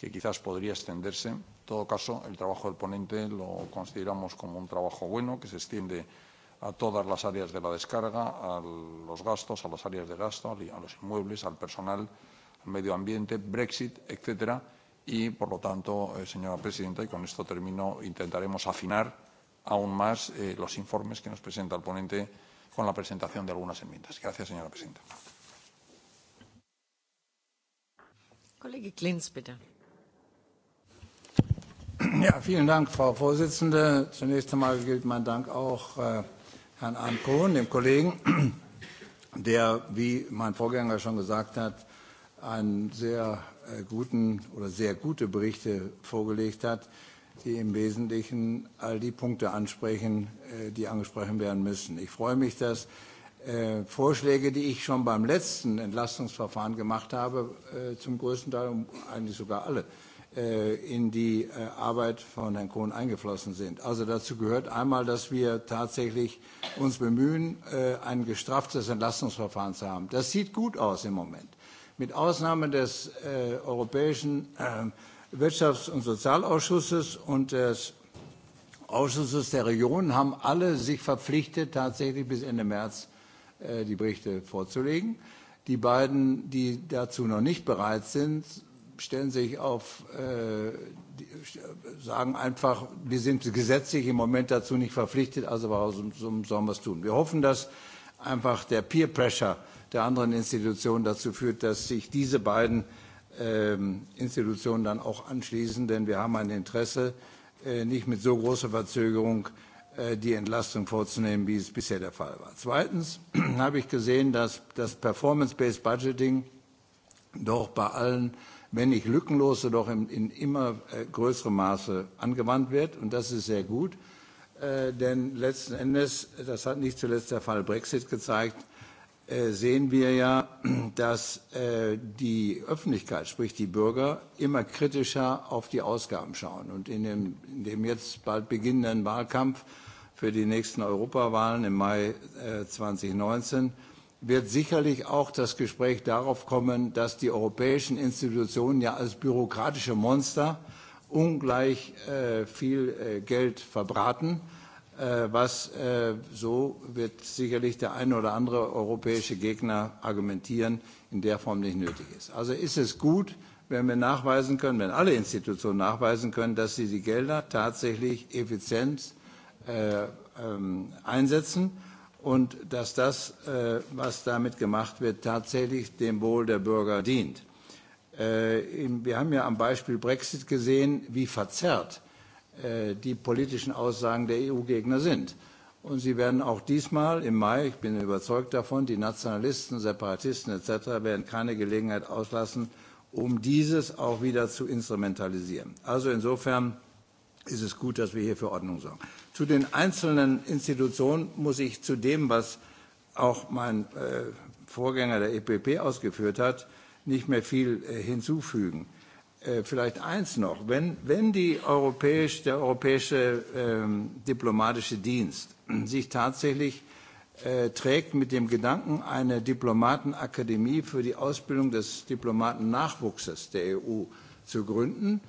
que quizás podría extenderse. En todo caso, el trabajo del ponente lo consideramos como un trabajo bueno que se extiende a todas las áreas de la descarga, a los gastos, a las áreas de gasto, a los inmuebles, al personal, al medio ambiente, Brexit, etcétera. Y, por lo tanto, eh, señora presidenta, y con esto termino, intentaremos afinar aún más eh, los informes que nos presenta el ponente con la presentación de algunas enmiendas. Gracias, señora presidenta. Klins, bitte. Ja, vielen Dank, Frau Vorsitzende. Zunächst einmal gilt mein Dank auch äh, Herrn Ankohn, dem Kollegen, der, wie mein Vorgänger schon gesagt hat, einen sehr guten oder sehr gute Berichte vorgelegt hat, die im Wesentlichen all die Punkte ansprechen, die angesprochen werden müssen. Ich freue mich, dass Vorschläge, die ich schon beim letzten Entlastungsverfahren gemacht habe, zum größten Teil, eigentlich sogar alle, in die Arbeit von Herrn Kohn eingeflossen sind. Also dazu gehört einmal, dass wir tatsächlich uns bemühen, ein gestrafftes Entlastungsverfahren zu haben. Das sieht gut aus im Moment. Mit Ausnahme des Europäischen Wirtschafts- und Sozialausschusses und des Ausschusses der Regionen haben alle sich verpflichtet, tatsächlich bis Ende März die Berichte vorzulegen. Die beiden, die dazu noch nicht bereit sind, stellen sich auf, äh, sagen einfach, wir sind gesetzlich im Moment dazu nicht verpflichtet, also warum sollen wir es tun? Wir hoffen, dass einfach der Peer Pressure der anderen Institutionen dazu führt, dass sich diese beiden Institutionen dann auch anschließen, denn wir haben ein Interesse, äh, nicht mit so großer Verzögerung äh, die Entlastung vorzunehmen, wie es bisher der Fall war. Zweitens habe ich gesehen, dass das Performance-Based Budgeting doch bei allen wenn nicht lückenlos, so doch in immer größerem Maße angewandt wird. Und das ist sehr gut, denn letzten Endes, das hat nicht zuletzt der Fall Brexit gezeigt, sehen wir ja, dass die Öffentlichkeit, sprich die Bürger, immer kritischer auf die Ausgaben schauen. Und in dem, in dem jetzt bald beginnenden Wahlkampf für die nächsten Europawahlen im Mai 2019 wird sicherlich auch das Gespräch darauf kommen, dass die europäischen Institutionen ja als bürokratische Monster ungleich viel Geld verbraten, was so wird sicherlich der eine oder andere europäische Gegner argumentieren, in der Form nicht nötig ist. Also ist es gut, wenn wir nachweisen können, wenn alle Institutionen nachweisen können, dass sie die Gelder tatsächlich effizient einsetzen und dass das, was damit gemacht wird, tatsächlich dem Wohl der Bürger dient. Wir haben ja am Beispiel Brexit gesehen, wie verzerrt die politischen Aussagen der EU-Gegner sind. Und sie werden auch diesmal im Mai, ich bin überzeugt davon, die Nationalisten, Separatisten etc. werden keine Gelegenheit auslassen, um dieses auch wieder zu instrumentalisieren. Also insofern ist es gut, dass wir hier für Ordnung sorgen. Zu den einzelnen Institutionen muss ich zu dem, was auch mein Vorgänger der EPP ausgeführt hat, nicht mehr viel hinzufügen. Vielleicht eins noch, wenn, wenn die europäisch, der europäische diplomatische Dienst sich tatsächlich trägt mit dem Gedanken, eine Diplomatenakademie für die Ausbildung des Diplomatennachwuchses der EU zu gründen,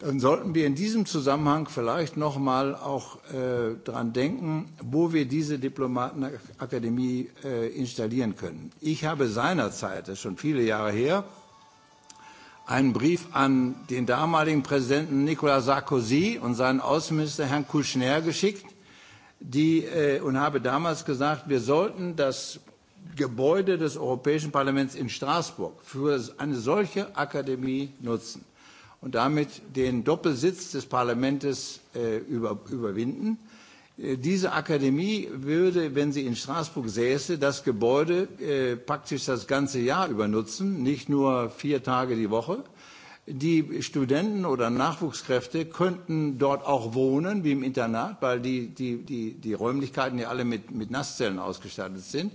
dann sollten wir in diesem Zusammenhang vielleicht noch mal auch äh, daran denken, wo wir diese Diplomatenakademie äh, installieren können. Ich habe seinerzeit, das ist schon viele Jahre her, einen Brief an den damaligen Präsidenten Nicolas Sarkozy und seinen Außenminister Herrn Kouchner geschickt die, äh, und habe damals gesagt, wir sollten das Gebäude des Europäischen Parlaments in Straßburg für eine solche Akademie nutzen und damit den Doppelsitz des Parlaments überwinden. Diese Akademie würde, wenn sie in Straßburg säße, das Gebäude praktisch das ganze Jahr über nutzen, nicht nur vier Tage die Woche. Die Studenten oder Nachwuchskräfte könnten dort auch wohnen, wie im Internat, weil die, die, die, die Räumlichkeiten ja alle mit, mit Nasszellen ausgestattet sind.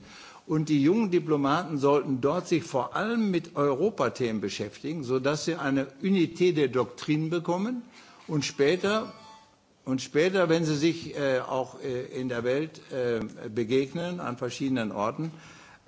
Und die jungen Diplomaten sollten dort sich vor allem mit Europathemen beschäftigen, sodass sie eine Unität der Doktrin bekommen und später, und später wenn sie sich äh, auch äh, in der Welt äh, begegnen, an verschiedenen Orten,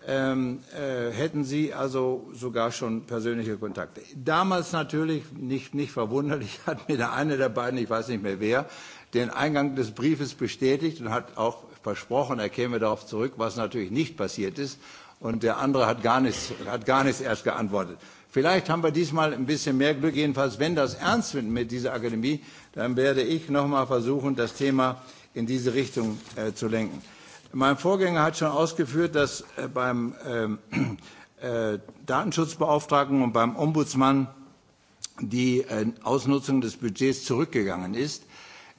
ähm, äh, hätten sie also sogar schon persönliche Kontakte. Damals natürlich, nicht, nicht verwunderlich, hat mir der eine der beiden, ich weiß nicht mehr wer, den Eingang des Briefes bestätigt und hat auch versprochen, er käme darauf zurück, was natürlich nicht passiert ist. Und der andere hat gar nichts, hat gar nichts erst geantwortet. Vielleicht haben wir diesmal ein bisschen mehr Glück. Jedenfalls, wenn das ernst wird mit dieser Akademie, dann werde ich noch einmal versuchen, das Thema in diese Richtung äh, zu lenken. Mein Vorgänger hat schon ausgeführt, dass äh, beim äh, äh, Datenschutzbeauftragten und beim Ombudsmann die äh, Ausnutzung des Budgets zurückgegangen ist.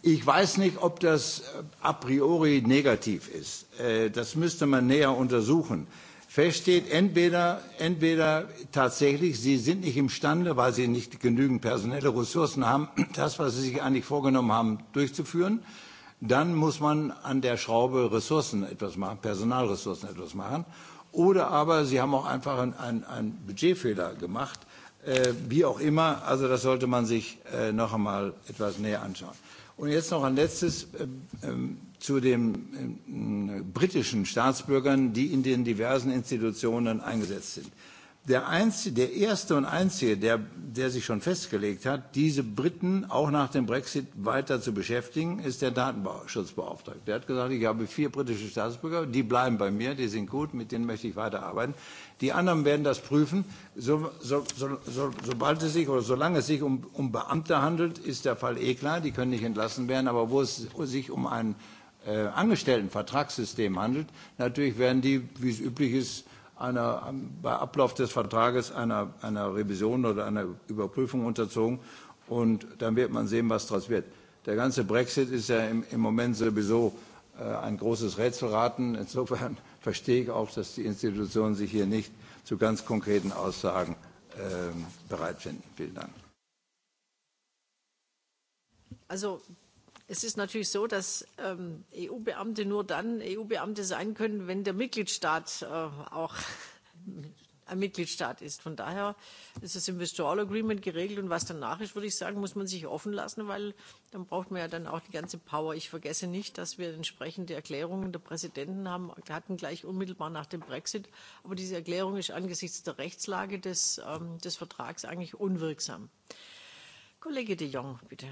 Ich weiß nicht, ob das a priori negativ ist. Das müsste man näher untersuchen. Feststeht entweder, entweder tatsächlich, sie sind nicht imstande, weil sie nicht genügend personelle Ressourcen haben, das, was sie sich eigentlich vorgenommen haben, durchzuführen. Dann muss man an der Schraube Ressourcen etwas machen, Personalressourcen etwas machen. Oder aber sie haben auch einfach einen, Budgetfehler gemacht. Äh, wie auch immer, also das sollte man sich äh, noch einmal etwas näher anschauen. Und jetzt noch ein letztes zu den britischen Staatsbürgern, die in den diversen Institutionen eingesetzt sind der, einzige, der erste und einzige, der, der sich schon festgelegt hat, diese Briten auch nach dem Brexit weiter zu beschäftigen, ist der Datenschutzbeauftragte. Der hat gesagt, ich habe vier britische Staatsbürger, die bleiben bei mir, die sind gut, mit denen möchte ich weiterarbeiten. Die anderen werden das prüfen. So, so, so, so, sobald es sich oder solange es sich um, um Beamte handelt, ist der Fall eh klar, die können nicht entlassen werden, aber wo es sich um ein äh, Angestelltenvertragssystem handelt, natürlich werden die, wie es üblich ist, einer, bei Ablauf des Vertrages einer, einer Revision oder einer Überprüfung unterzogen. Und dann wird man sehen, was daraus wird. Der ganze Brexit ist ja im, im Moment sowieso äh, ein großes Rätselraten. Insofern verstehe ich auch, dass die Institutionen sich hier nicht zu ganz konkreten Aussagen äh, bereit finden. Vielen Dank. Also Es ist natürlich so, dass EU-Beamte nur dann EU-Beamte sein können, wenn der Mitgliedstaat auch ein Mitgliedstaat ist. Von daher ist das Investoral Agreement geregelt und was danach ist, würde ich sagen, muss man sich offen lassen, weil dann braucht man ja dann auch die ganze Power. Ich vergesse nicht, dass wir entsprechende Erklärungen der Präsidenten haben, hatten gleich unmittelbar nach dem Brexit. Aber diese Erklärung ist angesichts der Rechtslage des, des Vertrags eigentlich unwirksam. Kollege de Jong, bitte.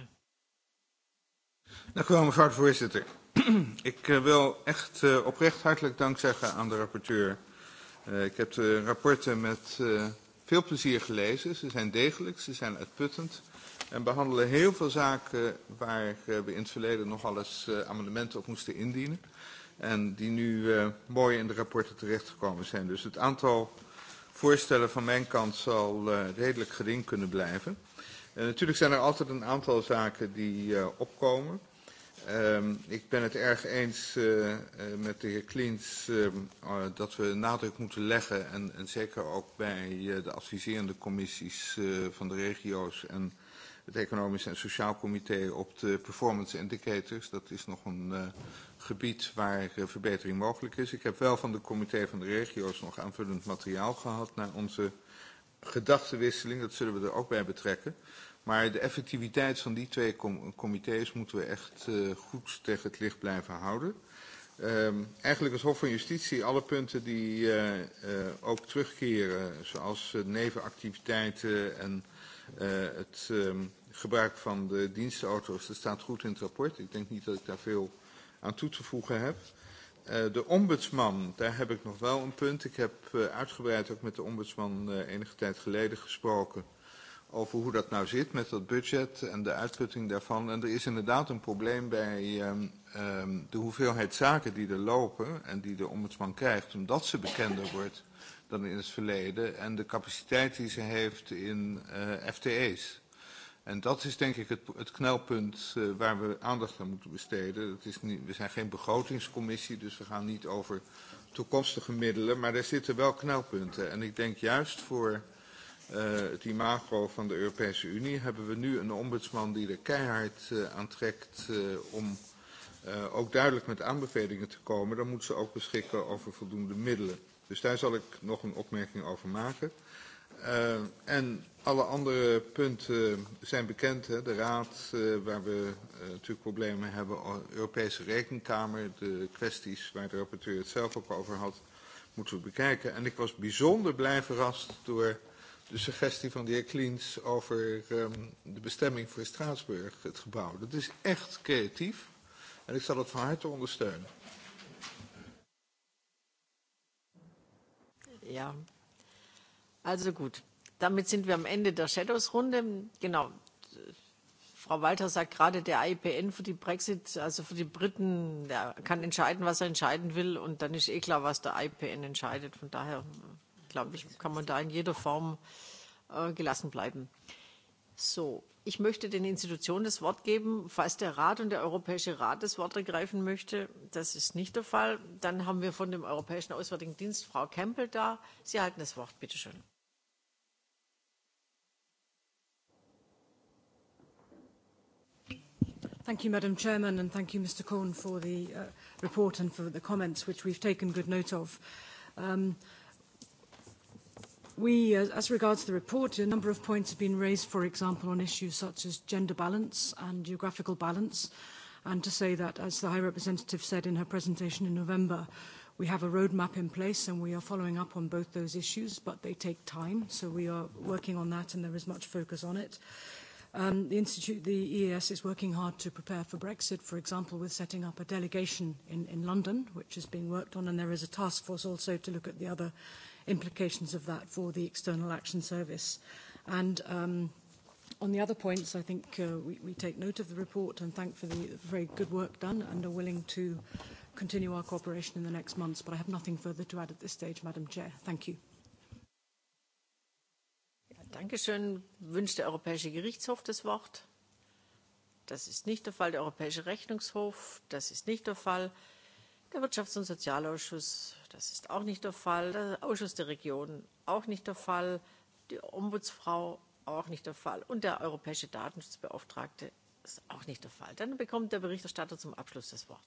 Dank u wel, mevrouw de voorzitter. Ik wil echt uh, oprecht hartelijk dank zeggen aan de rapporteur. Uh, ik heb de rapporten met uh, veel plezier gelezen. Ze zijn degelijk, ze zijn uitputtend en behandelen heel veel zaken waar uh, we in het verleden nogal eens uh, amendementen op moesten indienen. En die nu uh, mooi in de rapporten terechtgekomen zijn. Dus het aantal voorstellen van mijn kant zal uh, redelijk gering kunnen blijven. Uh, natuurlijk zijn er altijd een aantal zaken die uh, opkomen. Um, ik ben het erg eens uh, uh, met de heer Klins uh, uh, dat we nadruk moeten leggen en, en zeker ook bij uh, de adviserende commissies uh, van de regio's en het Economisch en Sociaal Comité op de performance indicators. Dat is nog een uh, gebied waar uh, verbetering mogelijk is. Ik heb wel van de comité van de regio's nog aanvullend materiaal gehad naar onze gedachtenwisseling. Dat zullen we er ook bij betrekken. Uh, Maar de effectiviteit van die twee com comité's moeten we echt uh, goed tegen het licht blijven houden. Um, eigenlijk als Hof van Justitie alle punten die uh, uh, ook terugkeren, zoals uh, nevenactiviteiten en uh, het um, gebruik van de dienstauto's, dat staat goed in het rapport. Ik denk niet dat ik daar veel aan toe te voegen heb. Uh, de ombudsman, daar heb ik nog wel een punt. Ik heb uh, uitgebreid ook met de ombudsman uh, enige tijd geleden gesproken over hoe dat nou zit met dat budget en de uitputting daarvan. En er is inderdaad een probleem bij um, um, de hoeveelheid zaken die er lopen en die de ombudsman krijgt, omdat ze bekender wordt dan in het verleden en de capaciteit die ze heeft in uh, FTE's. En dat is denk ik het, het knelpunt uh, waar we aandacht aan moeten besteden. Dat is niet, we zijn geen begrotingscommissie, dus we gaan niet over toekomstige middelen, maar er zitten wel knelpunten. En ik denk juist voor het imago van de Europese Unie, hebben we nu een ombudsman die er keihard aan trekt om ook duidelijk met aanbevelingen te komen. Dan moet ze ook beschikken over voldoende middelen. Dus daar zal ik nog een opmerking over maken. Uh, en alle andere punten zijn bekend. Hè? De Raad, uh, waar we uh, natuurlijk problemen hebben, de Europese Rekenkamer, de kwesties waar de rapporteur het zelf ook over had, moeten we bekijken. En ik was bijzonder blij verrast door de suggestie van de heer Kliens over um, de bestemming voor Straatsburg, het gebouw. Dat is echt creatief en ik zal het van harte ondersteunen. Ja, also goed. Damit sind wir am Ende der Shadows-Runde. Genau. Frau Walter sagt gerade, der IPN für die Brexit, also für die Briten, der kann entscheiden, was er entscheiden will. Und dann ist eh klar, was der IPN entscheidet. Von daher glaube ich, kann man da in jeder Form äh, gelassen bleiben. So, ich möchte den Institutionen das Wort geben. Falls der Rat und der Europäische Rat das Wort ergreifen möchte, das ist nicht der Fall. Dann haben wir von dem Europäischen Auswärtigen Dienst Frau Kempel da. Sie halten das Wort, bitte schön. Thank you, Madam Chairman, and thank you, Mr. Cohn, for the uh, report and for the comments, which we've taken good note of. Um, We, as regards the report, a number of points have been raised, for example, on issues such as gender balance and geographical balance, and to say that, as the High Representative said in her presentation in November, we have a roadmap in place and we are following up on both those issues, but they take time, so we are working on that and there is much focus on it. Um, the Institute, the EES is working hard to prepare for Brexit, for example, with setting up a delegation in, in London, which is being worked on, and there is a task force also to look at the other implications of that for the External Action Service. And um, on the other points, I think uh, we, we take note of the report and thank for the very good work done and are willing to continue our cooperation in the next months. But I have nothing further to add at this stage, Madam Chair. Thank you. Dankeschön. Wünscht der Europäische Gerichtshof das Wort? Das ist nicht der Fall. Der Europäische Rechnungshof? Das ist nicht der Fall. Der Wirtschafts- und Sozialausschuss, das ist auch nicht der Fall. Der Ausschuss der Regionen, auch nicht der Fall. Die Ombudsfrau, auch nicht der Fall. Und der Europäische Datenschutzbeauftragte ist auch nicht der Fall. Dann bekommt der Berichterstatter zum Abschluss das Wort.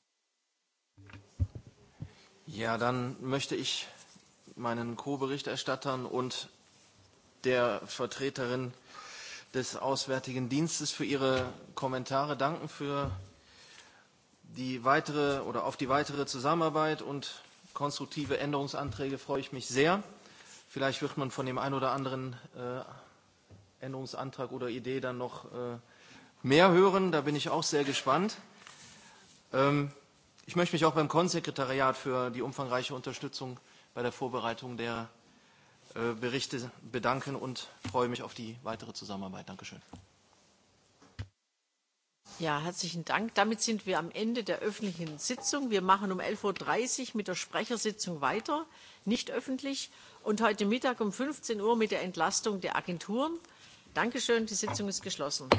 Ja, dann möchte ich meinen Co-Berichterstattern und der Vertreterin des Auswärtigen Dienstes für ihre Kommentare danken, für die weitere oder auf die weitere Zusammenarbeit und konstruktive Änderungsanträge freue ich mich sehr. Vielleicht wird man von dem einen oder anderen äh, Änderungsantrag oder Idee dann noch äh, mehr hören. Da bin ich auch sehr gespannt. Ähm, ich möchte mich auch beim Konsekretariat für die umfangreiche Unterstützung bei der Vorbereitung der äh, Berichte bedanken und freue mich auf die weitere Zusammenarbeit. Dankeschön. Ja, herzlichen Dank. Damit sind wir am Ende der öffentlichen Sitzung. Wir machen um 11.30 Uhr mit der Sprechersitzung weiter, nicht öffentlich, und heute Mittag um 15 Uhr mit der Entlastung der Agenturen. Dankeschön, die Sitzung ist geschlossen.